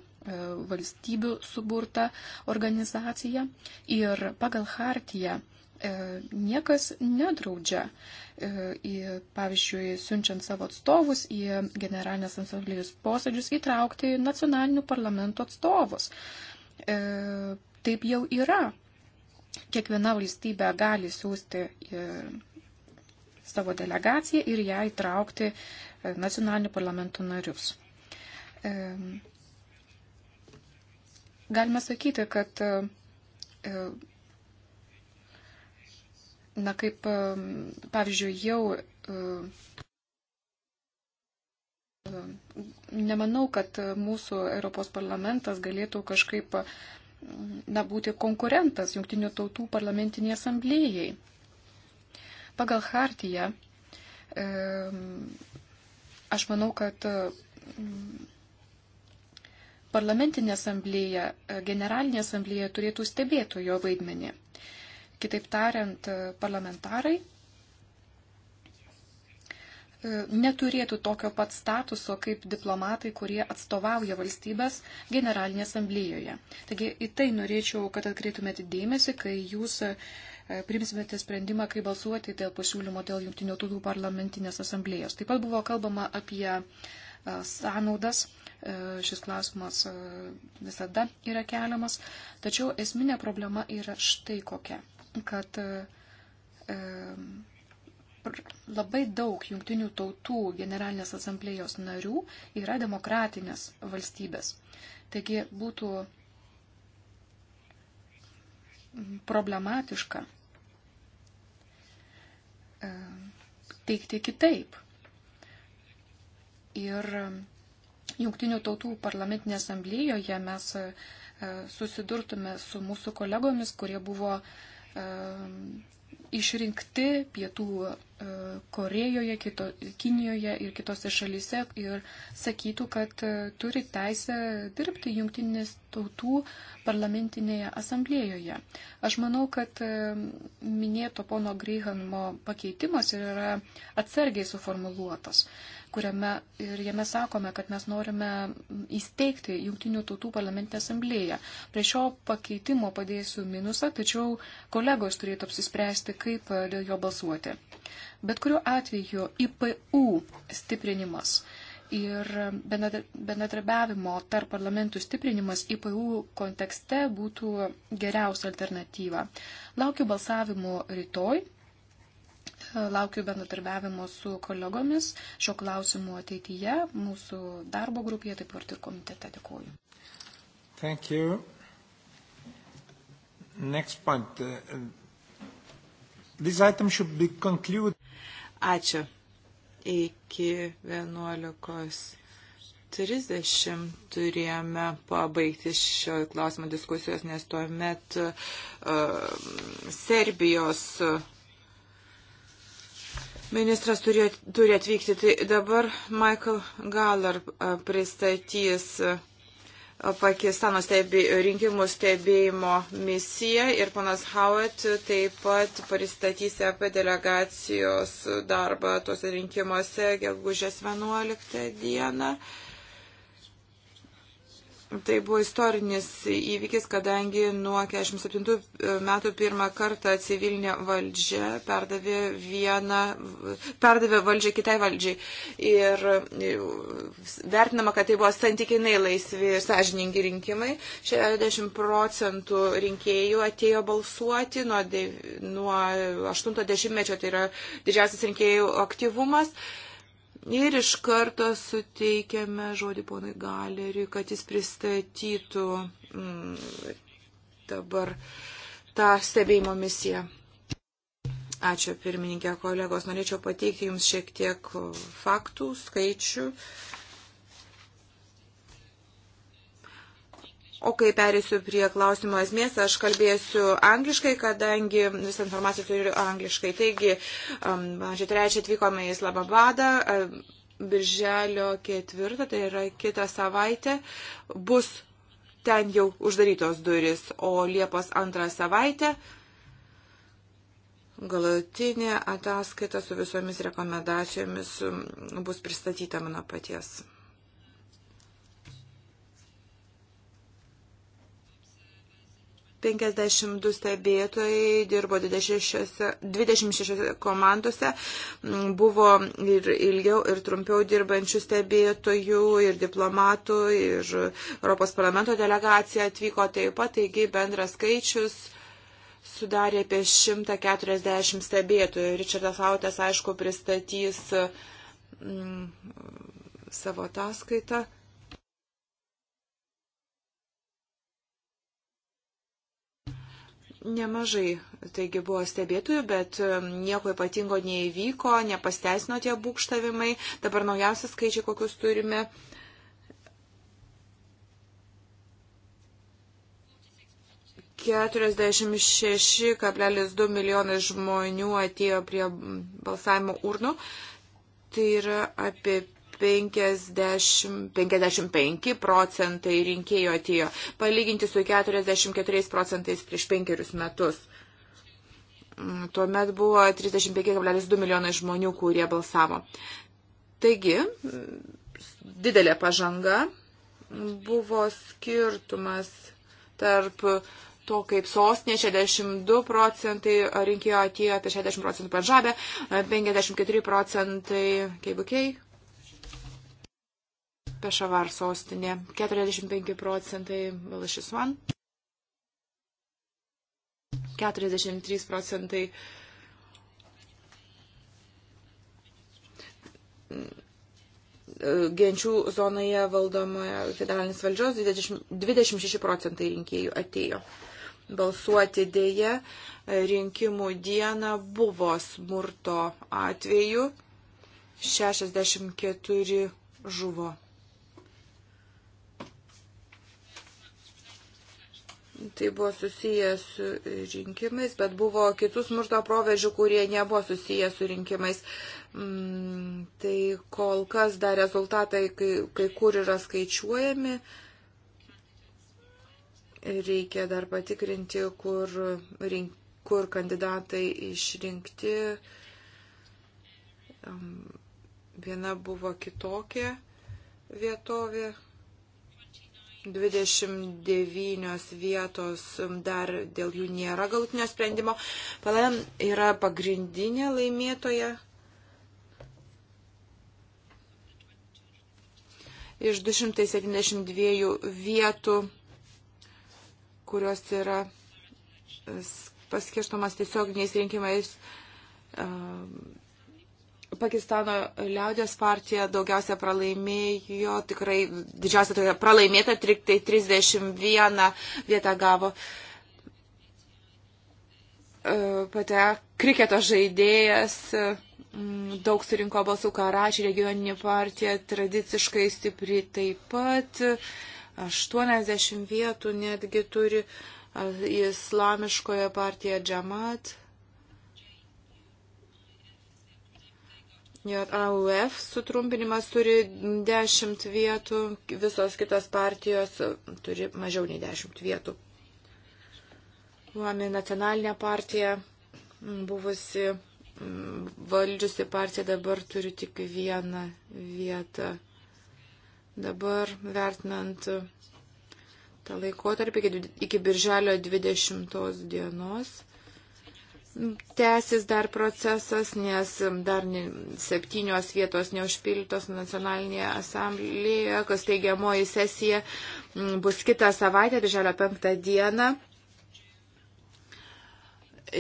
valstybių suburta organizacija ir pagal Hartiją e, niekas nedraudžia, e, pavyzdžiui, siunčiant savo atstovus į generalinės asamblėjus posėdžius įtraukti nacionalinių parlamentų atstovus. Taip jau yra. Kiekviena valstybė gali siūsti savo delegaciją ir ją įtraukti nacionalinių parlamentų narius. Galima sakyti, kad e, e, na kaip, e, pavyzdžiui, jau nemanau, kad mūsų Europos parlamentas galėtų kažkaip na, būti konkurentas Junktinių tautų parlamentiniai asamblėjai. Pagal hartiją Aš manau, kad mm, parlamentinė asamblėja, generalinė asamblėja turėtų stebėtojo vaidmenį. Kitaip tariant, parlamentarai e, neturėtų tokio pat statuso kaip diplomatai, kurie atstovauja valstybės generalinė asamblėjoje. Taigi į tai norėčiau, kad atkreiptumėte dėmesį, kai jūs priimsimėte sprendimą, kaip balsuoti dėl pasiūlymo dėl Junktinių tautų parlamentinės asamblėjos. Taip pat buvo kalbama apie sąnaudas. E, šis klausimas visada yra keliamas. Tačiau esminė problema yra štai kokia, kad e, labai daug jungtinių tautų generalinės asamblėjos narių yra demokratinės valstybės. Taigi būtų problematiška E, teikti kitaip. Ir e, Junktinių tautų parlamentinė asamblėjoje mes e, susidurtume su mūsų kolegomis, kurie buvo išrinkti pietų Korejoje, kito, Kinijoje ir kitose šalyse ir sakytų, kad e, turi teisę dirbti jungtinės tautų parlamentinėje asamblėjoje. Aš manau, kad e, minėto pono Greihanmo pakeitimas yra atsargiai suformuluotas, kuriame ir jame sakome, kad mes norime įsteigti jungtinių tautų parlamentinę asamblėją. Prie šio pakeitimo padėsiu minusą, tačiau kolegos turėtų apsispręsti, kaip e, dėl jo balsuoti. Bet kuriuo atveju IPU stiprinimas ir bendradarbiavimo tarp parlamentų stiprinimas IPU kontekste būtų geriausia alternatyva. Laukiu balsavimo rytoj. Laukiu bendradarbiavimo su kolegomis šio klausimu ateityje, mūsų darbo grupėje, taip pat ir komitete. Dėkuoju. Thank you. Next point. Uh, Ačiū. Iki 11.30 turėjome pabaigti šio klausimo diskusijos, nes tuomet uh, Serbijos uh, Ministras turi, turi atvykti. Tai dabar Michael Galler uh, pristatys uh, Pakistano stebi, rinkimų stebėjimo misiją ir panas Howitt taip pat pristatys apie delegacijos darbą tuose rinkimuose gegužės 11 dieną. Tai buvo istorinis įvykis, kadangi nuo 47 e, metų pirmą kartą civilinė valdžia perdavė, vieną, perdavė valdžią kitai valdžiai. Ir e, vertinama, kad tai buvo santykinai laisvi ir sąžiningi rinkimai. 60 procentų rinkėjų atėjo balsuoti nuo, nuo 80-mečio, tai yra didžiausias rinkėjų aktyvumas. Ir iš karto suteikiame žodį ponui galeriui, kad jis pristatytų mm, dabar tą stebėjimo misiją. Ačiū pirmininkė kolegos, norėčiau pateikti Jums šiek tiek faktų, skaičių. Uh, O kai perėsiu prie klausimo esmės, aš kalbėsiu angliškai, kadangi visą informaciją turiu angliškai. Taigi, um, trečią atvykome į Slababadą. Um, Birželio ketvirtą, tai yra kitą savaitę, bus ten jau uždarytos duris, o Liepos antrą savaitę galutinė ataskaita su visomis rekomendacijomis um, bus pristatyta mano paties. 52 stebėtojai dirbo 26, 26 komandose, buvo ir ilgiau, ir trumpiau dirbančių stebėtojų, ir diplomatų, ir Europos parlamento delegacija atvyko taip pat, taigi bendras skaičius sudarė apie 140 stebėtojų. Richardas Autės, aišku, pristatys mm, savo ataskaitą. nemažai, taigi buvo stebėtojų, bet um, nieko ypatingo neįvyko, nepasteisino tie būkštavimai. Dabar naujausi skaičiai, kokius turime. Keturiasdešimt šeši kablelis du milijonai žmonių atėjo prie balsavimo urnų. Tai yra apie 50, 55 procentai rinkėjo atėjo, palyginti su 44 procentais prieš penkerius metus. Mm, tuomet buvo 35,2 milijonai žmonių, kurie balsavo. Taigi, mm, didelė pažanga buvo skirtumas tarp to, kaip sostinė 62 procentai rinkėjo atėjo apie 60 procentų Pandžabė, 54 procentai Keibukiai, Pešavar sostinė, 45 procentai Lašisvan, 43 procentai genčių zonoje valdomoje federalinis valdžios 26 procentai rinkėjų atėjo balsuoti dėje. Rinkimų diena buvo smurto atveju 64 žuvo. tai buvo susijęs su rinkimais, bet buvo kitų smurto proveržių, kurie nebuvo susijęs su rinkimais. Mm, tai kol kas dar rezultatai kai, kai kur yra skaičiuojami. Reikia dar patikrinti, kur, rink, kur kandidatai išrinkti. Viena buvo kitokia vietovė, 29 vietos dar dėl jų nėra galutinio sprendimo. PLM yra pagrindinė laimėtoja. Iš 272 vietų, kurios yra paskirstomas tiesioginiais rinkimais, Pakistano liaudės partija daugiausia pralaimėjo, tikrai didžiausia tokia pralaimėta, tik tai 31 vietą gavo. Pate e kriketo žaidėjas daug surinko balsų Karačiai, regioninė partija tradiciškai stipri taip pat, 80 vietų netgi turi e, islamiškoje partija Džamat. AUF sutrumpinimas turi 10 vietų, visos kitos partijos turi mažiau nei 10 vietų. Uami nacionalinė partija, buvusi valdžiusi partija dabar turi tik vieną vietą. Dabar vertinant tą laikotarpį iki, iki birželio 20 dienos tęsis dar procesas, nes dar septynios vietos neužpildytos nacionalinėje asamblėje, kas teigiamoji sesija mm, bus kitą savaitę, birželio penktą dieną.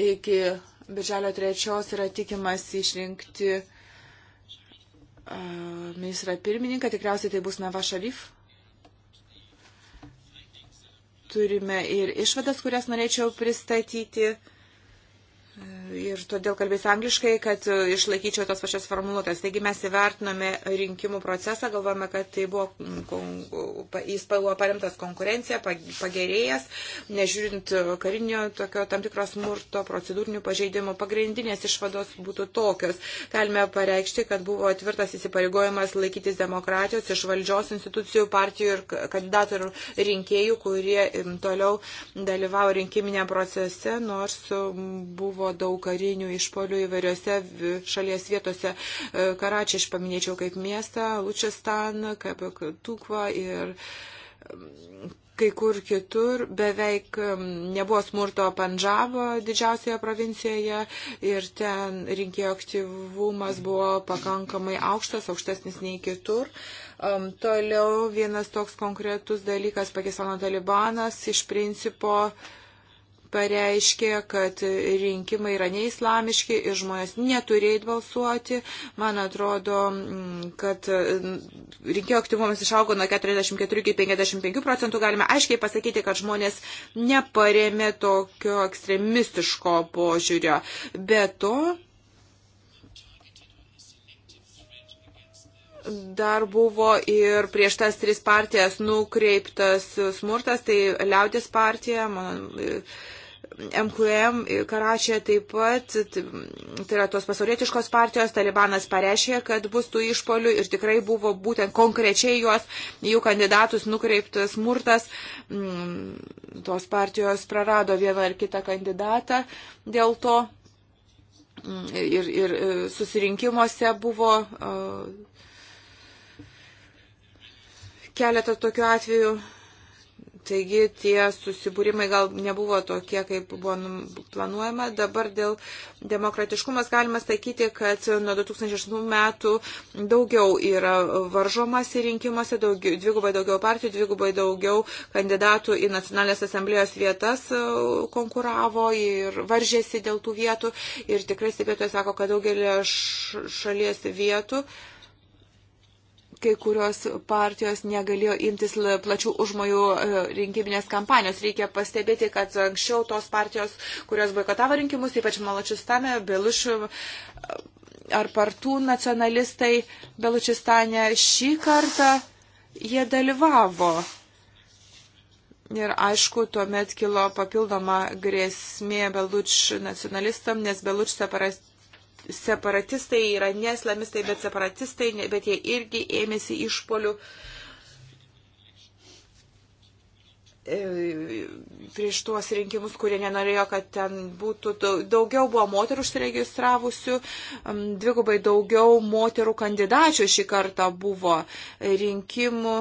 Iki birželio trečios yra tikimas išrinkti uh, ministrą pirmininką, tikriausiai tai bus Nava Šarif, turime ir išvadas, kurias norėčiau pristatyti ir todėl kalbėsiu angliškai, kad e, išlaikyčiau tos pačios formuluotės. Taigi mes įvertinome rinkimų procesą, galvojame, kad tai buvo, jis buvo paremtas konkurencija, pagerėjęs, nežiūrint e, karinio tokio tam tikro smurto, procedūrinių pažeidimų. Pagrindinės išvados būtų tokios. Galime pareikšti, kad buvo tvirtas įsipareigojimas laikytis demokratijos iš valdžios institucijų, partijų ir kandidatų ir rinkėjų, kurie toliau dalyvavo rinkiminėme procese, nors buvo daug karinių išpolių įvairiose šalies vietose. E, Karačią aš paminėčiau kaip miestą, Lučistan, kaip Tukva ir mm, kai kur kitur beveik mm, nebuvo smurto Pandžavo didžiausioje provincijoje ir ten rinkėjo aktyvumas buvo pakankamai aukštas, aukštesnis nei kitur. Um, toliau vienas toks konkretus dalykas, Pakistano talibanas iš principo uh, pareiškė, kad rinkimai yra neislamiški ir žmonės neturėjo balsuoti. Man atrodo, mm, kad mm, rinkėjo aktyvumas išaugo nuo 44 iki 55 procentų. Galime aiškiai pasakyti, kad žmonės neparėmė tokio ekstremistiško požiūrio. Be to, dar buvo ir prieš tas tris partijas nukreiptas smurtas, tai liaudės partija, man, MQM Karačioje taip pat, tai yra tos pasaulietiškos partijos, Talibanas pareiškė, kad bus tų išpolių ir tikrai buvo būtent konkrečiai juos, jų kandidatus nukreiptas smurtas. Mm, tos partijos prarado vieną ar kitą kandidatą dėl to mm, ir, ir e, susirinkimuose buvo e, keletą tokių atvejų Taigi tie susibūrimai gal nebuvo tokie, kaip buvo planuojama. Dabar dėl demokratiškumas galima sakyti, kad nuo 2008 metų daugiau yra varžomasi rinkimuose, daugiau, dvigubai daugiau partijų, dvigubai daugiau kandidatų į nacionalinės asamblėjos vietas e, konkuravo ir varžėsi dėl tų vietų. Ir tikrai stebėtojai sako, kad daugelį šalies vietų. Uh, kai kurios partijos negalėjo imtis plačių užmojų e, rinkiminės kampanijos. Reikia pastebėti, kad anksčiau tos partijos, kurios boikotavo rinkimus, ypač Malačistame, Belušiu ar partų nacionalistai Belučistane, šį kartą jie dalyvavo. Ir aišku, tuomet kilo papildoma grėsmė Beluč nacionalistam, nes Beluč separat separatistai yra ne islamistai, bet separatistai, bet jie irgi ėmėsi išpolių e, prieš tuos rinkimus, kurie nenorėjo, kad ten būtų daugiau buvo moterų užsiregistravusių, dvigubai daugiau moterų kandidačių šį kartą buvo rinkimų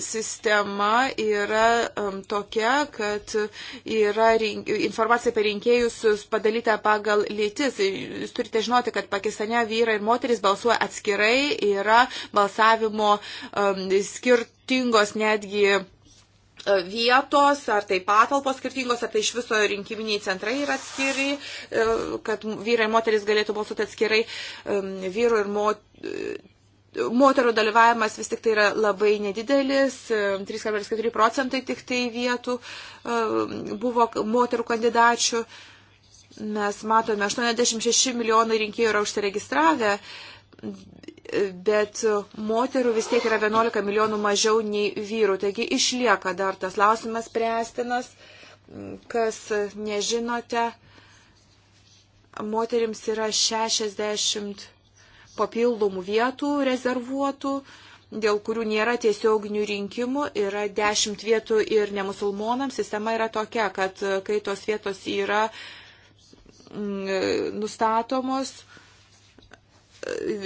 sistema yra um, tokia, kad yra rink, informacija apie rinkėjus padalyta pagal lytis. Jūs turite žinoti, kad Pakistane vyrai ir moteris balsuoja atskirai, yra balsavimo um, skirtingos netgi e, vietos, ar tai patalpos skirtingos, ar tai iš viso rinkiminiai centrai yra atskiri, e, kad vyrai ir moteris galėtų balsuoti atskirai, um, vyrų ir moterų moterų dalyvavimas vis tik tai yra labai nedidelis, 3,4 e, procentai tik tai vietų e, buvo moterų kandidačių. Mes matome, 86 milijonai rinkėjų yra užsiregistravę, bet moterų vis tiek yra 11 milijonų mažiau nei vyrų. Taigi išlieka dar tas lausimas prestinas, kas nežinote, moterims yra 60 milijonų papildomų vietų rezervuotų, dėl kurių nėra tiesioginių rinkimų, yra dešimt vietų ir nemusulmonams. Sistema yra tokia, kad kai tos vietos yra mm, nustatomos,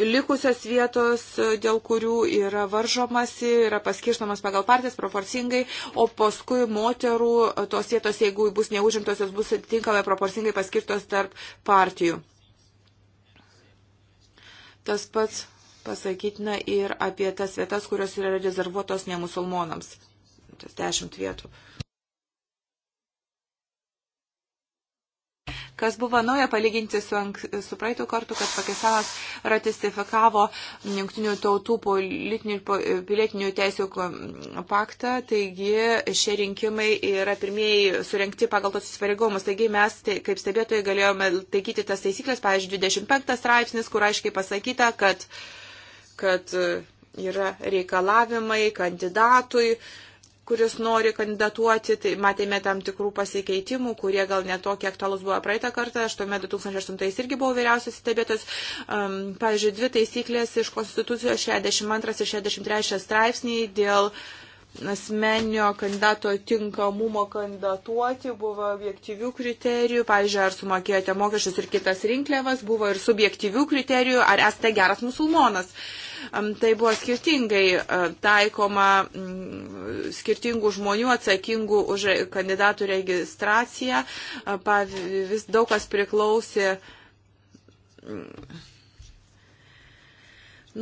likusios vietos, dėl kurių yra varžomasi, yra paskirstomas pagal partijas proporcingai, o paskui moterų tos vietos, jeigu bus neužimtos, jos bus tinkamai proporcingai paskirtos tarp partijų. Tas pats pasakytina ir apie tas vietas, kurios yra rezervuotos ne musulmonams. Tas dešimt vietų. Uh, kas buvo nauja palyginti su, su praeitų kartu, kad Pakistanas ratifikavo jungtinių tautų politinių ir pilietinių teisų paktą, taigi šie rinkimai yra pirmieji surenkti pagal tos įsipareigomus. Taigi mes, tai, kaip stebėtojai, galėjome taikyti tas taisyklės, pavyzdžiui, 25 straipsnis, kur aiškiai pasakyta, kad, kad yra reikalavimai kandidatui, uh, kuris nori kandidatuoti, tai matėme tam tikrų pasikeitimų, kurie gal netokie aktualūs buvo praeitą kartą, aš tuomet 2008 irgi buvau vyriausias stebėtas. Um, pavyzdžiui, dvi taisyklės iš Konstitucijos 62 ir 63 straipsniai dėl asmenio kandidato tinkamumo kandidatuoti, buvo objektyvių kriterijų, pavyzdžiui, ar sumokėjote mokesčius ir kitas rinkliavas, buvo ir subjektyvių kriterijų, ar esate geras musulmonas. Uh, tai buvo skirtingai taikoma mm, skirtingų žmonių atsakingų už kandidatų registraciją. Vis daug kas priklausė mm,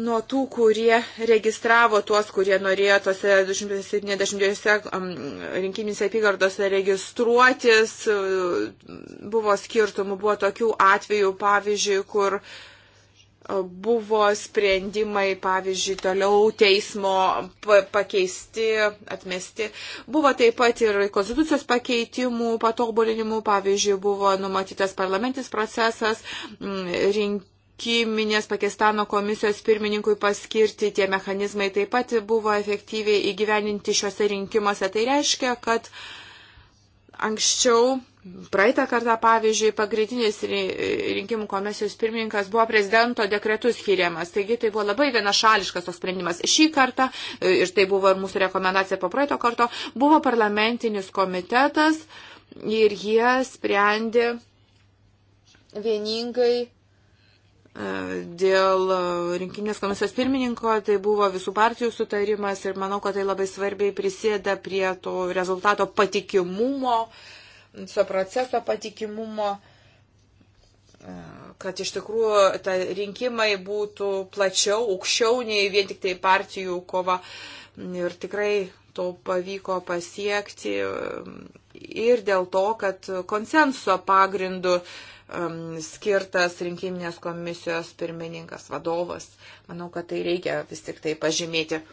nuo tų, kurie registravo tuos, kurie norėjo tose 270 rinkiminėse apygardose registruotis, buvo skirtumų, buvo tokių atvejų, pavyzdžiui, kur uh, buvo sprendimai, pavyzdžiui, toliau teismo pakeisti, atmesti. Buvo taip pat ir konstitucijos pakeitimų, patobulinimų, pavyzdžiui, buvo numatytas parlamentis procesas, rinkimai rinkiminės Pakistano komisijos pirmininkui paskirti, tie mechanizmai taip pat buvo efektyviai įgyveninti šiuose rinkimuose. Tai reiškia, kad anksčiau Praeitą kartą, pavyzdžiui, pagrindinis rinkimų komisijos pirmininkas buvo prezidento dekretus skiriamas, taigi tai buvo labai vienašališkas toks sprendimas. Šį kartą, e, ir tai buvo ir mūsų rekomendacija po praeito karto, buvo parlamentinis komitetas ir jie sprendė vieningai e, dėl e, rinkiminės komisijos pirmininko, tai buvo visų partijų sutarimas ir manau, kad tai labai svarbiai prisėda prie to rezultato patikimumo. Uh, viso proceso patikimumo, e, kad iš tikrųjų ta rinkimai būtų plačiau, aukščiau nei vien tik tai partijų kova. Ir tikrai to pavyko pasiekti e, ir dėl to, kad konsenso pagrindu e, skirtas rinkiminės komisijos pirmininkas, vadovas. Manau, kad tai reikia vis tik tai pažymėti.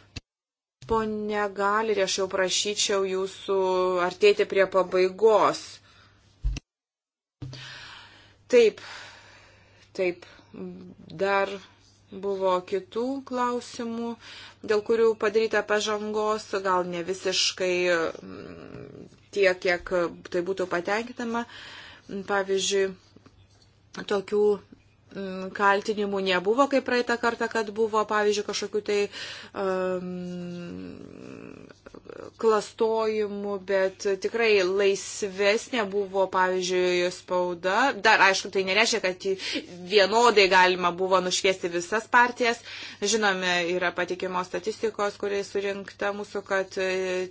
Pone Galerė, aš jau prašyčiau jūsų artėti prie pabaigos. Taip, taip, dar buvo kitų klausimų, dėl kurių padaryta pažangos, gal ne visiškai mm, tiek, kiek tai būtų patenkintama. Pavyzdžiui, tokių Mm, kaltinimų nebuvo, kaip praeitą kartą, kad buvo, pavyzdžiui, kažkokiu tai um, klastojimų, bet tikrai laisvesnė buvo, pavyzdžiui, spauda. Dar, aišku, tai nereiškia, kad vienodai galima buvo nušviesti visas partijas. Žinome, yra patikimos statistikos, kuriai surinkta mūsų, kad e,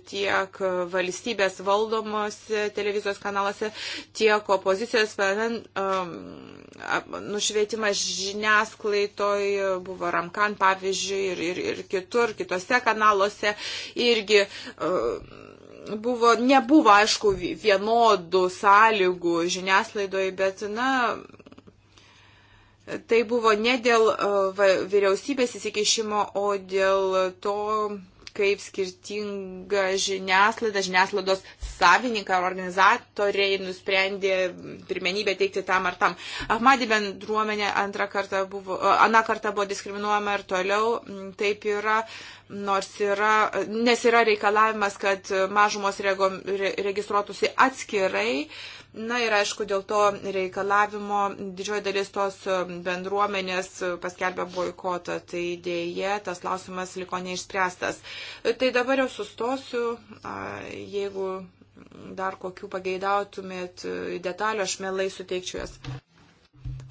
tiek valstybės valdomos televizijos kanaluose, tiek opozicijos nušvietimas žiniasklaidoj buvo Ramkan, pavyzdžiui, ir, ir, ir kitur, kitose kanaluose irgi E, buvo, nebuvo, aišku, vienodų sąlygų žiniaslaidoje, bet, na, tai buvo ne dėl e, vyriausybės įsikišimo, o dėl to, kaip skirtinga žiniaslaida, žiniaslaidos savininkai ar organizatoriai nusprendė pirmenybę teikti tam ar tam. Ahmadi bendruomenė antrą kartą buvo, aną kartą buvo diskriminuojama ir toliau taip yra, nors yra, nes yra reikalavimas, kad mažumos rego, re, registruotųsi atskirai. Uh, Na ir aišku, dėl to reikalavimo didžioji dalis tos um, bendruomenės uh, paskelbė boikotą, tai dėje tas klausimas liko neišspręstas. E, tai dabar jau sustosiu, jeigu dar kokių pageidautumėt e, detalių, aš melai suteikčiau jas.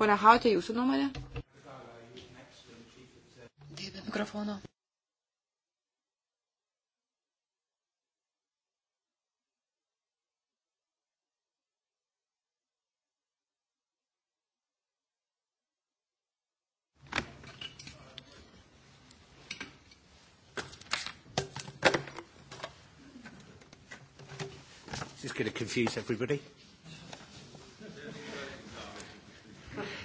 Pone Hautė, jūsų nuomonė? Taip, be mikrofono. This is going to confuse everybody.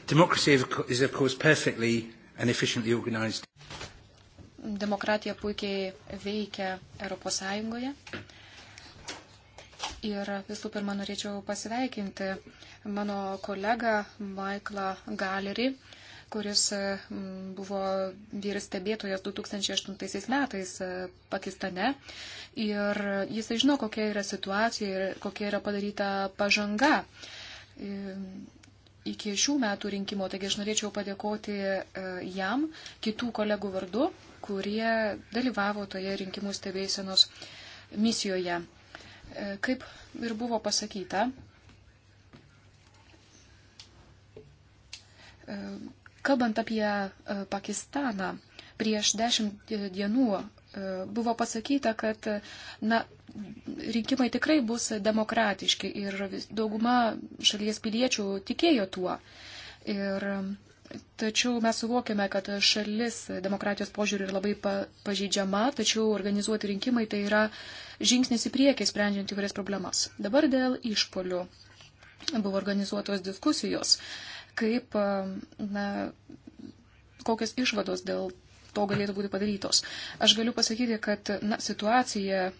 Democracy is, of course, perfectly and efficiently organized. Demokratija puikiai veikia Europos Sąjungoje. Ir visų pirma, norėčiau pasveikinti mano kolegą Maiklą Galerį, kuris e, buvo vyras stebėtojas 2008 metais e, Pakistane. Ir jisai žino, kokia yra situacija ir kokia yra padaryta pažanga e, iki šių metų rinkimo. Taigi aš norėčiau padėkoti jam, kitų kolegų vardu, kurie dalyvavo toje rinkimų stebėsenos misijoje. Kaip ir buvo pasakyta, Kalbant apie e, Pakistaną, prieš dešimt e, dienų e, buvo pasakyta, kad na, rinkimai tikrai bus demokratiški ir dauguma šalies piliečių tikėjo tuo. Ir, tačiau mes suvokiame, kad šalis demokratijos požiūrį yra labai pa, pažydžiama, tačiau organizuoti rinkimai tai yra žingsnis į priekį, sprendžiant įvairias problemas. Dabar dėl išpolių buvo organizuotos diskusijos. Uh, kaip, na, kokios išvados dėl to galėtų būti padarytos. Aš galiu pasakyti, kad na, situacija e,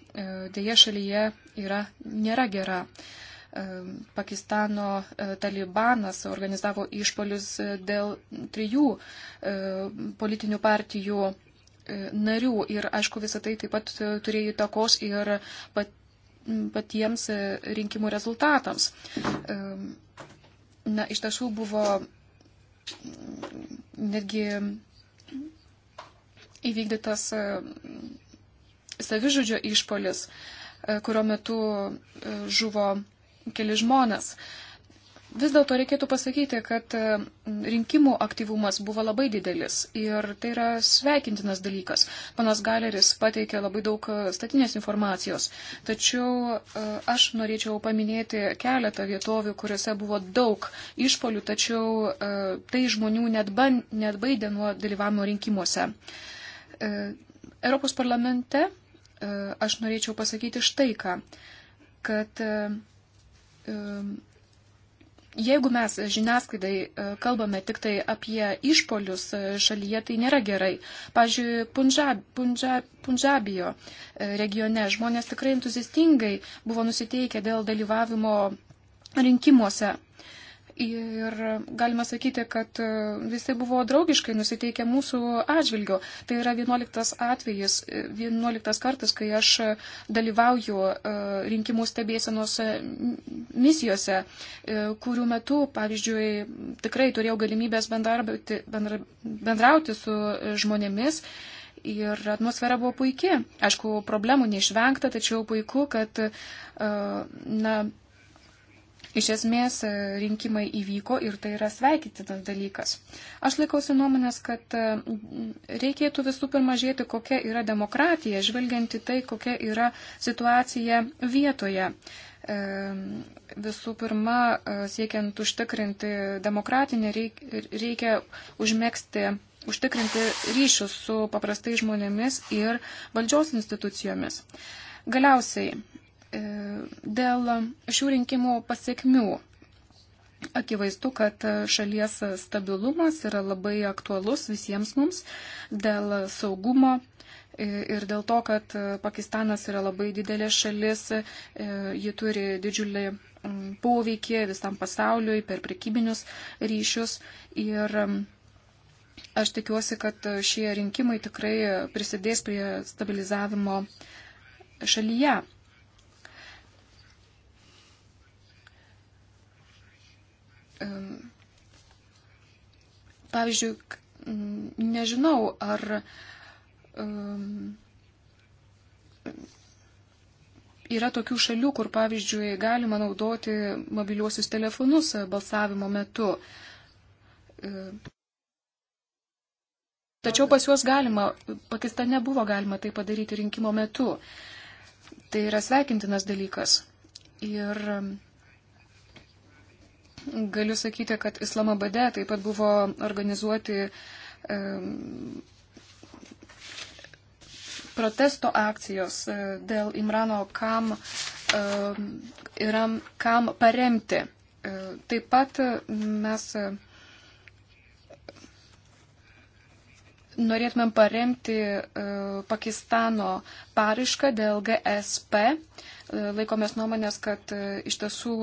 dėje šalyje yra, nėra gera. E, Pakistano e, talibanas organizavo išpolius dėl trijų politinių partijų narių ir, aišku, visą tai taip pat turėjo įtakos ir pat, patiems rinkimų rezultatams na, iš tiesų buvo netgi įvykdytas e, savižudžio išpolis, e, kurio metu e, žuvo keli žmonės. Uh, Vis dėlto reikėtų pasakyti, kad e, rinkimų aktyvumas buvo labai didelis ir tai yra sveikintinas dalykas. Panas Galeris pateikė labai daug e, statinės informacijos, tačiau e, aš norėčiau paminėti keletą vietovių, kuriuose buvo daug išpolių, tačiau tai žmonių net baidė nuo dalyvavimo rinkimuose. Europos parlamente aš norėčiau pasakyti štai ką, kad Jeigu mes žiniasklaidai e, kalbame tik tai apie išpolius e, šalyje, tai nėra gerai. Pavyzdžiui, Punjab, Punjab, Punjabijo e, regione žmonės tikrai entuziastingai buvo nusiteikę dėl dalyvavimo rinkimuose. Ir galima sakyti, kad e, visi buvo draugiškai nusiteikę mūsų atžvilgiu. Tai yra 11 atvejis, 11 e, kartas, kai aš dalyvauju e, rinkimų stebėsenos misijose, kurių metu, pavyzdžiui, tikrai turėjau galimybės bendrauti, bendra, bendrauti su žmonėmis. Ir atmosfera buvo puikia. Aišku, problemų neišvengta, tačiau puiku, kad na, Iš esmės e, rinkimai įvyko ir tai yra sveikintinas dalykas. Aš laikausi nuomonės, kad e, reikėtų visų pirma žiūrėti, kokia yra demokratija, žvelgianti tai, kokia yra situacija vietoje. E, visų pirma, siekiant užtikrinti demokratinę, reikia užmėgsti užtikrinti ryšius su paprastai žmonėmis ir valdžios institucijomis. Galiausiai, E, dėl šių rinkimų pasiekmių Akivaizdu, kad šalies stabilumas yra labai aktualus visiems mums dėl saugumo ir dėl to, kad Pakistanas yra labai didelė šalis, e, ji turi didžiulį poveikį visam pasauliui per prekybinius ryšius ir aš tikiuosi, kad šie rinkimai tikrai prisidės prie stabilizavimo šalyje. Pavyzdžiui, nežinau, ar yra tokių šalių, kur, pavyzdžiui, galima naudoti mobiliuosius telefonus e, balsavimo metu. Tačiau pas juos galima, Pakistane buvo galima tai padaryti rinkimo metu. Tai yra sveikintinas dalykas. Ir galiu sakyti, kad Islamabade taip pat buvo organizuoti protesto akcijos e, dėl Imrano kam, e, Iram kam paremti. E, taip pat mes norėtumėm paremti e, Pakistano paraišką dėl GSP. E, laikomės nuomonės, kad e, iš tiesų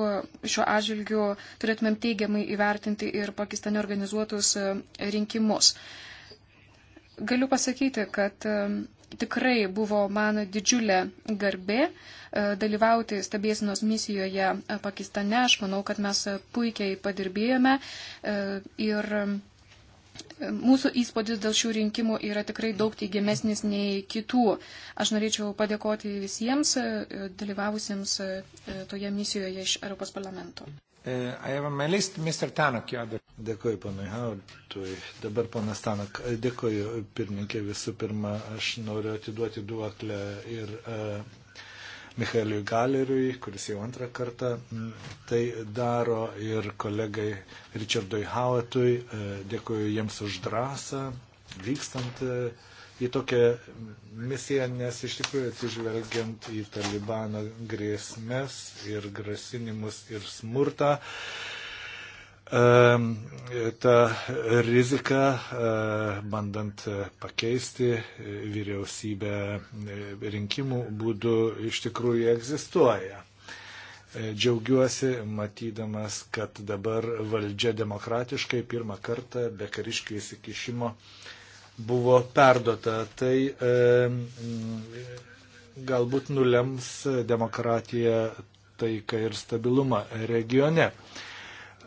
šiuo atžvilgiu turėtumėm teigiamai įvertinti ir Pakistane organizuotus rinkimus. Galiu pasakyti, kad tikrai buvo mano didžiulė garbė dalyvauti stebėsinos misijoje Pakistane. Aš manau, kad mes puikiai padirbėjome ir Mūsų įspūdis dėl šių rinkimų yra tikrai daug teigiamesnis nei kitų. Aš norėčiau padėkoti visiems e, dalyvavusiems e, toje misijoje iš Europos parlamento. E, list, Tanuk, dėkoju, panai Hautui. Dabar, panas Tanak, dėkoju, pirmininkė, visų pirma, aš noriu atiduoti duoklę ir uh, Michaeliui Galeriui, kuris jau antrą kartą mm, tai daro, ir kolegai Richardui Howatui. E, Dėkuoju jiems už drąsą vykstant e, į tokią misiją, nes iš tikrųjų atsižvelgiant į Talibano grėsmės ir grasinimus ir smurtą, ta rizika, eh, bandant eh, pakeisti eh, vyriausybę rinkimų būdu, iš tikrųjų egzistuoja džiaugiuosi matydamas, kad dabar valdžia demokratiškai pirmą kartą be kariškių įsikišimo buvo perdota. Tai e, galbūt nulems demokratiją taiką ir stabilumą regione. E,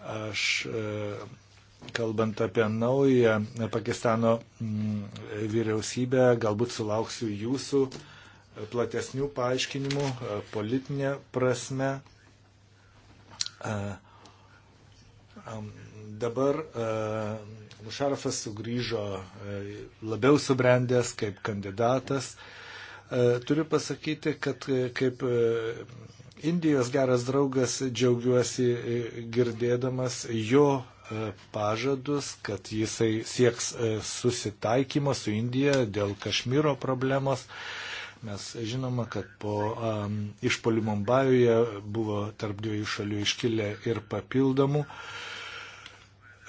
Aš e, kalbant apie naują Pakistano mm, vyriausybę, galbūt sulauksiu jūsų e, platesnių paaiškinimų e, politinė prasme. Dabar Mušarafas sugrįžo labiau subrendęs kaip kandidatas. Turiu pasakyti, kad kaip Indijos geras draugas džiaugiuosi e, girdėdamas jo e, pažadus, kad jisai sieks e, susitaikymo su Indija dėl Kašmyro problemos. Mes žinoma, kad po um, išpolių Mumbajuje buvo tarp dviejų šalių iškilę ir papildomų uh,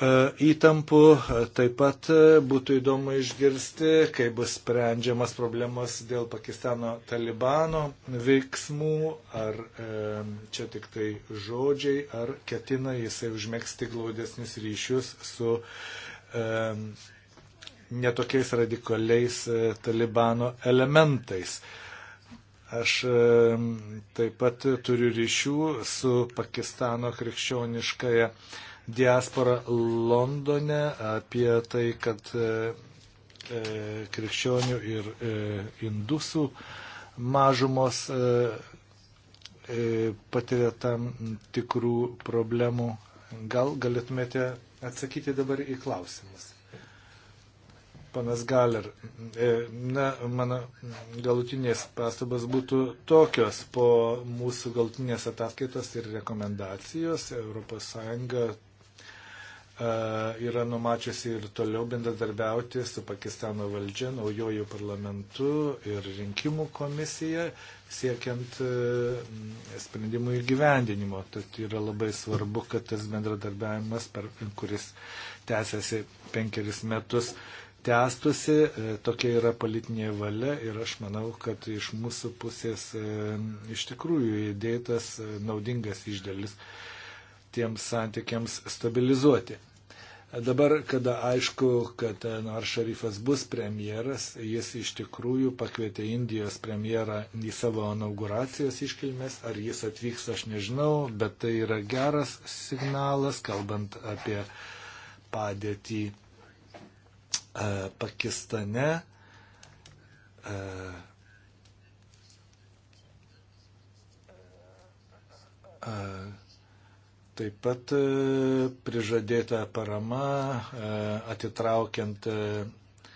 E, įtampų. E, taip pat e, būtų įdomu išgirsti, kaip bus sprendžiamas problemas dėl Pakistano talibano veiksmų, ar čia tik tai žodžiai, ar ketina jisai užmėgsti glaudesnius ryšius su netokiais radikaliais talibano elementais. Aš taip pat turiu ryšių su Pakistano krikščioniškaja uh, diasporą Londone, apie tai, kad e, e, krikščionių ir e, indusų mažumos patiria tam tikrų problemų. Gal galėtumėte atsakyti dabar į klausimus? Panas Galer, na, mano galutinės pastabas būtų tokios po mūsų galutinės ataskaitos ir rekomendacijos. ES yra numačiusi ir toliau bendradarbiauti su Pakistano valdžia, naujojų parlamentu ir rinkimų komisija, siekiant sprendimų įgyvendinimo. Tad yra labai svarbu, kad tas bendradarbiavimas, per, kuris tęsiasi penkeris metus, tęstusi. E, tokia yra politinė valia ir aš manau, kad iš mūsų pusės e, iš tikrųjų įdėtas e, naudingas išdėlis tiems santykiams stabilizuoti. Dabar, kada aišku, kad Anwar Šarifas bus premjeras, jis iš tikrųjų pakvietė Indijos premjerą į savo inauguracijos iškilmes, ar jis atvyks, aš nežinau, bet tai yra geras signalas, kalbant apie padėtį e, Pakistane. E, e, Taip pat e, prižadėta parama e, atitraukiant, e,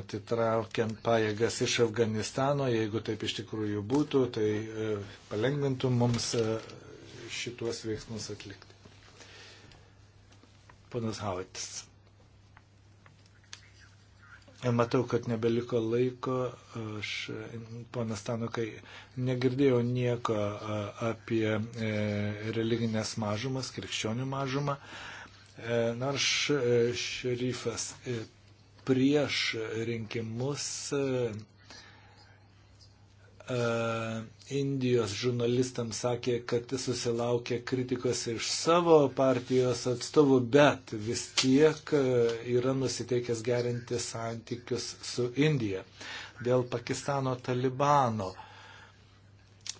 atitraukiant pajėgas iš Afganistano, jeigu taip iš tikrųjų būtų, tai palengvintų mums šituos veiksmus atlikti. Ponas Hauitis. E, matau, kad nebeliko laiko. Aš, e, ponas Tanukai, negirdėjau nieko e, apie religinės mažumas, krikščionių mažumą. Nors šerifas prieš rinkimus E, Indijos žurnalistams sakė, kad susilaukė kritikos iš savo partijos atstovų, bet vis tiek e, yra nusiteikęs gerinti santykius su Indija. Dėl Pakistano talibano.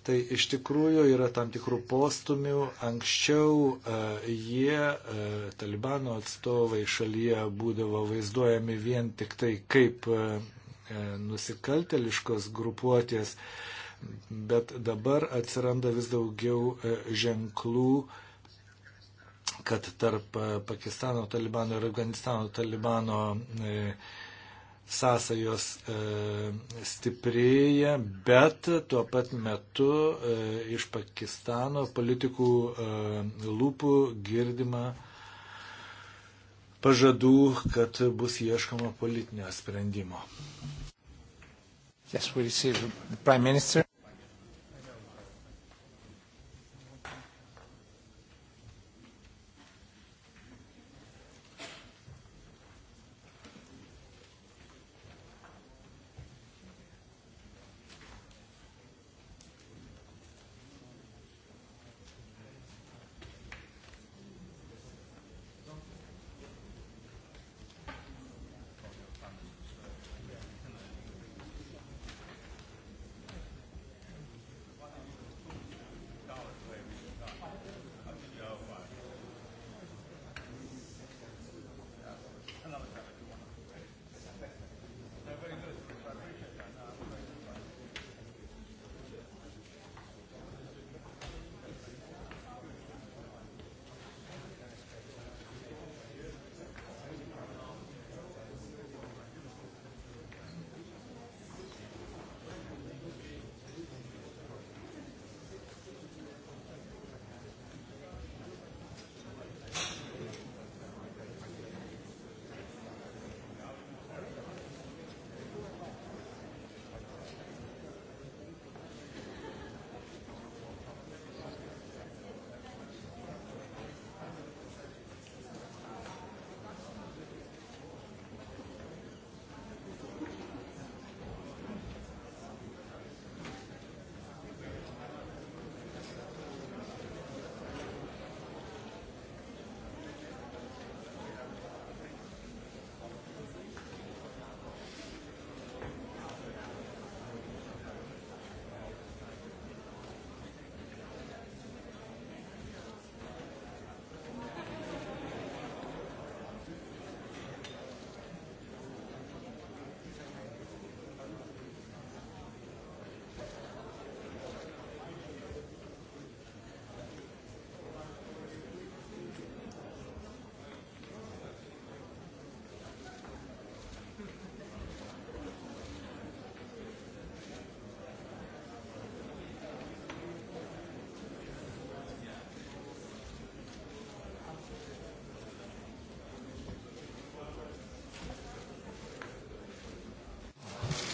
Tai iš tikrųjų yra tam tikrų postumių. Anksčiau e, jie, talibano atstovai šalyje, būdavo vaizduojami vien tik tai kaip E, nusikalteliškos grupuotės, bet dabar atsiranda vis daugiau e, ženklų, kad tarp e, Pakistano talibano ir Afganistano talibano sąsajos stiprėja, bet tuo pat metu iš Pakistano politikų lūpų girdima pažadų, kad bus ieškoma politinio sprendimo. Yes,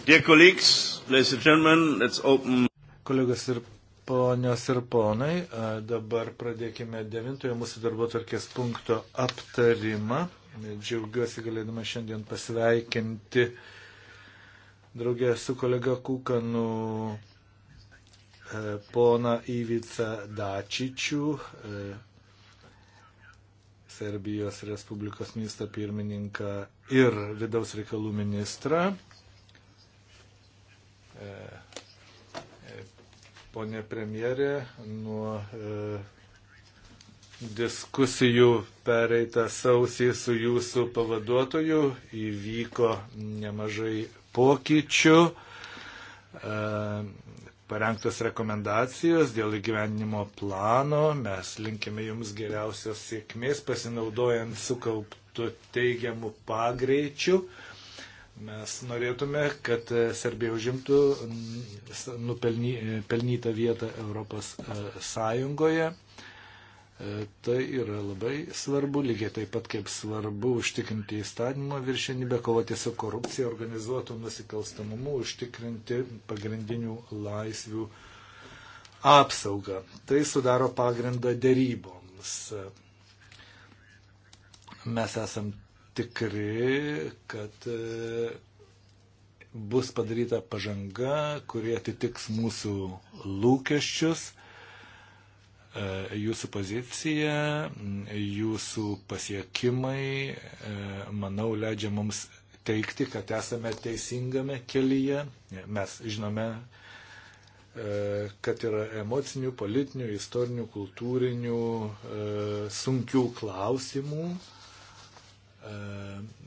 Dear colleagues, ladies and gentlemen, let's open. Kolegos ir ponios ir ponai, dabar pradėkime devintojo mūsų darbo tvarkės punkto aptarimą. Džiaugiuosi galėdama šiandien pasveikinti draugę su kolega Kukanu pona Įvica Dačičių, Serbijos Respublikos ministrą pirmininką ir vidaus reikalų ministrą. ponė premjerė, nuo e, diskusijų pereitą sausį su jūsų pavaduotoju įvyko nemažai pokyčių. E, parengtos rekomendacijos dėl įgyvendinimo plano. Mes linkime Jums geriausios sėkmės, pasinaudojant sukauptų teigiamų pagreičių. E, Mes norėtume, kad e, Serbija užimtų nupelnytą e, vietą Europos e, Sąjungoje. Tai yra labai svarbu, lygiai taip pat kaip svarbu užtikrinti įstatymo viršenybę, kovoti su korupcija, organizuotų nusikalstamumu, užtikrinti pagrindinių laisvių apsaugą. Tai sudaro pagrindą deryboms. Mes esam tikri, kad e, bus padaryta pažanga, kurie atitiks mūsų lūkesčius, e, jūsų pozicija, jūsų pasiekimai, e, manau, leidžia mums teikti, kad esame teisingame kelyje. Mes žinome, kad yra emocinių, politinių, istorinių, kultūrinių sunkių klausimų E,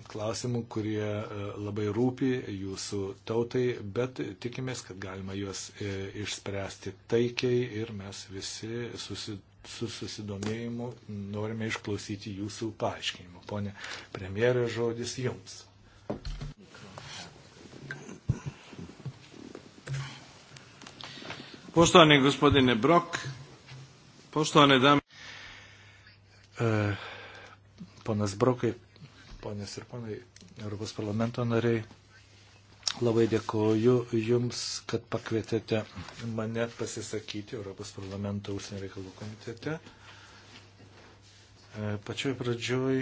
klausimų, kurie e, labai rūpi jūsų tautai, bet tikimės, kad galima juos e, išspręsti taikiai ir mes visi susi, su susidomėjimu norime išklausyti jūsų paaiškinimų. Pone premjerė, žodis jums. Poštovani gospodine Brok, poštovane dame. Ponas Brokai, ponės ir ponai, Europos parlamento nariai. Labai dėkoju Jums, kad pakvietėte mane pasisakyti Europos parlamento užsienio reikalų komitete. E, pačioj pradžioj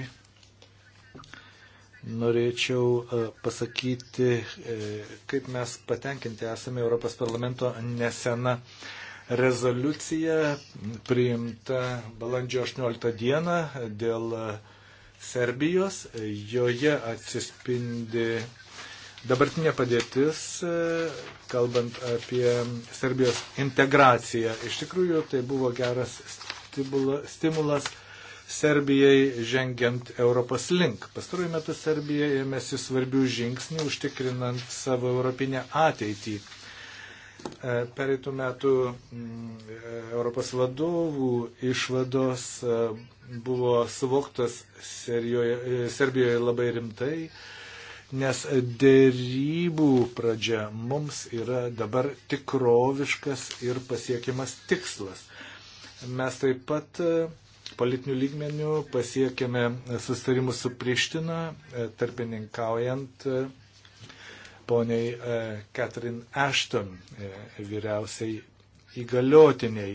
norėčiau e, pasakyti, e, kaip mes patenkinti esame Europos parlamento nesena rezoliucija priimta balandžio 18 dieną dėl Serbijos. Joje atsispindi dabartinė padėtis, e, kalbant apie Serbijos integraciją. Iš tikrųjų, tai buvo geras stimulas Serbijai žengiant Europos link. Pastaruoju metu Serbija ėmėsi svarbių žingsnių, užtikrinant savo europinę ateitį. E, pereitų metų mm, e, Europos vadovų išvados e, buvo suvoktas serijoje, Serbijoje labai rimtai, nes dėrybų pradžia mums yra dabar tikroviškas ir pasiekiamas tikslas. Mes taip pat politinių lygmenių pasiekėme sustarimus su Priština, tarpininkaujant poniai Katrin e, Ashton, e, vyriausiai įgaliotiniai.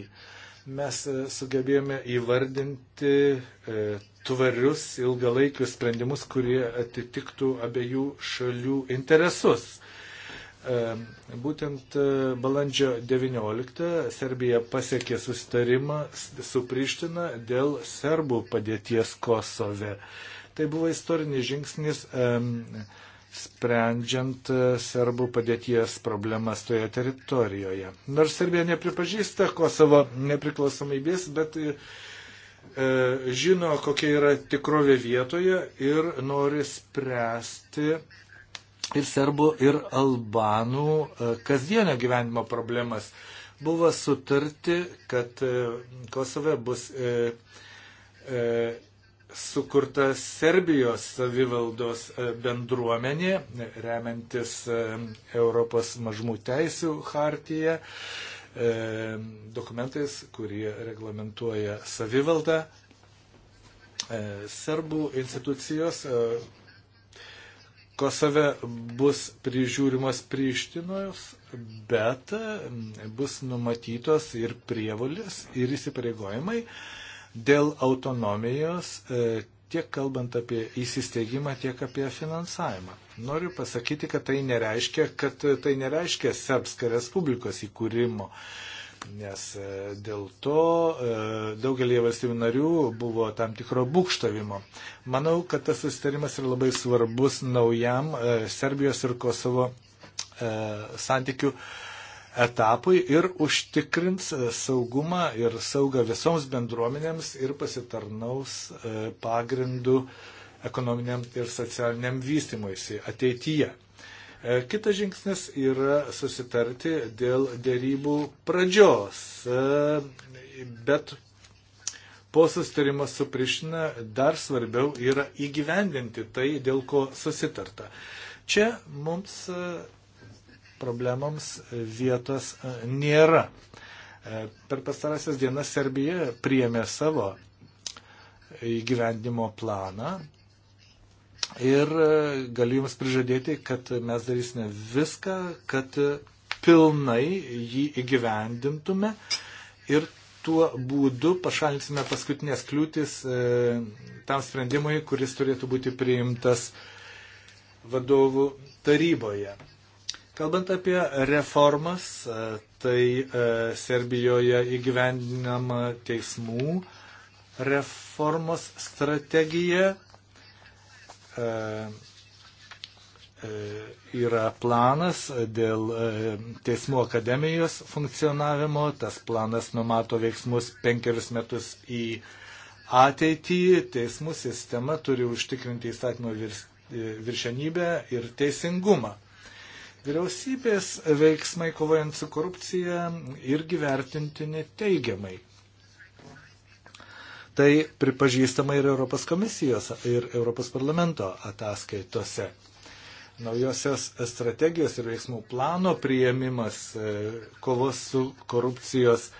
Mes e, sugebėjome įvardinti tvarius ilgalaikius sprendimus, kurie atitiktų abiejų šalių interesus. Būtent balandžio 19 Serbija pasiekė sustarimą su Priština dėl serbų padėties Kosove. Tai buvo istorinis žingsnis. Um, sprendžiant e, serbų padėties problemas toje teritorijoje. Nors Serbija nepripažįsta Kosovo nepriklausomybės, bet e, e, žino, kokia yra tikrovė vietoje ir nori spręsti ir serbų, ir albanų e, kasdienio gyvenimo problemas. Buvo sutarti, kad e, Kosove bus e, e, sukurta Serbijos savivaldos e, bendruomenė, remiantis e, Europos mažmų teisų hartiją, e, dokumentais, kurie reglamentuoja savivaldą. Serbų institucijos Kosove bus prižiūrimas Prištinos, bet bus numatytos ir prievolės, ir įsipareigojimai dėl autonomijos e, tiek kalbant apie įsisteigimą, tiek apie finansavimą. Noriu pasakyti, kad tai nereiškia, kad tai nereiškia Sepska Respublikos įkūrimo, nes e, dėl to e, daugelį valstybių narių buvo tam tikro būkštavimo. Manau, kad tas susitarimas yra labai svarbus naujam Serbijos ir Kosovo santykių etapui ir užtikrins e, saugumą ir saugą visoms bendruomenėms ir pasitarnaus e, pagrindų ekonominiam ir socialiniam vystimuisi ateityje. E, kitas žingsnis yra susitarti dėl dėrybų pradžios, bet po sustarimo su Prišina dar svarbiau yra įgyvendinti tai, dėl ko susitarta. Čia mums problemams vietos e, nėra. E, per pastarąsias dienas Serbija priėmė savo įgyvendimo planą ir e, galiu Jums prižadėti, kad mes darysime viską, kad pilnai jį įgyvendintume ir tuo būdu pašalinsime paskutinės kliūtis e, tam sprendimui, kuris turėtų būti priimtas vadovų taryboje. Kalbant apie reformas, e, tai e, Serbijoje įgyvendinama teismų reformos strategija e, yra planas dėl teismų akademijos funkcionavimo. Tas planas numato veiksmus penkerius metus į ateitį. Teismų sistema turi užtikrinti įstatymo viršenybę ir teisingumą. Vyriausybės veiksmai kovojant su korupcija irgi vertintini teigiamai. Tai pripažįstama ir Europos komisijos, ir Europos parlamento ataskaitose. Naujosios strategijos ir veiksmų plano prieimimas e, kovos su korupcijos e,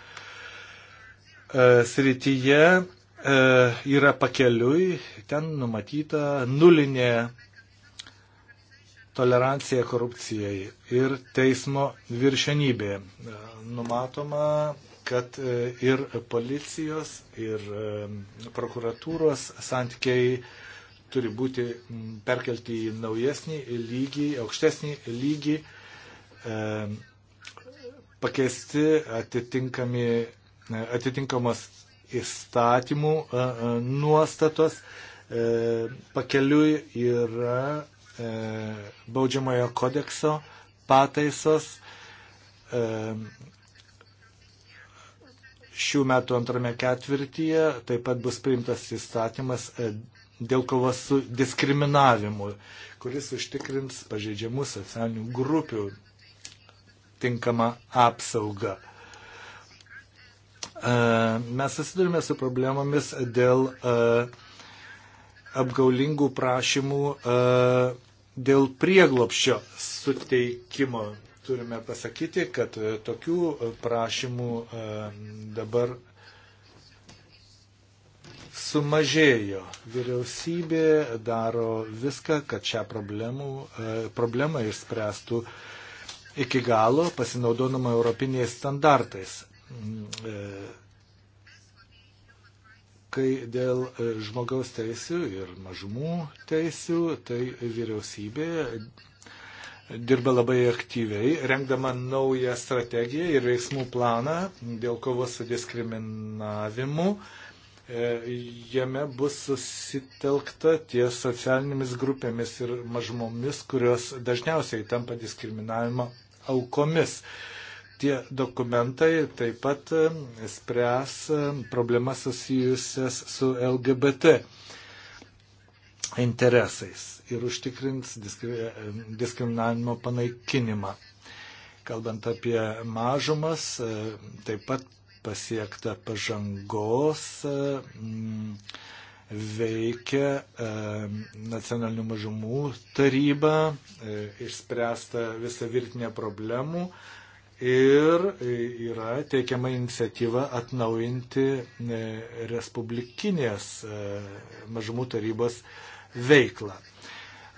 srityje e, yra pakeliui, ten numatyta nulinė tolerancija korupcijai ir teismo viršenybė. E, numatoma, kad e, ir policijos, ir e, prokuratūros santykiai turi būti perkelti į naujesnį lygį, aukštesnį lygį, pakeisti atitinkamos įstatymų nuostatos. Pakeliui yra E, baudžiamojo kodekso pataisos e, šių metų antrame ketvirtyje taip pat bus priimtas įstatymas e, dėl kovos su diskriminavimu, kuris užtikrins pažeidžiamų socialinių grupių tinkamą apsaugą. Mes susidurime su problemomis dėl uh, apgaulingų prašymų e, dėl prieglopščio suteikimo. Turime pasakyti, kad e, tokių e, prašymų dabar sumažėjo. Vyriausybė daro viską, kad šią problemų, problemą išspręstų iki galo, pasinaudodama europiniais standartais mm, kai dėl e, žmogaus teisų ir mažumų teisų, tai vyriausybė dirba labai aktyviai, rengdama naują strategiją ir veiksmų planą dėl kovos su diskriminavimu. E, jame bus susitelkta ties socialinėmis grupėmis ir mažumomis, kurios dažniausiai tampa diskriminavimo aukomis. Tie dokumentai taip pat e, spręs e, problemas susijusias su LGBT interesais ir užtikrins e, diskriminavimo panaikinimą. Kalbant apie mažumas, taip pat pasiekta pažangos veikia nacionalinių mažumų taryba, išspręsta visa virtinė problemų, ir yra teikiama iniciatyva atnaujinti e, Respublikinės e, mažumų tarybos veiklą.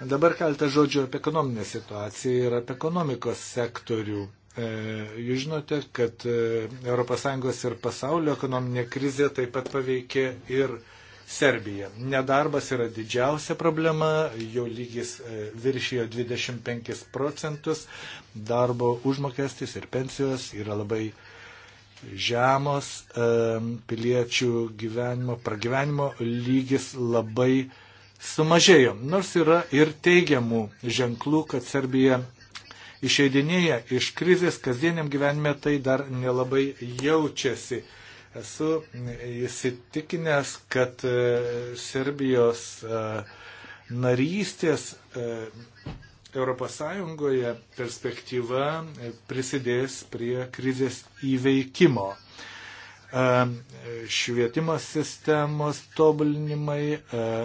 Dabar keltą žodžių apie ekonominę situaciją ir apie ekonomikos sektorių. E, jūs žinote, kad ES ir pasaulio ekonominė krizė taip pat paveikė ir Serbija. Nedarbas yra didžiausia problema, jo lygis e, viršijo 25 procentus, darbo užmokestis ir pensijos yra labai žemos, e, piliečių gyvenimo, pragyvenimo lygis labai sumažėjo. Nors yra ir teigiamų ženklų, kad Serbija išeidinėja iš krizės, kasdieniam gyvenime tai dar nelabai jaučiasi. Esu įsitikinęs, kad e, Serbijos e, narystės ES perspektyva e, prisidės prie krizės įveikimo. Švietimo sistemos tobulinimai,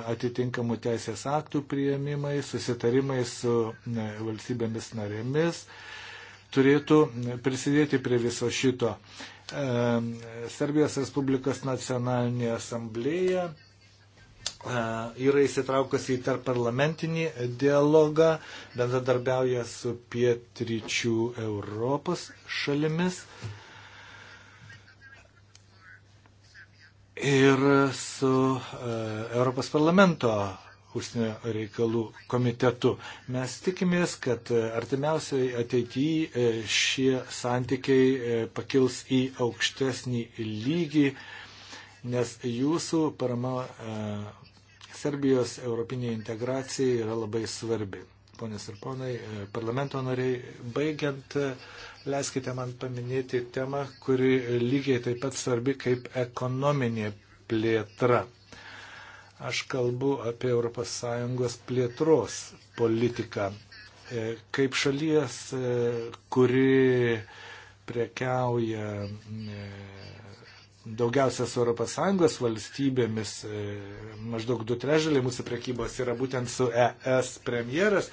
atitinkamų teisės aktų prieimimai, susitarimai su valstybėmis narėmis turėtų prisidėti prie viso šito. Serbijos Respublikos nacionalinė asamblėja e, yra įsitraukusi į tarparlamentinį dialogą, bendradarbiauja su pietryčių Europos šalimis. Ir su e, Europos parlamento užsienio reikalų komitetu. Mes tikimės, kad e, artimiausiai ateityje šie santykiai e, pakils į aukštesnį lygį, nes jūsų parama e, Serbijos europinė integracija yra labai svarbi. Ponės ir ponai, parlamento nariai, baigiant, leiskite man paminėti temą, kuri lygiai taip pat svarbi kaip ekonominė plėtra. Aš kalbu apie ES plėtros politiką. E, kaip šalies, e, kuri prekiauja e, daugiausia su ES valstybėmis, maždaug du trešdėliai mūsų prekybos yra būtent su ES premjeras.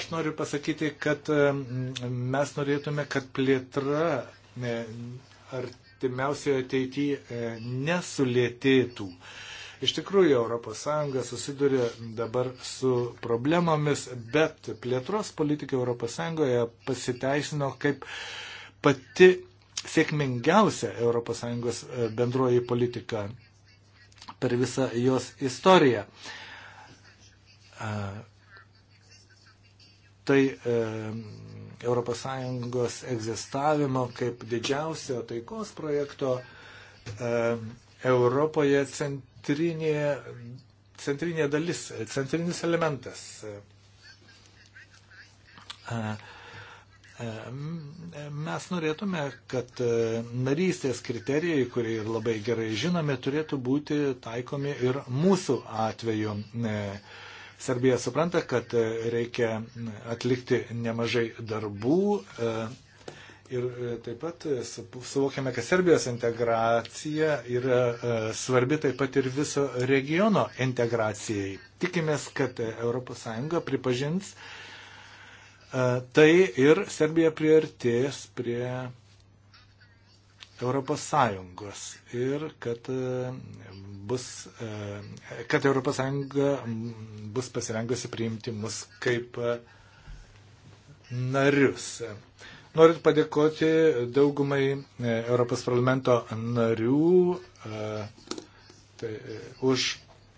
Aš noriu pasakyti, kad mes norėtume, kad plėtra artimiausioje ateityje nesulėtėtų. Ne Iš tikrųjų, ES susiduria dabar su problemomis, bet plėtros politika ES pasiteisino kaip pati sėkmingiausia ES e, bendroji politika per visą jos istoriją. E, tai ES egzistavimo kaip didžiausio taikos projekto e, Europoje centrinė, centrinė dalis, centrinis elementas. Mes norėtume, kad narystės kriterijai, kurie ir labai gerai žinome, turėtų būti taikomi ir mūsų atveju. E, Serbija supranta, kad reikia atlikti nemažai darbų, e, Ir e, taip pat e, suvokiame, kad Serbijos integracija yra e, svarbi taip pat ir viso regiono integracijai. Tikimės, kad ES pripažins tai ir Serbija priartės prie ES ir kad, bus, kad ES bus pasirengusi priimti mus kaip narius. Noriu padėkoti daugumai e, Europos parlamento narių e, tai, e, už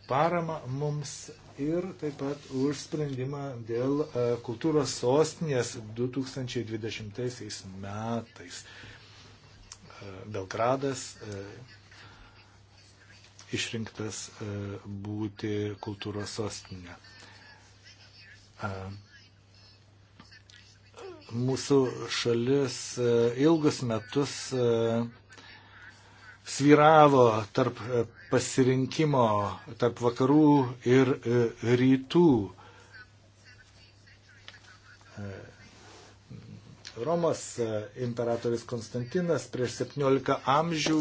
paramą mums ir taip pat už sprendimą dėl kultūros sostinės 2020 metais. Belgradas išrinktas būti kultūros sostinė. Mūsų šalis e, ilgus metus e, svyravo tarp e, pasirinkimo tarp vakarų ir rytų. Romos imperatorius Konstantinas prieš 17 amžių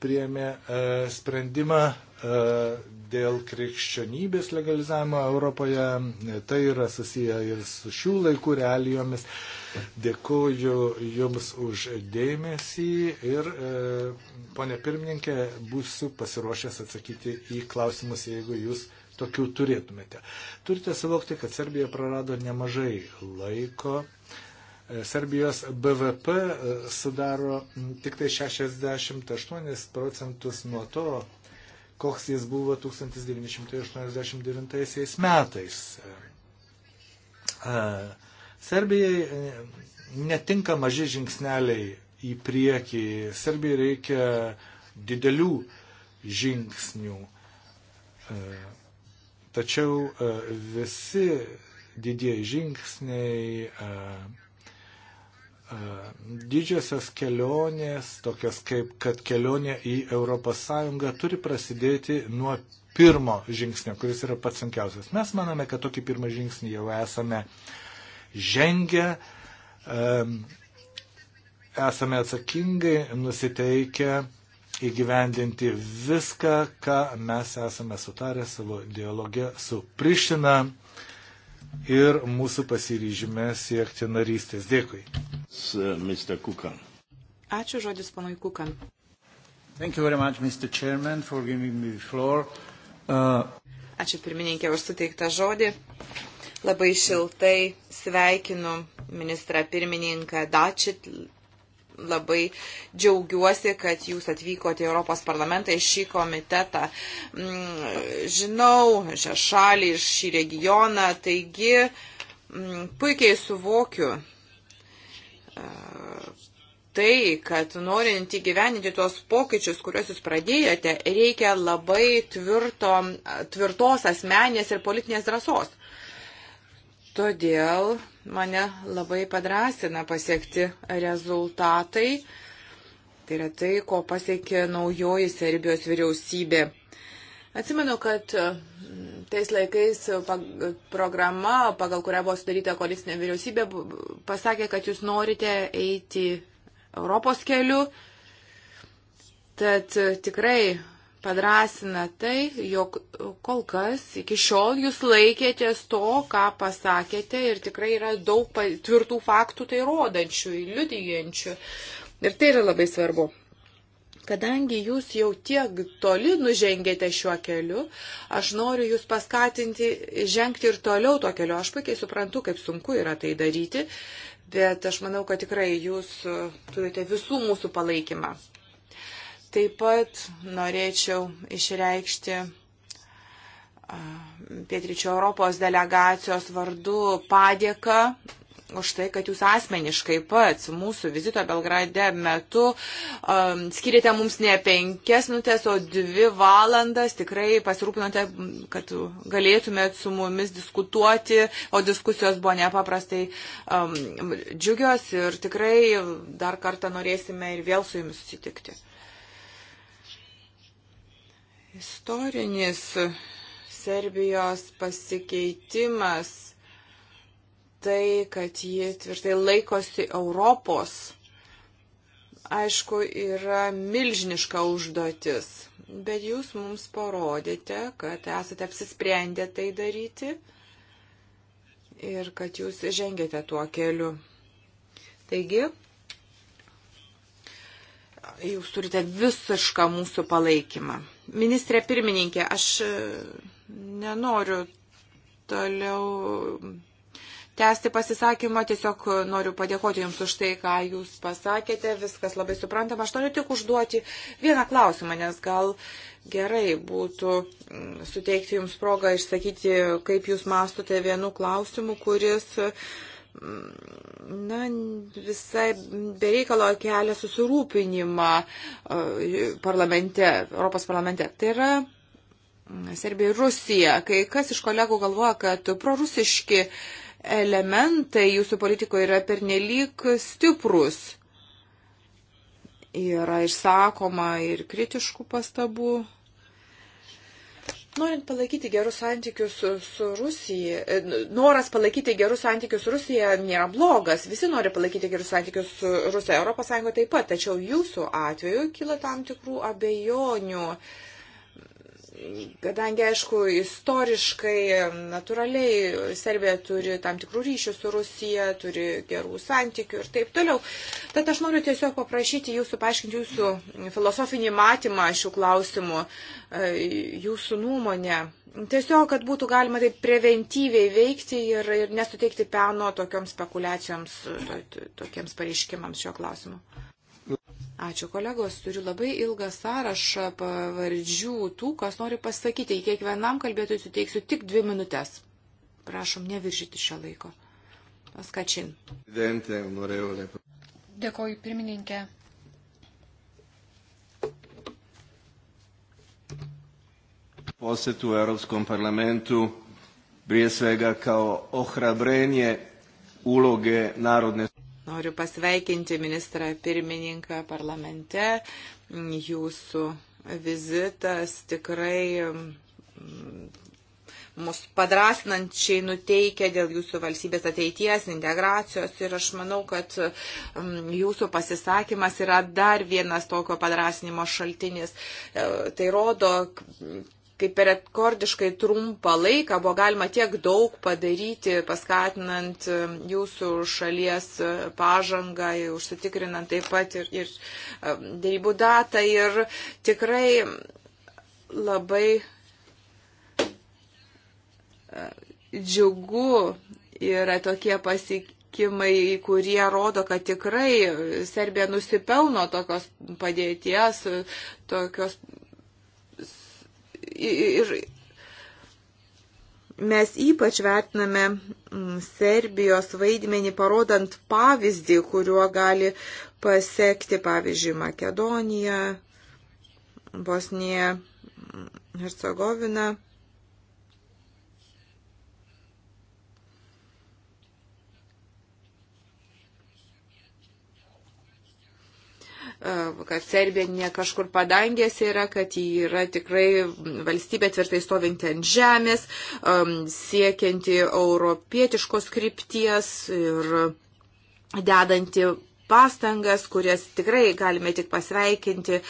priėmė e, sprendimą e, dėl krikščionybės legalizavimo Europoje. Tai yra susiję ir su šių laikų realijomis. Dėkuoju Jums už dėmesį ir, e, ponė pirmininkė, būsiu pasiruošęs atsakyti į klausimus, jeigu Jūs tokių turėtumėte. Turite suvokti, kad Serbija prarado nemažai laiko. Uh, Serbijos BVP e, sudaro tik tai 68 procentus nuo to, koks jis buvo 1989 metais. E, Serbijai e, netinka maži žingsneliai į priekį. Serbijai reikia didelių žingsnių. Tačiau visi didieji žingsniai Didžiosios kelionės, tokios kaip kad kelionė į ES, turi prasidėti nuo pirmo žingsnio, kuris yra pats sunkiausias. Mes manome, kad tokį pirmą žingsnį jau esame žengę, esame atsakingai nusiteikę įgyvendinti viską, ką mes esame sutarę savo dialoge su Prišina ir mūsų pasiryžime siekti narystės. Dėkui. Ačiū žodis panui Kukan. Much, Chairman, uh... Ačiū pirmininkė už suteiktą žodį. Labai šiltai sveikinu ministrą pirmininką Dačit labai džiaugiuosi, kad jūs atvykote į Europos parlamentą, į šį komitetą. Mm, žinau, šią šalį, šį regioną, taigi mm, puikiai suvokiu e, tai, kad norint įgyveninti tuos pokyčius, kuriuos jūs pradėjote, reikia labai tvirto, tvirtos asmenės ir politinės drąsos. Todėl mane labai padrasina pasiekti rezultatai. Tai yra tai, ko pasiekė naujoji Serbijos vyriausybė. Atsimenu, kad mm, tais laikais programa, pagal kurią buvo sudaryta koalicinė vyriausybė, pasakė, kad jūs norite eiti Europos keliu. Tad tikrai padrasina tai, jog kol kas iki šiol jūs laikėtės to, ką pasakėte ir tikrai yra daug tvirtų faktų tai rodančių, liudijančių. Ir tai yra labai svarbu. Kadangi jūs jau tiek toli nužengėte šiuo keliu, aš noriu jūs paskatinti žengti ir toliau tuo keliu. Aš puikiai suprantu, kaip sunku yra tai daryti, bet aš manau, kad tikrai jūs uh, turite visų mūsų palaikymą. Taip pat norėčiau išreikšti Pietričio Europos delegacijos vardu padėką už tai, kad jūs asmeniškai pats mūsų vizito Belgrade metu um, skirite mums ne penkias minutės, o dvi valandas. Tikrai pasirūpinote, kad galėtumėt su mumis diskutuoti, o diskusijos buvo nepaprastai um, džiugios ir tikrai dar kartą norėsime ir vėl su jumis susitikti. Istorinis Serbijos pasikeitimas, tai, kad ji tvirtai laikosi Europos, aišku, yra milžiniška užduotis. Bet jūs mums parodėte, kad esate apsisprendę tai daryti ir kad jūs žengėte tuo keliu. Taigi, jūs turite visišką mūsų palaikymą. Ministrė pirmininkė, aš e, nenoriu toliau tęsti pasisakymą, tiesiog noriu padėkoti Jums už tai, ką Jūs pasakėte, viskas labai suprantama. Aš noriu tik užduoti vieną klausimą, nes gal gerai būtų mm, suteikti Jums progą išsakyti, kaip Jūs mastote vienu klausimu, kuris uh, na, visai bereikalo kelia susirūpinimą e, parlamente, Europos parlamente. Tai yra mm, Serbija ir Rusija. Kai kas iš kolegų galvoja, kad prorusiški elementai jūsų politikoje yra pernelyg stiprus. Yra išsakoma ir kritiškų pastabų Norint palaikyti gerus santykius su, su Rusija, e, noras palaikyti gerus santykius su Rusija nėra blogas. Visi nori palaikyti gerus santykius su Rusija, ES taip pat. Tačiau jūsų atveju kyla tam tikrų abejonių. Uh, Kadangi, aišku, istoriškai, natūraliai Serbija turi tam tikrų ryšių su Rusija, turi gerų santykių ir taip toliau. Tad aš noriu tiesiog paprašyti jūsų, paaiškinti jūsų filosofinį matymą šių klausimų, e, jūsų nuomonę. Tiesiog, kad būtų galima taip preventyviai veikti ir, ir nesuteikti peno tokioms spekulacijoms, to, to, tokiems pareiškimams šio klausimu. Ačiū kolegos, turiu labai ilgą sąrašą pavardžių tų, kas nori pasakyti. Į kiekvienam kalbėtojui suteiksiu tik dvi minutės. Prašom neviršyti šio laiko. Paskačin. Dėkoju pirmininkė. Posetu u Europskom parlamentu prije svega kao ohrabrenje uloge Narodne Noriu pasveikinti ministrą pirmininką parlamente. Jūsų vizitas tikrai mm, mus padrasnančiai nuteikia dėl jūsų valstybės ateities, integracijos ir aš manau, kad mm, jūsų pasisakymas yra dar vienas tokio padrasnimo šaltinis. E, tai rodo, kaip per rekordiškai trumpą laiką buvo galima tiek daug padaryti, paskatinant um, jūsų šalies uh, pažangą, užsitikrinant taip pat ir, ir um, dėrybų datą. Ir tikrai labai uh, džiugu yra tokie pasikimai, kurie rodo, kad tikrai Serbija nusipelno tokios padėties, tokios ir mes ypač vertiname mm, Serbijos vaidmenį, parodant pavyzdį, kuriuo gali pasiekti, pavyzdžiui, Makedonija, Bosnija, Hercegovina. E, kad Serbija ne kažkur padangėse yra, kad ji yra tikrai valstybė tvirtai stovinti ant žemės, e, siekianti europietiškos krypties ir dedanti pastangas, kurias tikrai galime tik pasveikinti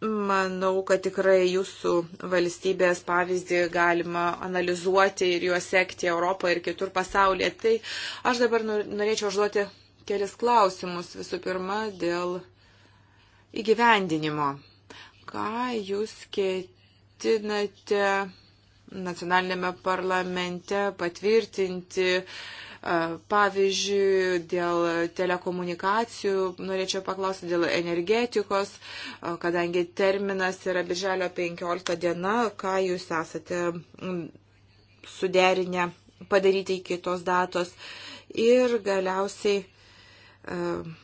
Manau, kad tikrai jūsų valstybės pavyzdį galima analizuoti ir juos sekti Europoje ir kitur pasaulyje. Tai aš dabar norėčiau užduoti kelis klausimus. Visų pirma, dėl įgyvendinimo. Ką jūs ketinate nacionalinėme parlamente patvirtinti? Uh, Pavyzdžiui, dėl telekomunikacijų norėčiau paklausti dėl energetikos, kadangi terminas yra birželio 15 diena, ką jūs esate suderinę padaryti iki tos datos. Ir galiausiai uh,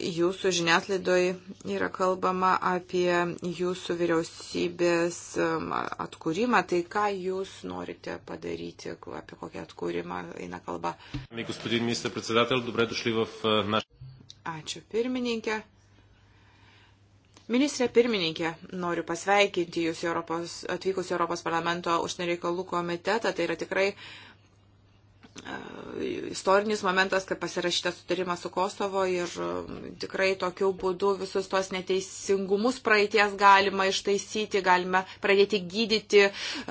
jūsų žiniaslaidoj yra kalbama apie jūsų vyriausybės um, atkūrimą. Tai ką jūs norite padaryti, apie kokį atkūrimą eina kalba? Ačiū pirmininkė. Ministrė pirmininkė, noriu pasveikinti Jūs Europos, atvykus į Europos parlamento užsienio reikalų komitetą. Tai yra tikrai uh, istorinis momentas, kad pasirašytas sutarimas su Kosovo ir um, tikrai tokiu būdu visus tuos neteisingumus praeities galima ištaisyti, galima pradėti gydyti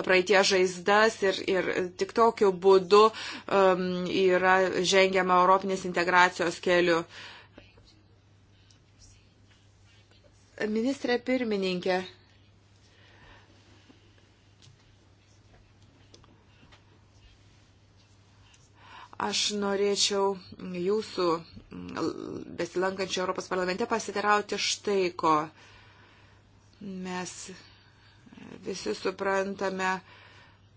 praeitie žaizdas ir, ir tik tokiu būdu um, yra žengiama Europinės integracijos keliu. Ministrė pirmininkė. Aš norėčiau jūsų mm, besilankančio Europos parlamente pasitarauti štai ko. Mes visi suprantame,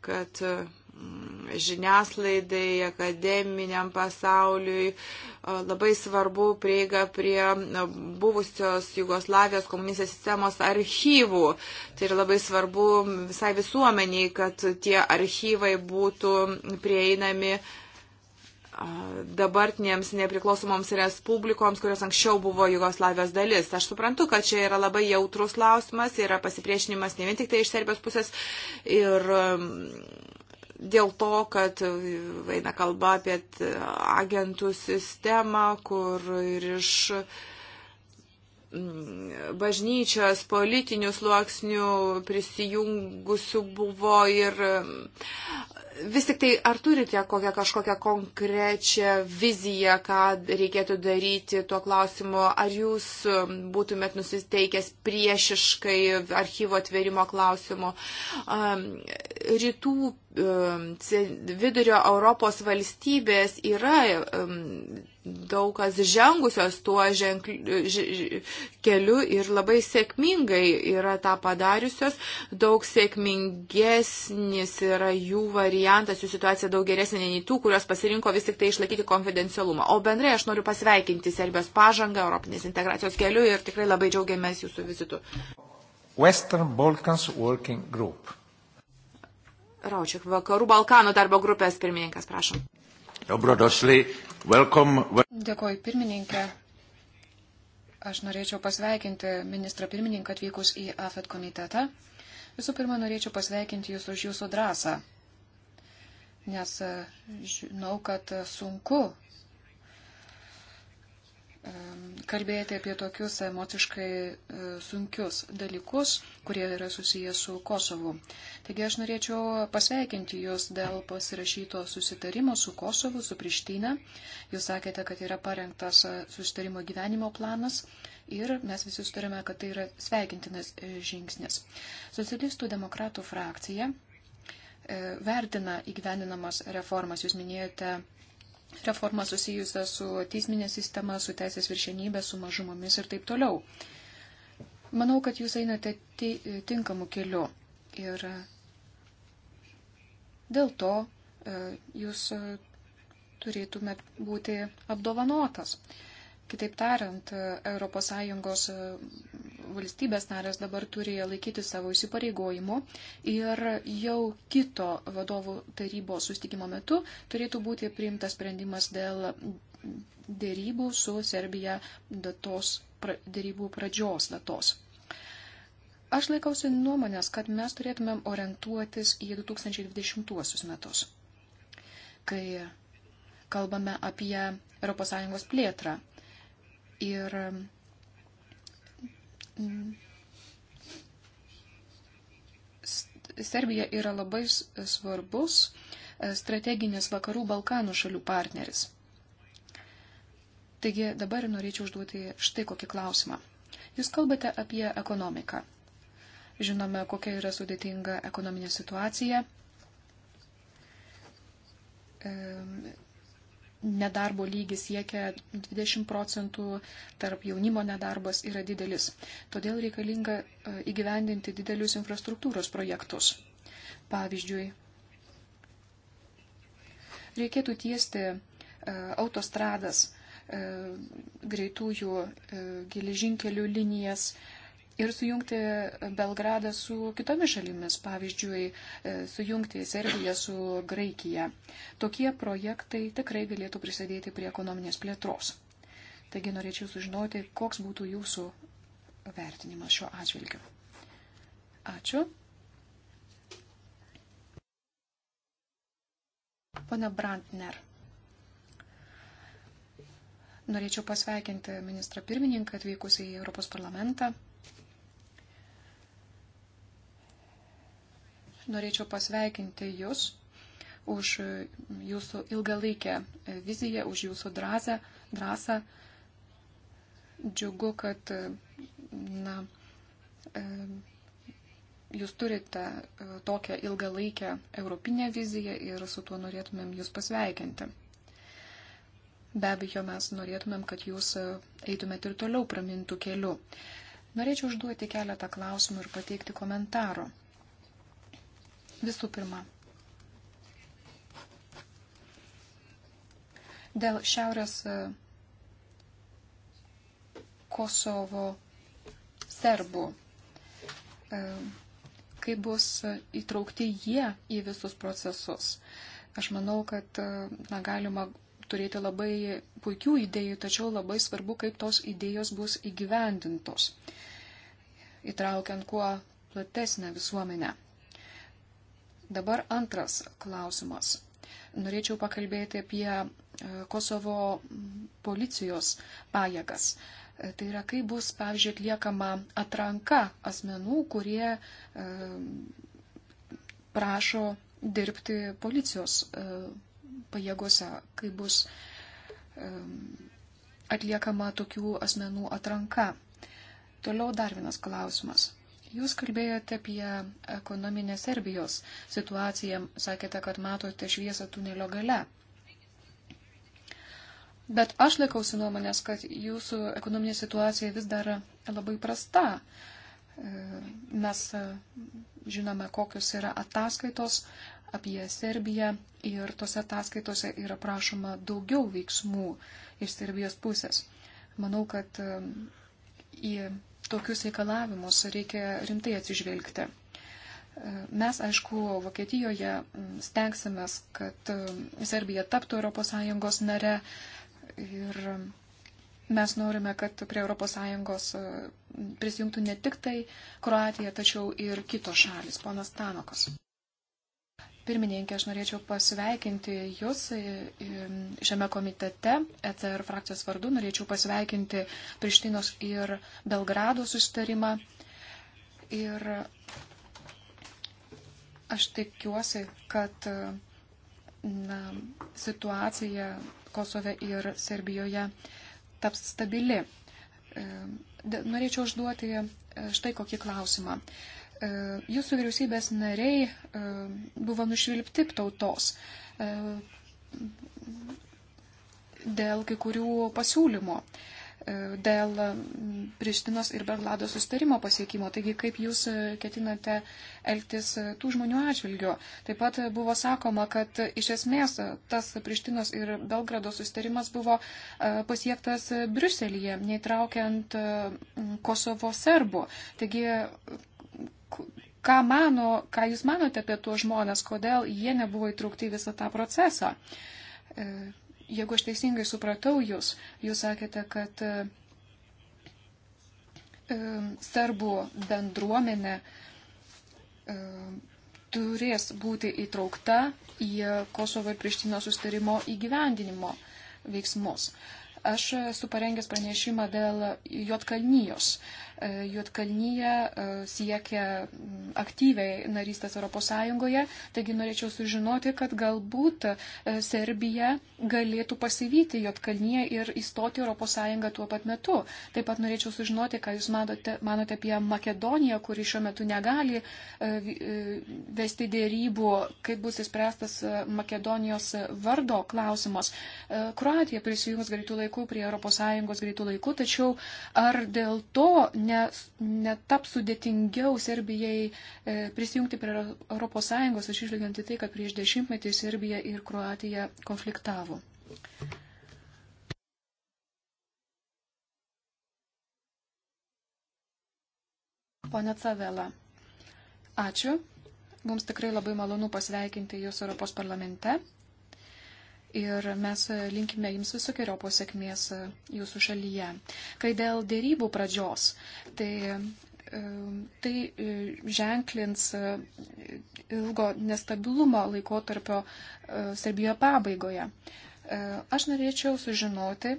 kad mm, žiniaslaidai, akademiniam pasauliui. Labai svarbu prieiga prie buvusios Jugoslavijos komunistinės sistemos archyvų. Tai yra labai svarbu visai visuomeniai, kad tie archyvai būtų prieinami uh, dabartinėms nepriklausomoms respublikoms, kurios anksčiau buvo Jugoslavijos dalis. Aš suprantu, kad čia yra labai jautrus klausimas, yra pasipriešinimas ne vien tik tai iš Serbijos pusės ir um, dėl to, kad eina kalba apie agentų sistemą, kur ir iš mm, bažnyčios politinių sluoksnių prisijungusių buvo ir um, vis tik tai, ar turite kokią kažkokią konkrečią viziją, ką reikėtų daryti tuo klausimu, ar jūs um, būtumėt nusiteikęs priešiškai archyvo atverimo klausimu? Um, rytų Um, vidurio Europos valstybės yra um, daug kas žengusios tuo ženkliu, ž, keliu ir labai sėkmingai yra tą padariusios. Daug sėkmingesnis yra jų variantas, jų situacija daug geresnė nei tų, kurios pasirinko vis tik tai išlaikyti konfidencialumą. O bendrai aš noriu pasveikinti Serbijos pažangą Europinės integracijos keliu ir tikrai labai džiaugiamės jūsų vizitu. Western Balkans Working Group. Raučiak, Vakarų Balkanų darbo grupės pirmininkas, prašom. Dobrodošli, welcome. Dėkuoju, pirmininkė. Aš norėčiau pasveikinti ministrą pirmininką atvykus į AFET komitetą. Visų pirma, norėčiau pasveikinti jūs už jūsų drąsą, nes e, žinau, kad sunku kalbėti apie tokius emociškai e, sunkius dalykus, kurie yra susijęs su Kosovu. Taigi aš norėčiau pasveikinti Jūs dėl pasirašyto susitarimo su Kosovu, su Prištyne. Jūs sakėte, kad yra parengtas e, susitarimo gyvenimo planas ir mes visi sutarėme, kad tai yra sveikintinas e, žingsnis. Socialistų demokratų frakcija vertina įgyveninamas reformas. Jūs minėjote reforma susijusia su teisminė sistema, su teisės viršenybė, su mažumomis ir taip toliau. Manau, kad jūs einate tinkamu keliu ir dėl to e, jūs turėtumėt būti apdovanotas. Kitaip tariant, ES valstybės narės dabar turi laikyti savo įsipareigojimų ir jau kito vadovų tarybos sustikimo metu turėtų būti priimtas sprendimas dėl dėrybų su Serbija datos, dėrybų pradžios datos. Aš laikausi nuomonės, kad mes turėtumėm orientuotis į 2020 metus, kai kalbame apie ES plėtrą. Ir Mm. Serbija yra labai svarbus e, strateginis vakarų Balkanų šalių partneris. Taigi dabar norėčiau užduoti štai kokį klausimą. Jūs kalbate apie ekonomiką. Žinome, kokia yra sudėtinga ekonominė situacija nedarbo lygis siekia 20 procentų, tarp jaunimo nedarbas yra didelis. Todėl reikalinga e, įgyvendinti didelius infrastruktūros projektus. Pavyzdžiui, reikėtų tiesti e, autostradas, e, greitųjų geležinkelių linijas, ir sujungti e, Belgradą su kitomis šalimis, pavyzdžiui, e, sujungti Serbiją su Graikija. Tokie projektai tikrai galėtų prisidėti prie ekonominės plėtros. Taigi norėčiau sužinoti, koks būtų jūsų vertinimas šiuo atžvilgiu. Ačiū. Pane Brantner. Norėčiau pasveikinti ministrą pirmininką atvykusį į Europos parlamentą. norėčiau pasveikinti Jūs už Jūsų ilgalaikę viziją, už Jūsų drąsą. drąsą. Džiugu, kad na, e, Jūs turite e, tokią ilgalaikę europinę viziją ir su tuo norėtumėm Jūs pasveikinti. Be abejo, mes norėtumėm, kad Jūs e, eitumėte ir toliau pramintų keliu. Norėčiau užduoti keletą klausimų ir pateikti komentaro. Visų pirma, dėl Šiaurės e, Kosovo serbų, e, kai bus įtraukti jie į visus procesus. Aš manau, kad e, na, galima turėti labai puikių idėjų, tačiau labai svarbu, kaip tos idėjos bus įgyvendintos, įtraukiant kuo platesnę visuomenę. Dabar antras klausimas. Norėčiau pakalbėti apie e, Kosovo policijos pajėgas. E, tai yra, kaip bus, pavyzdžiui, atliekama atranka asmenų, kurie e, prašo dirbti policijos e, pajėgose, kaip bus e, atliekama tokių asmenų atranka. Toliau dar vienas klausimas. Jūs kalbėjote apie ekonominę Serbijos situaciją, sakėte, kad matote šviesą tunelio gale. Bet aš laikausi nuomonės, kad jūsų ekonominė situacija vis dar labai prasta. E, mes e, žinome, kokius yra ataskaitos apie Serbiją ir tose ataskaitose yra prašoma daugiau veiksmų iš Serbijos pusės. Manau, kad e, į tokius reikalavimus reikia rimtai atsižvelgti. Mes, aišku, Vokietijoje mm, stengsimės, kad mm, Serbija taptų ES nare ir mm, mes norime, kad prie ES prisijungtų ne tik tai Kroatija, tačiau ir kitos šalis, ponas Tanokas. Pirmininkė, aš norėčiau pasveikinti Jūs e, e, šiame komitete, ECR frakcijos vardu, norėčiau pasveikinti Prištinos ir Belgrado susitarimą. Ir aš tikiuosi, kad e, na, situacija Kosove ir Serbijoje taps stabili. Norėčiau užduoti štai kokį klausimą. E, jūsų vyriausybės nariai e, buvo nušvilpti tautos e, dėl kai kurių pasiūlymų, dėl Prištinos ir Belgrado sustarimo pasiekimo. Taigi, kaip jūs ketinate elgtis tų žmonių atžvilgiu? Taip pat buvo sakoma, kad iš esmės tas Prištinos ir Belgrado sustarimas buvo pasiektas Briuselėje, neįtraukiant Kosovo serbų. Taigi, ką, mano, ką jūs manote apie tuos žmonės, kodėl jie nebuvo įtraukti į visą tą procesą. E, jeigu aš teisingai supratau jūs, jūs sakėte, kad e, e, serbų bendruomenė turės būti įtraukta į Kosovo ir Prištino sustarimo įgyvendinimo veiksmus. Aš esu parengęs pranešimą dėl Jotkalnyjos. Uh, E, Juotkalnyje e, siekia aktyviai narystės ES, taigi norėčiau sužinoti, kad galbūt e, Serbija galėtų pasivyti Juotkalnyje ir įstoti ES tuo pat metu. Taip pat norėčiau sužinoti, ką Jūs manote, manote apie Makedoniją, kuri šiuo metu negali vesti dėrybų, kaip bus įspręstas Makedonijos vardo klausimas. Kroatija prisijungs greitų laikų prie ES greitų laikų, tačiau ar dėl to ne netap sudėtingiau Serbijai e, prisijungti prie ES, atsižvelgiant į tai, kad prieš dešimtmetį Serbija ir Kroatija konfliktavo. Pone Cavela, ačiū. Mums tikrai labai malonu pasveikinti Jūs Europos parlamente ir mes linkime jums visokiojo posėkmės e, jūsų šalyje. Kai dėl dėrybų pradžios, tai, e, tai e, ženklins ilgo nestabilumo laikotarpio Serbijoje pabaigoje. Aš norėčiau sužinoti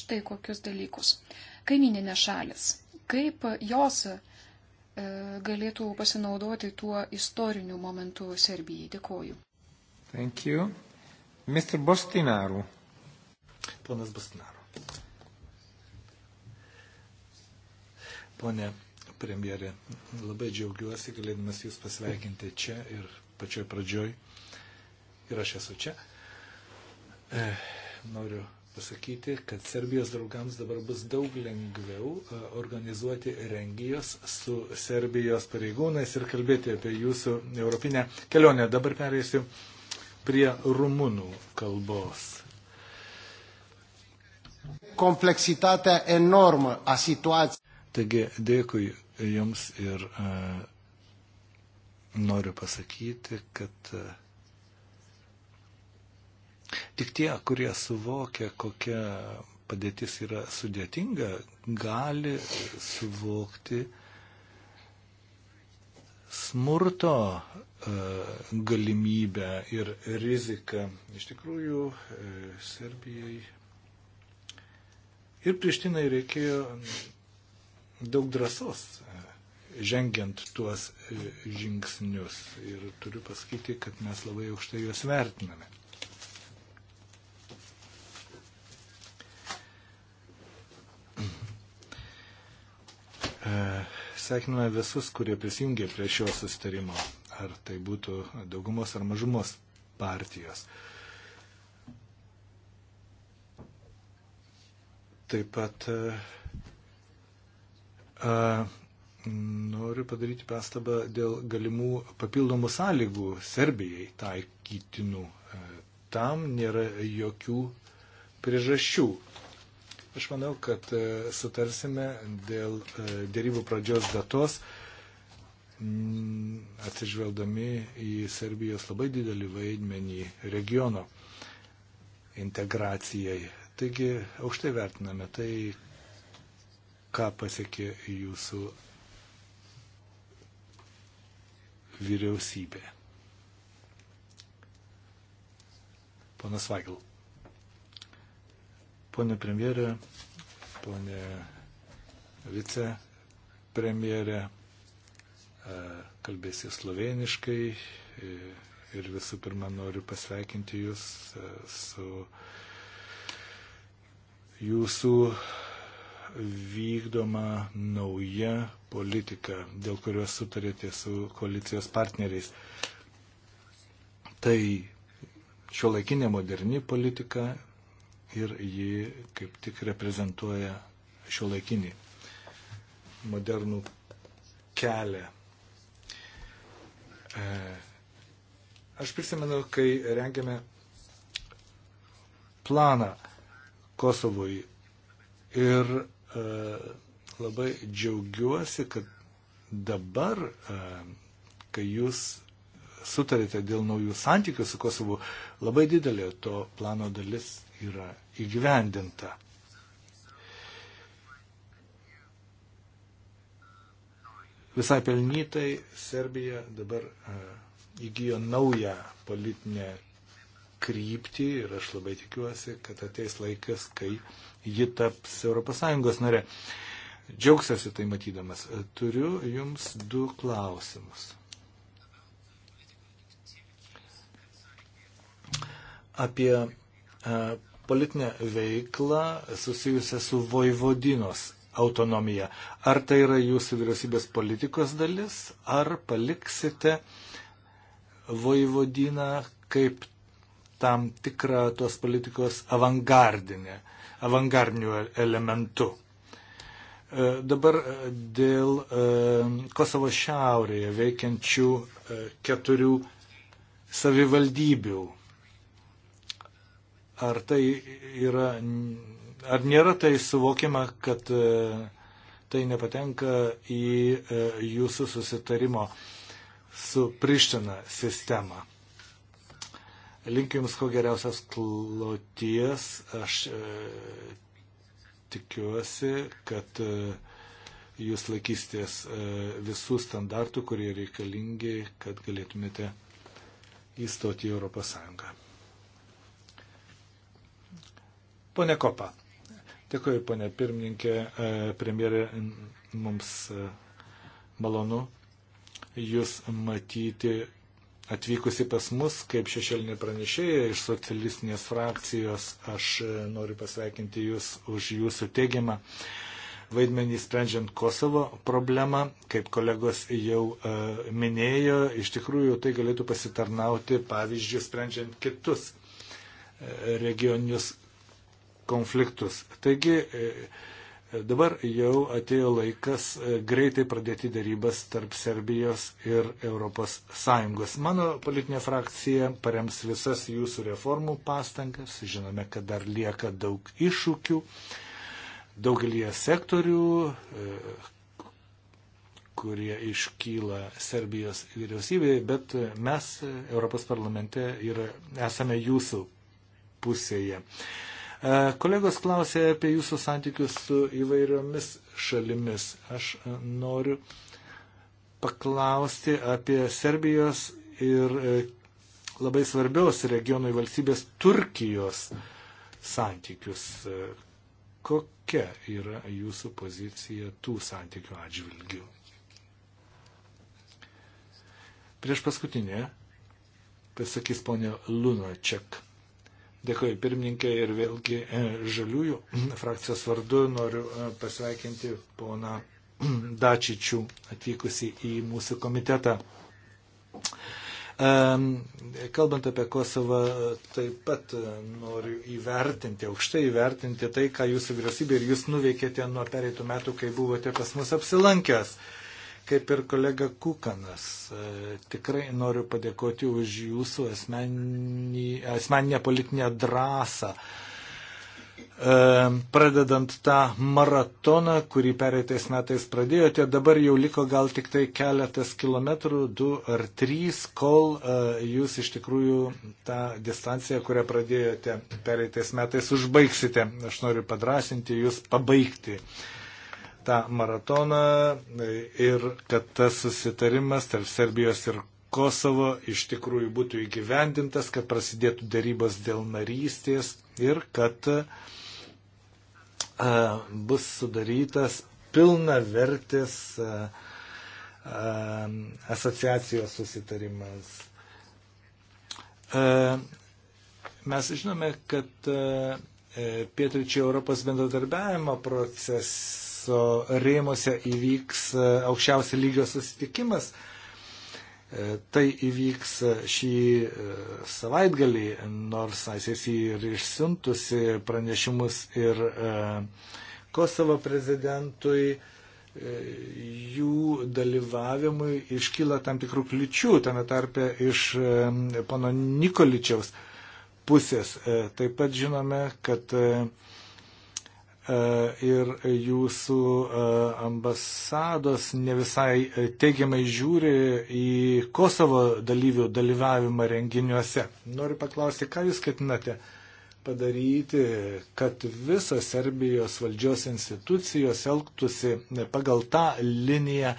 štai kokius dalykus. Kaimininė šalis. Kaip jos E, galėtų pasinaudoti tuo istoriniu momentu Serbijai. Dėkoju. Thank you. Mr. Bostinaru. Ponas Bostinaru. Pone premjerė, labai džiaugiuosi galėdamas Jūs pasveikinti čia ir pačioj pradžioj. Ir aš esu čia. E, noriu pasakyti, kad Serbijos draugams dabar bus daug lengviau organizuoti rengijos su Serbijos pareigūnais ir kalbėti apie jūsų europinę kelionę. Dabar pereisiu prie rumunų kalbos. Kompleksitatea enormă a situației. Taigi, dėkui Jums ir a, noriu pasakyti, kad a, Tik tie, kurie suvokia, kokia padėtis yra sudėtinga, gali suvokti smurto e, galimybę ir riziką. Iš tikrųjų, e, Serbijai ir prieštinai reikėjo daug drąsos e, žengiant tuos žingsnius. Ir turiu pasakyti, kad mes labai aukštai juos vertiname. E, Sveikiname visus, kurie prisijungė prie šio sustarimo, ar tai būtų daugumos ar mažumos partijos. Taip pat e, a, noriu padaryti pastabą dėl galimų papildomų sąlygų Serbijai taikytinų. E, Tam nėra jokių priežasčių. Aš manau, kad e, sutarsime dėl e, dėrybų pradžios datos, atsižvelgdami į Serbijos labai didelį vaidmenį regiono integracijai. Taigi, aukštai vertiname tai, ką pasiekė jūsų vyriausybė. Ponas Vagil. Pone premjerė, pone vicepremjerė, e, kalbėsiu sloveniškai e, ir visų pirma noriu pasveikinti Jūs e, su Jūsų vykdoma nauja politika, dėl kurios sutarėte su koalicijos partneriais. Tai šio laikinė moderni politika, ir ji kaip tik reprezentuoja šio laikinį modernų kelią. E, aš prisimenu, kai rengėme planą Kosovui ir e, labai džiaugiuosi, kad dabar, e, kai jūs sutarėte dėl naujų santykių su Kosovu, labai didelė to plano dalis yra įgyvendinta. Visai pelnytai Serbija dabar e, įgyjo naują politinę kryptį ir aš labai tikiuosi, kad ateis laikas, kai ji taps ES nare. Džiaugsiuosi tai matydamas. E, turiu jums du klausimus. Apie e, politinę veiklą susijusią su Vojvodinos autonomija. Ar tai yra jūsų vyriausybės politikos dalis, ar paliksite Vojvodiną kaip tam tikrą tos politikos avangardinę, avangardiniu elementu. E, dabar e, dėl e, Kosovo šiaurėje veikiančių keturių savivaldybių Ar tai yra, ar nėra tai suvokiama, kad e, tai nepatenka į e, jūsų susitarimo su Priština sistemą? Linkiu Jums ko geriausias kloties. Aš e, tikiuosi, kad e, Jūs laikysitės e, visų standartų, kurie reikalingi, kad galėtumėte įstoti į Europos Sąjungą. Pone Kopa. Dėkuoju, ponė pirmininkė, e, premjerė, mums e, malonu jūs matyti atvykusi pas mus kaip šešėlinė pranešėja iš socialistinės frakcijos. Aš e, noriu pasveikinti jūs už jūsų teigiamą vaidmenį sprendžiant Kosovo problemą, kaip kolegos jau minėjo, iš tikrųjų tai galėtų pasitarnauti pavyzdžių sprendžiant kitus regioninius konfliktus. Taigi e, e, dabar jau atėjo laikas e, greitai pradėti darybas tarp Serbijos ir ES. Mano politinė frakcija parems visas jūsų reformų pastangas. Žinome, kad dar lieka daug iššūkių daugelį sektorių, kurie iškyla Serbijos vyriausybėje, bet mes Europos parlamente ir esame jūsų pusėje. E, kolegos klausė apie jūsų santykius su įvairiomis šalimis. Aš e, noriu paklausti apie Serbijos ir e, labai svarbios regionui valstybės Turkijos santykius. Kokia yra jūsų pozicija tų santykių atžvilgių? Prieš paskutinę pasakys ponia Lunačiak. Dėkoju pirmininkė ir vėlgi e, žaliųjų frakcijos vardu noriu e, pasveikinti poną Dačičių atvykusi į mūsų komitetą. Kalbant apie Kosovą, taip pat e, noriu įvertinti, aukštai įvertinti tai, ką jūsų vyriausybė ir jūs nuveikėte nuo pereitų metų, kai buvote pas mus apsilankęs kaip ir kolega Kukanas, e, tikrai noriu padėkoti už jūsų asmenį, asmeninę politinę drąsą. E, pradedant tą maratoną, kurį pereitais metais pradėjote, dabar jau liko gal tik tai keletas kilometrų, du ar trys, kol e, jūs iš tikrųjų tą distanciją, kurią pradėjote pereitais metais, užbaigsite. Aš noriu padrasinti jūs pabaigti uh, tą maratoną ir kad tas susitarimas tarp Serbijos ir Kosovo iš tikrųjų būtų įgyvendintas, kad prasidėtų darybos dėl narystės ir kad a, bus sudarytas pilna vertis a, a, asociacijos susitarimas. A, mes žinome, kad a, e, Pietričio Europos bendradarbiavimo procese konferenso rėmose įvyks e, aukščiausio lygio susitikimas. E, tai įvyks e, šį savaitgalį, nors ICC ir išsiuntusi pranešimus ir Kosovo prezidentui jų dalyvavimui iškyla tam tikrų kliučių, tame tarpe iš pono Nikoličiaus pusės. Taip pat žinome, kad E, ir jūsų e, ambasados ne visai e, teigiamai žiūri į Kosovo dalyvių dalyvavimą renginiuose. Noriu paklausti, ką jūs ketinate padaryti, kad visos Serbijos valdžios institucijos elgtųsi pagal tą liniją,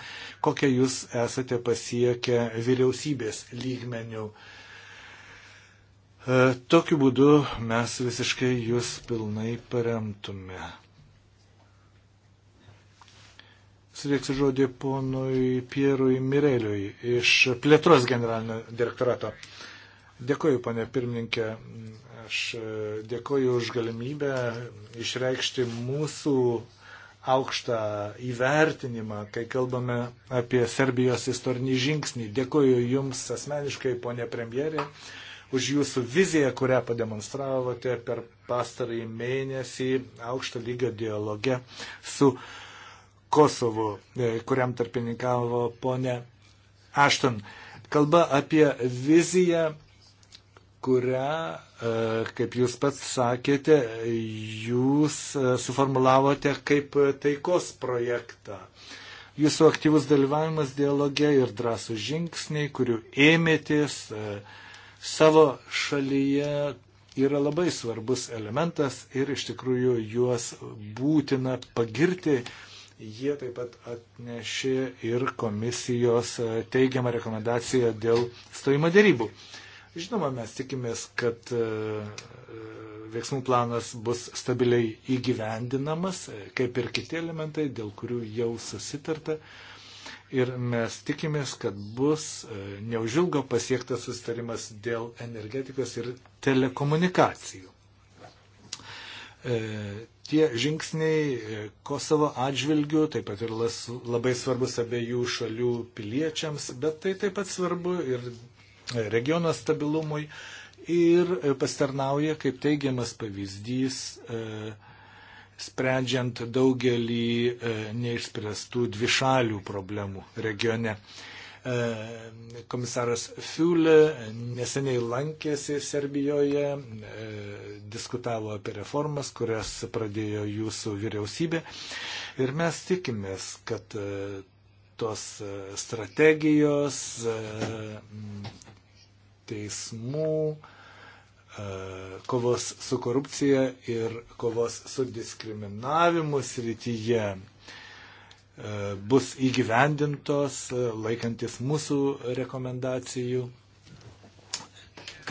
kokią jūs esate pasiekę vyriausybės lygmenių. Uh, E, tokiu būdu mes visiškai jūs pilnai paremtume. Sudėksiu žodį ponui Pierui Mireliui iš plėtros generalinio direktorato. Dėkoju, ponė pirmininkė. Aš e, dėkoju už galimybę išreikšti mūsų aukštą įvertinimą, kai kalbame apie Serbijos istorinį žingsnį. Dėkoju Jums asmeniškai, ponė premjerė už jūsų viziją, kurią pademonstravote per pastarąjį mėnesį aukšto lygio dialoge su Kosovu, e, kuriam tarpininkavo ponė Ašton. Kalba apie viziją, kurią, e, kaip jūs pats sakėte, jūs e, suformulavote kaip taikos projektą. Jūsų aktyvus dalyvavimas dialoge ir drąsų žingsniai, kurių ėmėtės, e, savo šalyje yra labai svarbus elementas ir iš tikrųjų juos būtina pagirti. Jie taip pat atnešė ir komisijos teigiamą rekomendaciją dėl stojimo dėrybų. Žinoma, mes tikimės, kad e, e, veiksmų planas bus stabiliai įgyvendinamas, kaip ir kiti elementai, dėl kurių jau susitarta ir mes tikimės, kad bus e, neužilgo pasiektas sustarimas dėl energetikos ir telekomunikacijų. E, tie žingsniai e, Kosovo atžvilgių taip pat ir labai svarbus abiejų šalių piliečiams, bet tai taip pat svarbu ir regiono stabilumui ir pasitarnauja kaip teigiamas pavyzdys e, sprendžiant daugelį e, neišspręstų dvišalių problemų regione. E, komisaras Fiulė neseniai lankėsi Serbijoje, e, diskutavo apie reformas, kurias pradėjo jūsų vyriausybė. Ir mes tikimės, kad tos strategijos teismų, E, kovos su korupcija ir kovos su diskriminavimu srityje e, bus įgyvendintos e, laikantis mūsų rekomendacijų.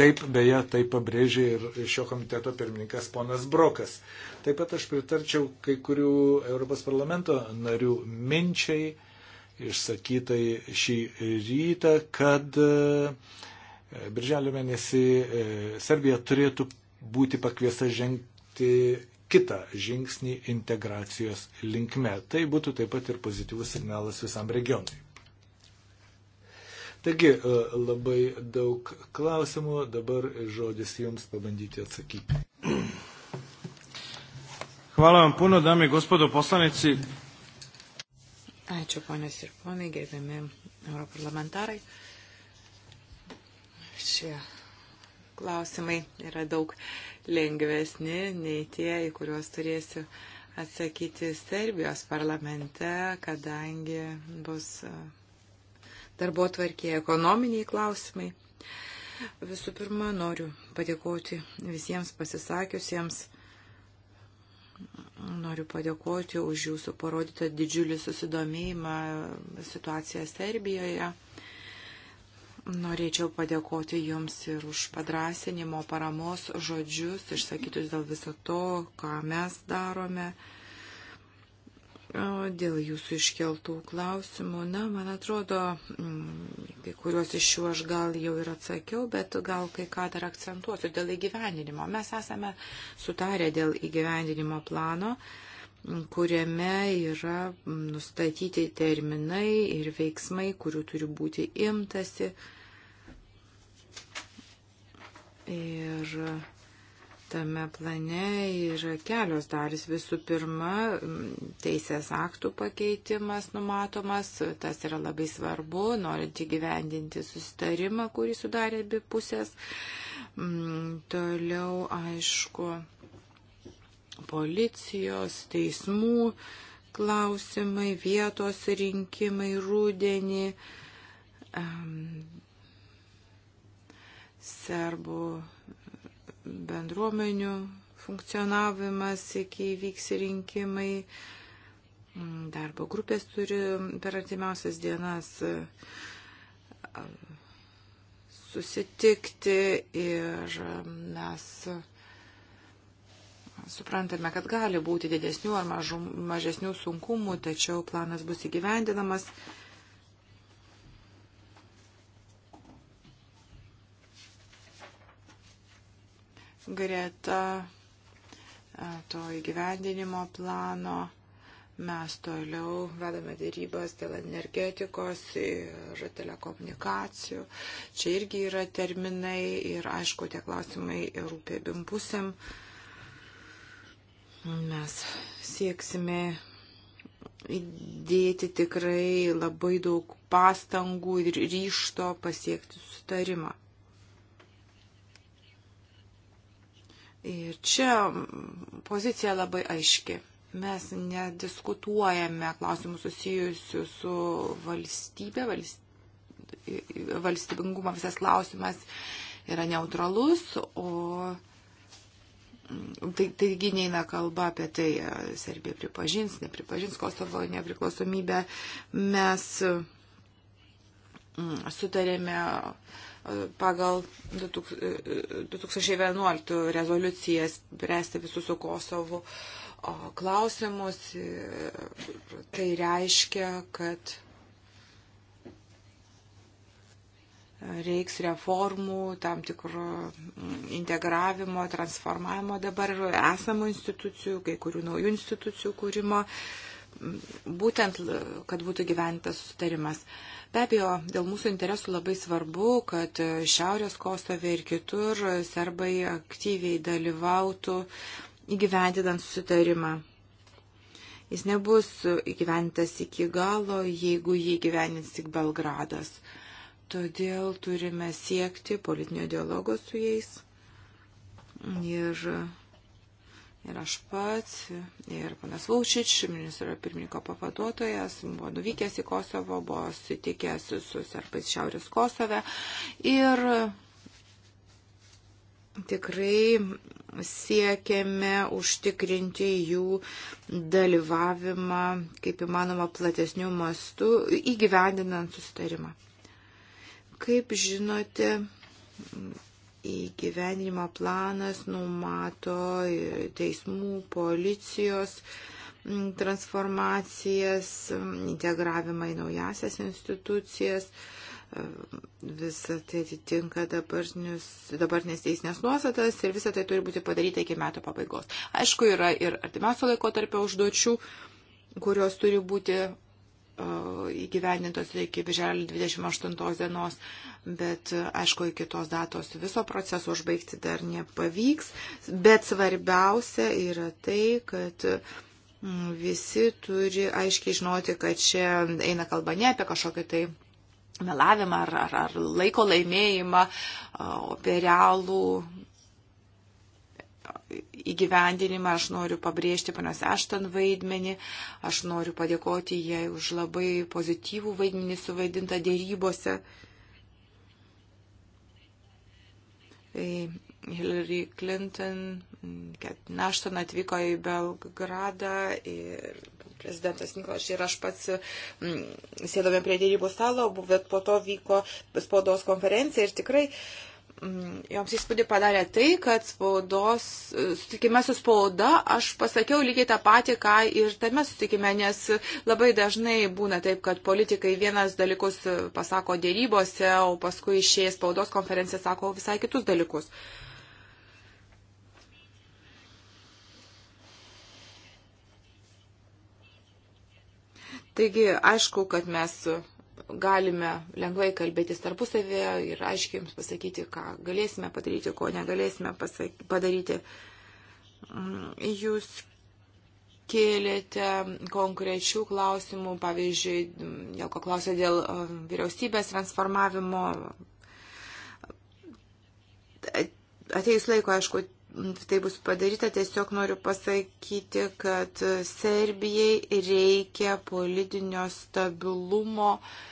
Kaip beje tai pabrėžė ir šio komiteto pirmininkas ponas Brokas. Taip pat aš pritarčiau kai kurių Europos parlamento narių minčiai išsakytai šį rytą, kad uh, Birželio mėnesį e, Serbija turėtų būti pakviesta žengti kitą žingsnį integracijos linkme. Tai būtų taip pat ir pozityvus signalas visam regionui. Taigi e, labai daug klausimų, dabar žodis jums pabandyti atsakyti. Hvala vam puno, dame i gospodo poslanici. Ačiū, ponės ir ponai, gerbiami europarlamentarai. parlamentarai šie klausimai yra daug lengvesni nei tie, į kuriuos turėsiu atsakyti Serbijos parlamente, kadangi bus e, darbo tvarkė ekonominiai klausimai. Visų pirma, noriu padėkoti visiems pasisakiusiems. Noriu padėkoti už jūsų parodytą didžiulį susidomėjimą situaciją Serbijoje. Norėčiau padėkoti Jums ir už padrasinimo paramos žodžius, išsakytus dėl viso to, ką mes darome, dėl Jūsų iškeltų klausimų. Na, man atrodo, mm, kai kuriuos iš jų aš gal jau ir atsakiau, bet gal kai ką dar akcentuosiu dėl įgyvendinimo. Mes esame sutarę dėl įgyvendinimo plano kuriame yra nustatyti terminai ir veiksmai, kurių turi būti imtasi. Uh, Ir tame plane yra kelios dalis. Visų pirma, teisės aktų pakeitimas numatomas, tas yra labai svarbu, norint įgyvendinti susitarimą, kurį sudarė abi pusės. Mm, toliau, aišku, policijos, teismų klausimai, vietos rinkimai, rūdienį serbų bendruomenių funkcionavimas iki įvyks rinkimai. Darbo grupės turi per artimiausias dienas um, susitikti ir mes suprantame, kad gali būti didesnių ar mažų, mažesnių sunkumų, tačiau planas bus įgyvendinamas. greta to įgyvendinimo plano mes toliau vedame dėrybas dėl energetikos ir telekomunikacijų. Čia irgi yra terminai ir aišku, tie klausimai rūpė abim pusėm. Mes sieksime įdėti tikrai labai daug pastangų ir ryšto pasiekti sutarimą. Ir čia pozicija labai aiški. Mes nediskutuojame klausimų susijusių su valstybė, valstybė valstybingumo visas klausimas yra neutralus, o mm, tai, taigi neina kalba apie tai, Serbija pripažins, nepripažins Kosovo nepriklausomybę. Mes mm, sutarėme pagal 2011 rezoliuciją spręsti visus su Kosovu klausimus. Tai reiškia, kad reiks reformų, tam tikro mm, integravimo, transformavimo dabar esamų institucijų, kai kurių naujų institucijų kūrimo. Uh, būtent, kad būtų gyventas sutarimas. Be abejo, dėl mūsų interesų labai svarbu, kad Šiaurės Kosove ir kitur serbai aktyviai dalyvautų įgyvendinant susitarimą. Jis nebus įgyventas iki galo, jeigu jį gyvenins tik Belgradas. Todėl turime siekti politinio dialogo su jais. Ir ir aš pats, ir panas Vulčič, ministro pirmininko pavaduotojas, buvo nuvykęs į Kosovo, buvo sutikęs su serpais Šiaurės Kosove. Ir tikrai siekiame užtikrinti jų dalyvavimą kaip įmanoma platesnių mastų įgyvendinant sustarimą. Kaip žinote, įgyvenimo planas numato teismų, policijos transformacijas, integravimą į naujasias institucijas. E, visą tai atitinka dabartinės teisinės nuostatas ir visą tai turi būti padaryta iki metų pabaigos. Aišku, yra ir artimiausio laiko tarp užduočių, kurios turi būti E, įgyvendintos iki birželio 28 dienos, bet e, aišku, iki tos datos viso proceso užbaigti dar nepavyks, bet svarbiausia yra tai, kad visi turi aiškiai žinoti, kad čia eina kalba ne apie kažkokį tai melavimą ar, ar, ar laiko laimėjimą, o apie realų įgyvendinimą, aš noriu pabrėžti panas Ešton vaidmenį, aš noriu padėkoti jai už labai pozityvų vaidmenį suvaidintą dėrybose. E, Hillary Clinton, kad Našton atvyko į Belgradą ir prezidentas Nikolaš ir aš pats mm, sėdome prie dėrybų stalo, bet po to vyko spaudos konferencija ir tikrai uh, Mm, joms įspūdį padarė tai, kad spaudos, e, sutikime su spauda, aš pasakiau lygiai tą patį, ką ir tame sutikime, nes labai dažnai būna taip, kad politikai vienas dalykus pasako dėrybose, o paskui išėjęs spaudos konferenciją sako visai kitus dalykus. Taigi, aišku, kad mes galime lengvai kalbėtis tarpusavėje ir aiškiai jums pasakyti, ką galėsime padaryti, ko negalėsime padaryti. Mm, jūs kėlėte konkrečių klausimų, pavyzdžiui, dėl ko klausė dėl um, vyriausybės transformavimo. Ateis laiko, aišku, tai bus padaryta, tiesiog noriu pasakyti, kad Serbijai reikia politinio stabilumo uh,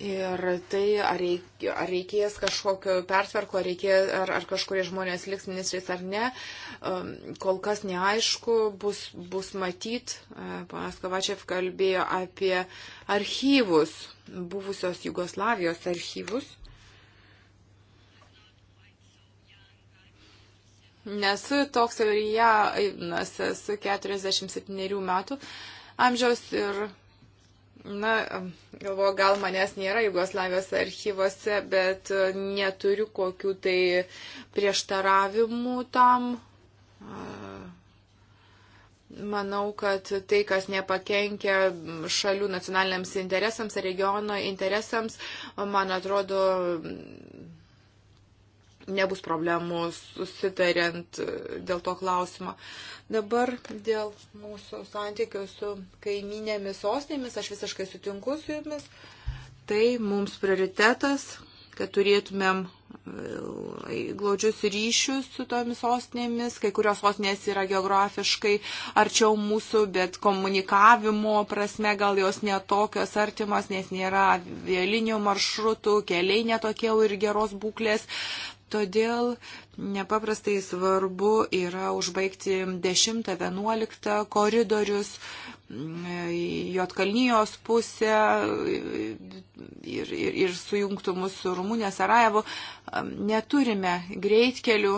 Ir tai, ar, reik, ar reikės kažkokio pertvarko, ar, reikės, ar, ar kažkurie žmonės liks ministrais ar ne, um, kol kas neaišku, bus, bus matyt. Uh, e, Panas Kavačiev kalbėjo apie archyvus, buvusios Jugoslavijos archyvus. Nesu toks ir ją, ja, esu 47 metų amžiaus ir Na, galvoju, gal manęs nėra Jugoslavijos archyvose, bet e, neturiu kokių tai prieštaravimų tam. E, manau, kad tai, kas nepakenkia šalių nacionaliniams interesams ar regiono interesams, man atrodo, nebus problemų susitariant e, dėl to klausimo. Dabar dėl mūsų santykių su kaiminėmis sostinėmis, aš visiškai sutinku su jumis, tai mums prioritetas, kad turėtumėm e, glaudžius ryšius su tomis sostinėmis. Kai kurios sostinės yra geografiškai arčiau mūsų, bet komunikavimo prasme gal jos netokios artimos, nes nėra vėlinių maršrutų, keliai netokie ir geros būklės. Todėl nepaprastai svarbu yra užbaigti 10-11 koridorius, mm, Jotkalnyjos pusę ir, ir, ir sujungtų mus su Rumunė Sarajevu. Neturime greitkelių,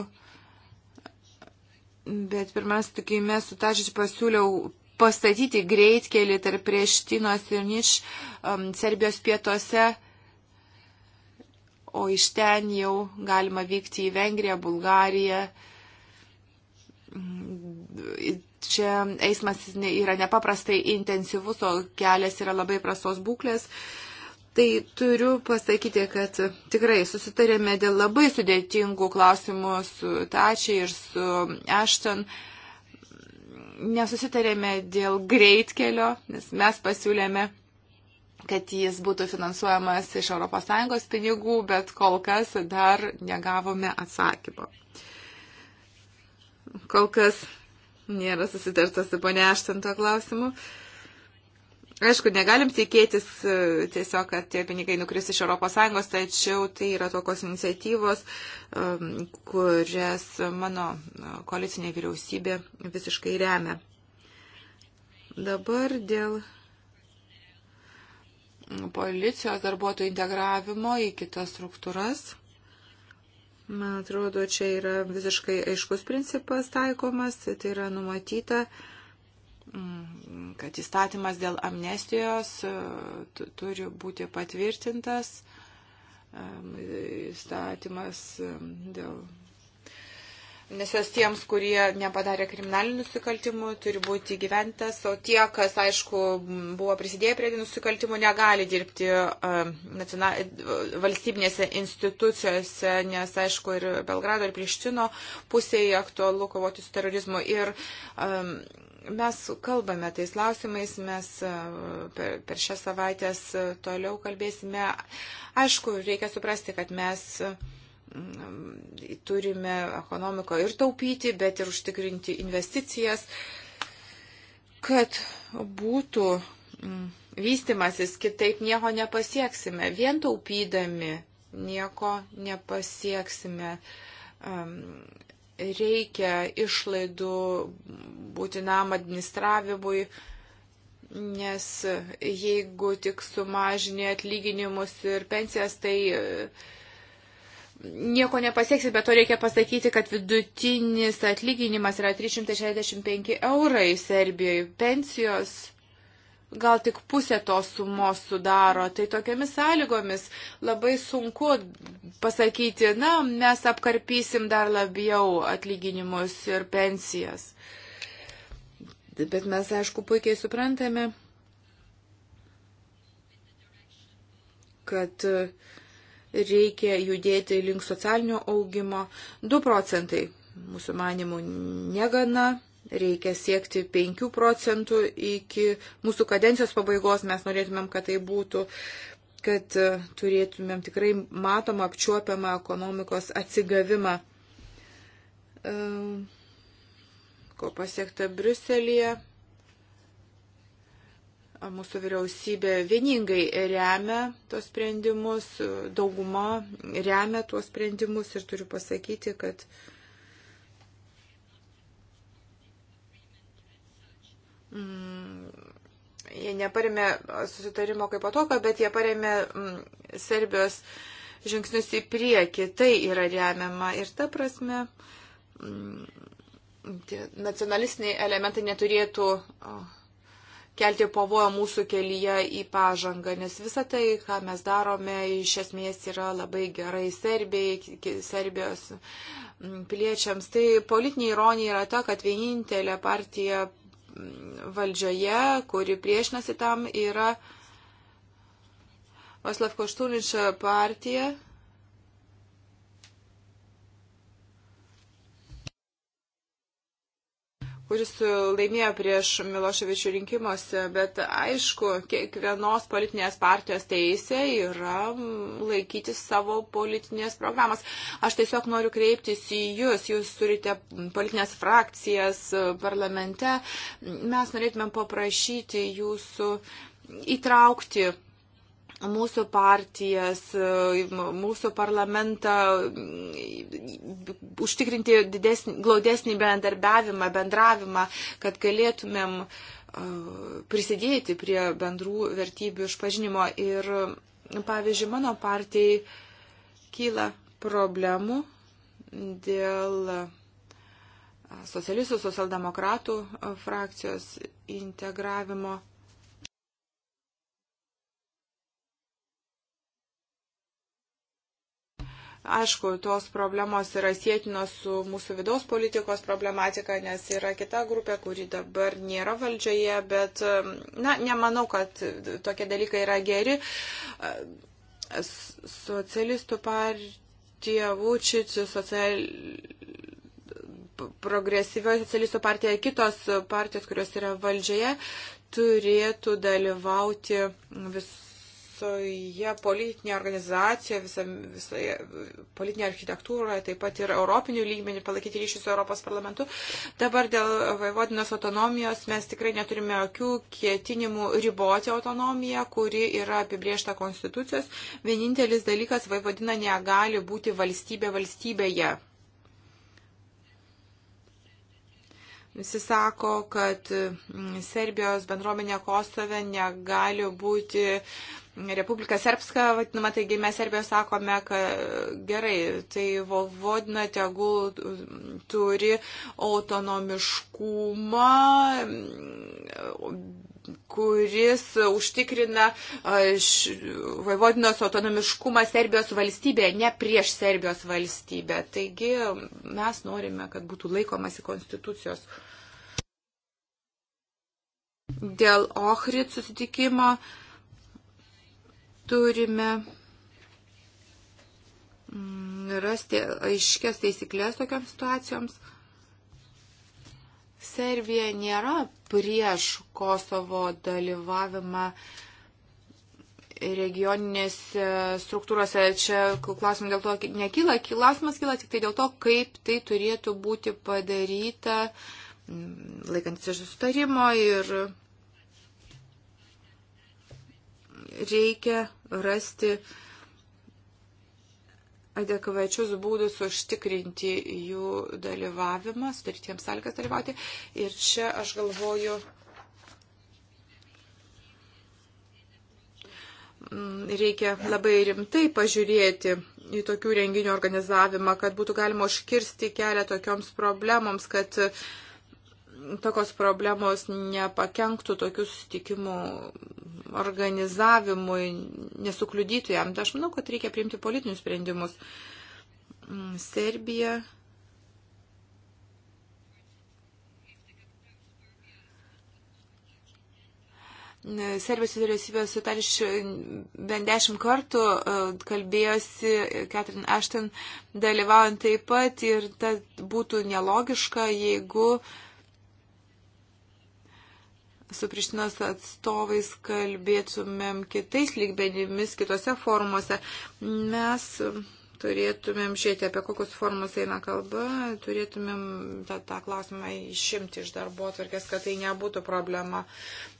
bet pirmiausia, tai kai mes su Tačičiu pasiūliau pastatyti greitkelį tarp Prieštinos ir Niš um, Serbijos pietuose, o iš ten jau galima vykti į Vengriją, Bulgariją. Čia eismas yra nepaprastai intensyvus, o kelias yra labai prastos būklės. Tai turiu pasakyti, kad tikrai susitarėme dėl labai sudėtingų klausimų su Tačiai ir su Ashton nesusitarėme dėl greitkelio, nes mes pasiūlėme kad jis būtų finansuojamas iš ES pinigų, bet kol kas dar negavome atsakymo. Kol kas nėra susitartas su ponia Aštanto klausimu. Aišku, negalim tikėtis e, tiesiog, kad tie pinigai nukris iš ES, tačiau tai yra tokios iniciatyvos, kurias mano e, koalicinė vyriausybė visiškai remia. Dabar dėl policijos darbuotojų integravimo į kitas struktūras. Man atrodo, čia yra visiškai aiškus principas taikomas, tai yra numatyta, mm, kad įstatymas dėl amnestijos e, turi būti patvirtintas, įstatymas e, dėl Nes tiems, kurie nepadarė kriminalinių nusikaltimų, turi būti gyventas, o tie, kas, aišku, buvo prisidėję prie nusikaltimų, negali dirbti e, nacional... E, valstybinėse institucijose, nes, aišku, ir Belgrado, ir Prištino pusėje aktualu kovoti su terorizmu. Ir um, mes kalbame tais klausimais, mes per, per šią savaitę toliau kalbėsime. Aišku, reikia suprasti, kad mes. Uh, Mm, turime ekonomikoje ir taupyti, bet ir užtikrinti investicijas, kad būtų mm, vystimasis, kitaip nieko nepasieksime. Vien taupydami nieko nepasieksime. Mm, reikia išlaidų būtinam administravimui, nes jeigu tik sumažinė atlyginimus ir pensijas, tai nieko nepasieksit, bet to reikia pasakyti, kad vidutinis atlyginimas yra 365 eurai Serbijoje. Pensijos gal tik pusė tos sumos sudaro. Tai tokiamis sąlygomis labai sunku pasakyti, na, mes apkarpysim dar labiau atlyginimus ir pensijas. Bet mes, aišku, puikiai suprantame, kad uh, reikia judėti link socialinio augimo. 2 procentai mūsų manimų negana, reikia siekti 5 procentų iki mūsų kadencijos pabaigos, mes norėtumėm, kad tai būtų kad e, turėtumėm tikrai matomą, apčiuopiamą ekonomikos atsigavimą. E, ko pasiekta Briuselėje, mūsų vyriausybė vieningai remia tos sprendimus, dauguma remia tuos sprendimus ir turiu pasakyti, kad mm, jie neparėmė susitarimo kaip patoko, bet jie parėmė mm, Serbijos žingsnius į priekį. Tai yra remiama ir ta prasme. Mm, Tie nacionalistiniai elementai neturėtų oh, kelti pavojo mūsų kelyje į pažangą, nes visa tai, ką mes darome, iš esmės yra labai gerai Serbijai, Serbijos mm, piliečiams. Tai politinė ironija yra ta, kad vienintelė partija mm, valdžioje, kuri priešinasi tam, yra Vaslav Koštūničio partija kuris laimėjo prieš Miloševičių rinkimuose, bet aišku, kiekvienos politinės partijos teisė yra laikytis savo politinės programos. Aš tiesiog noriu kreiptis į Jūs, Jūs turite politinės frakcijas parlamente. Mes norėtume paprašyti Jūsų įtraukti mūsų partijas, mūsų parlamentą, užtikrinti didesnį, glaudesnį bendarbiavimą, bendravimą, kad galėtumėm prisidėti prie bendrų vertybių išpažinimo. Ir, pavyzdžiui, mano partijai kyla problemų dėl socialistų, socialdemokratų frakcijos integravimo Aišku, tos problemos yra sėtinos su mūsų vidaus politikos problematika, nes yra kita grupė, kuri dabar nėra valdžioje, bet, na, nemanau, kad tokie dalykai yra geri. Socialistų partija Vučičių, social progresyvioji socialistų partija, kitos partijos, kurios yra valdžioje, turėtų dalyvauti vis, visoje politinėje organizacijoje, visa, visoje politinėje architektūroje, taip pat ir europinių lygmenių palaikyti ryšius su Europos parlamentu. Dabar dėl vaivodinos autonomijos mes tikrai neturime jokių kėtinimų riboti autonomiją, kuri yra apibriešta konstitucijos. Vienintelis dalykas vaivodina negali būti valstybė valstybėje. Visi sako, kad mm, Serbijos bendruomenė Kosove negali būti Republika Serbska, vadinama, taigi mes Serbijos sakome, kad gerai, tai Vojvodina tegul turi autonomiškumą, kuris užtikrina Vojvodinos autonomiškumą Serbijos valstybėje, ne prieš Serbijos valstybę. Taigi mes norime, kad būtų laikomasi konstitucijos. Dėl Ohrid susitikimo uh, turime mm, rasti aiškias taisyklės tokiams situacijoms. Serbija nėra prieš Kosovo dalyvavimą regioninėse struktūrose. Čia klausimas dėl to nekyla, klausimas kyla tik tai dėl to, kaip tai turėtų būti padaryta mm, laikantis iš sustarimo ir reikia rasti adekvačius būdus užtikrinti jų dalyvavimą, sudaryti jiems sąlygas dalyvauti. Ir čia aš galvoju, mm, reikia labai rimtai pažiūrėti į tokių renginių organizavimą, kad būtų galima užkirsti kelią tokioms problemoms, kad tokios problemos nepakenktų tokių susitikimų organizavimui, nesukliudytų jam. Tai aš manau, kad reikia priimti politinius sprendimus. Mm, Serbija. Serbijos vyriausybės sutariš bent dešimt kartų e, kalbėjosi Catherine Ashton dalyvaujant taip pat ir ta būtų nelogiška, jeigu uh, su Prištinos atstovais kalbėtumėm kitais lygmenimis, kitose formuose. Mes turėtumėm žiūrėti, apie kokius formus eina kalba, turėtumėm tą, tą klausimą išimti iš darbo atvarkės, kad tai nebūtų problema.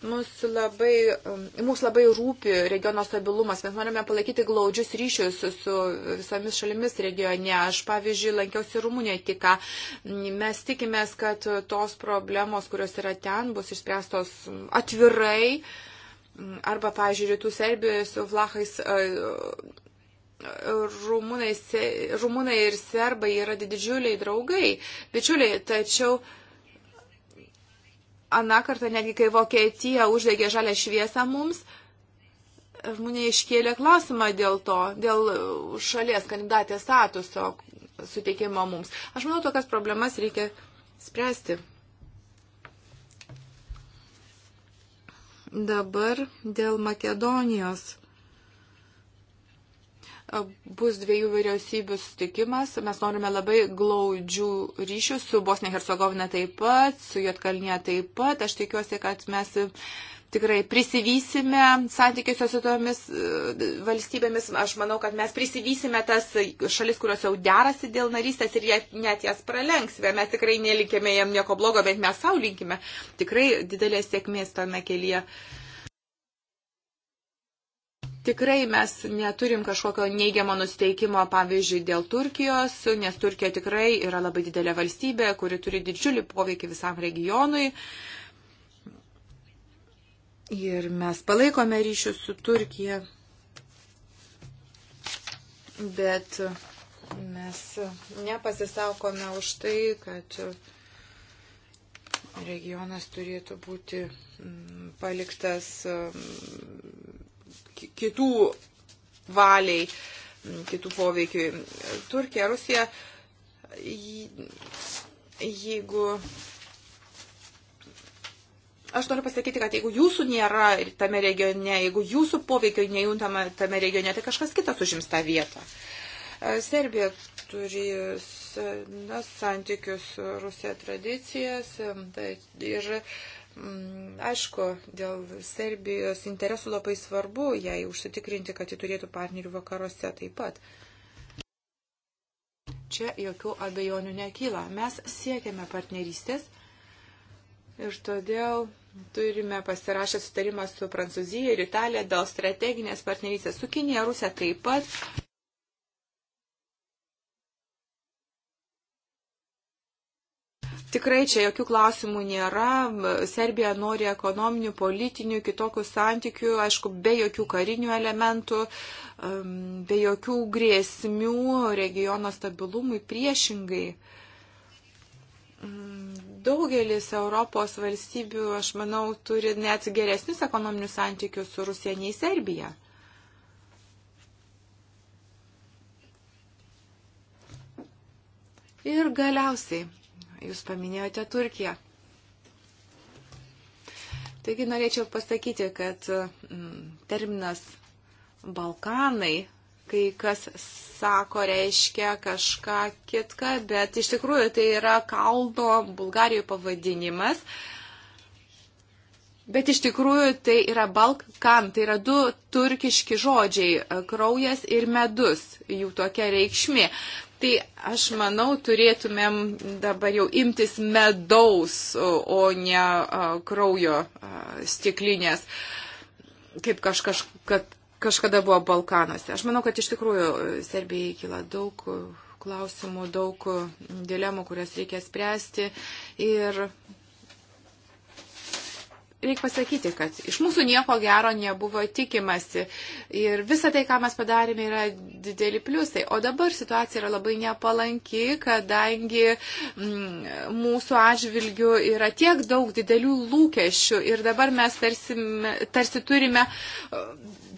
Mums labai, um, mums labai rūpi regiono stabilumas, mes norime palaikyti glaudžius ryšius su visomis šalimis regione. Aš, pavyzdžiui, lankiausi Rumunijoje tik ką. Mes tikimės, kad tos problemos, kurios yra ten, bus išspręstos atvirai. Arba, pavyzdžiui, rytų Serbijoje su Vlahais rumunai, rumunai ir serbai yra didžiuliai draugai, bičiuliai, tačiau aną kartą netgi kai Vokietija uždegė žalę šviesą mums, Rumunija iškėlė klausimą dėl to, dėl šalies kandidatės statuso suteikimo mums. Aš manau, tokias problemas reikia spręsti. Dabar dėl Makedonijos bus dviejų vyriausybių sustikimas. Mes norime labai glaudžių ryšių su Bosnija Hercegovina taip pat, su Jotkalnie taip pat. Aš tikiuosi, kad mes tikrai prisivysime santykiuose su tomis e, valstybėmis. Aš manau, kad mes prisivysime tas šalis, kurios jau derasi dėl narystės ir jie, net jas pralenksime. Mes tikrai nelikime jam nieko blogo, bet mes savo linkime tikrai didelės sėkmės tame kelyje. Uh, tikrai mes neturim kažkokio neigiamo nusteikimo, pavyzdžiui, dėl Turkijos, nes Turkija tikrai yra labai didelė valstybė, kuri turi didžiulį poveikį visam regionui. Ir mes palaikome ryšius su Turkija, bet mes nepasisakome už tai, kad regionas turėtų būti paliktas kitų valiai, kitų poveikiui. Turkija, Rusija, jeigu. Aš noriu pasakyti, kad jeigu jūsų nėra tame regione, jeigu jūsų poveikio nejuntama tame regione, tai kažkas kitas užims tą vietą. E, Serbija turi na, santykius su Rusija tradicijas tai, ir Mm, aišku, dėl Serbijos interesų labai svarbu jai užsitikrinti, kad ji turėtų partnerių vakaruose taip pat. Čia jokių abejonių nekyla. Mes siekiame partnerystės ir todėl turime pasirašę sutarimą su Prancūzija ir Italija dėl strateginės partnerystės su Kinija, Rusija taip pat. Tikrai čia jokių klausimų nėra. Serbija nori ekonominių, politinių, kitokių santykių, aišku, be jokių karinių elementų, be jokių grėsmių regiono stabilumui priešingai. Daugelis Europos valstybių, aš manau, turi net geresnius ekonominius santykius su Rusija nei Serbija. Ir galiausiai Jūs paminėjote Turkiją. Taigi norėčiau pasakyti, kad mm, terminas Balkanai, kai kas sako, reiškia kažką kitką, bet iš tikrųjų tai yra kalno Bulgarijų pavadinimas. Bet iš tikrųjų tai yra Balkan, tai yra du turkiški žodžiai - kraujas ir medus, jų tokia reikšmė. Tai aš manau, turėtumėm dabar jau imtis medaus, o ne kraujo stiklinės, kaip kažkaž, kad, kažkada buvo Balkanuose. Aš manau, kad iš tikrųjų e, Serbijai kyla daug e, klausimų, daug e, dilemų, kurias reikia spręsti. Ir reikia pasakyti, kad iš mūsų nieko gero nebuvo tikimasi. Ir visa tai, ką mes padarėme, yra dideli pliusai. O dabar situacija yra labai nepalanki, kadangi mm, mūsų atžvilgių yra tiek daug didelių lūkesčių ir dabar mes tarsi, tarsi turime e,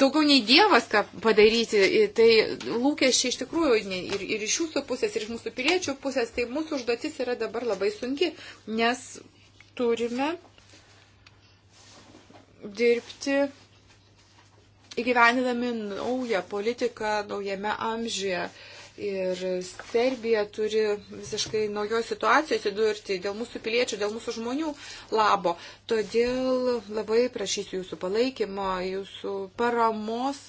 daugiau nei Dievas ką padaryti. Tai lūkesčiai iš tikrųjų ir, ir iš jūsų pusės, ir iš mūsų piliečių pusės, tai mūsų užduotis yra dabar labai sunki, nes turime dirbti įgyvendinami naują politiką naujame amžiuje. Ir Serbija turi visiškai naujoje situacijoje atsidurti dėl mūsų piliečių, dėl mūsų žmonių labo. Todėl labai prašysiu jūsų palaikymo, jūsų paramos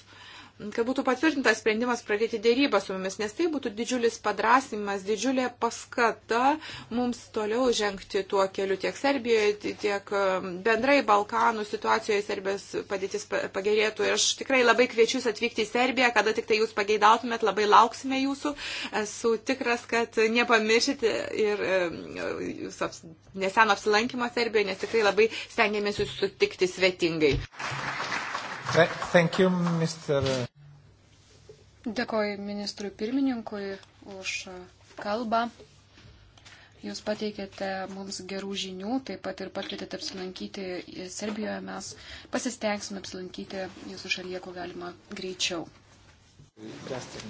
kad būtų patvirtintas sprendimas pradėti dėrybą su mumis, nes tai būtų didžiulis padrasimas, didžiulė paskata mums toliau žengti tuo keliu tiek Serbijoje, tiek um, bendrai Balkanų situacijoje Serbijos padėtis pagerėtų. Ir aš tikrai labai kviečiu jūs atvykti į Serbiją, kada tik tai jūs pageidautumėt, labai lauksime jūsų. Esu tikras, kad nepamiršite ir um, neseno apsilankimo Serbijoje, nes tikrai labai stengiamės jūs sutikti svetingai. Thank you. Thank you, Mr. Dėkoju ministrui pirmininkui už kalbą. Jūs pateikėte mums gerų žinių, taip pat ir pakvietėte apsilankyti Serbijoje. Mes pasistengsime apsilankyti jūsų šalyje, kuo galima greičiau. Justin,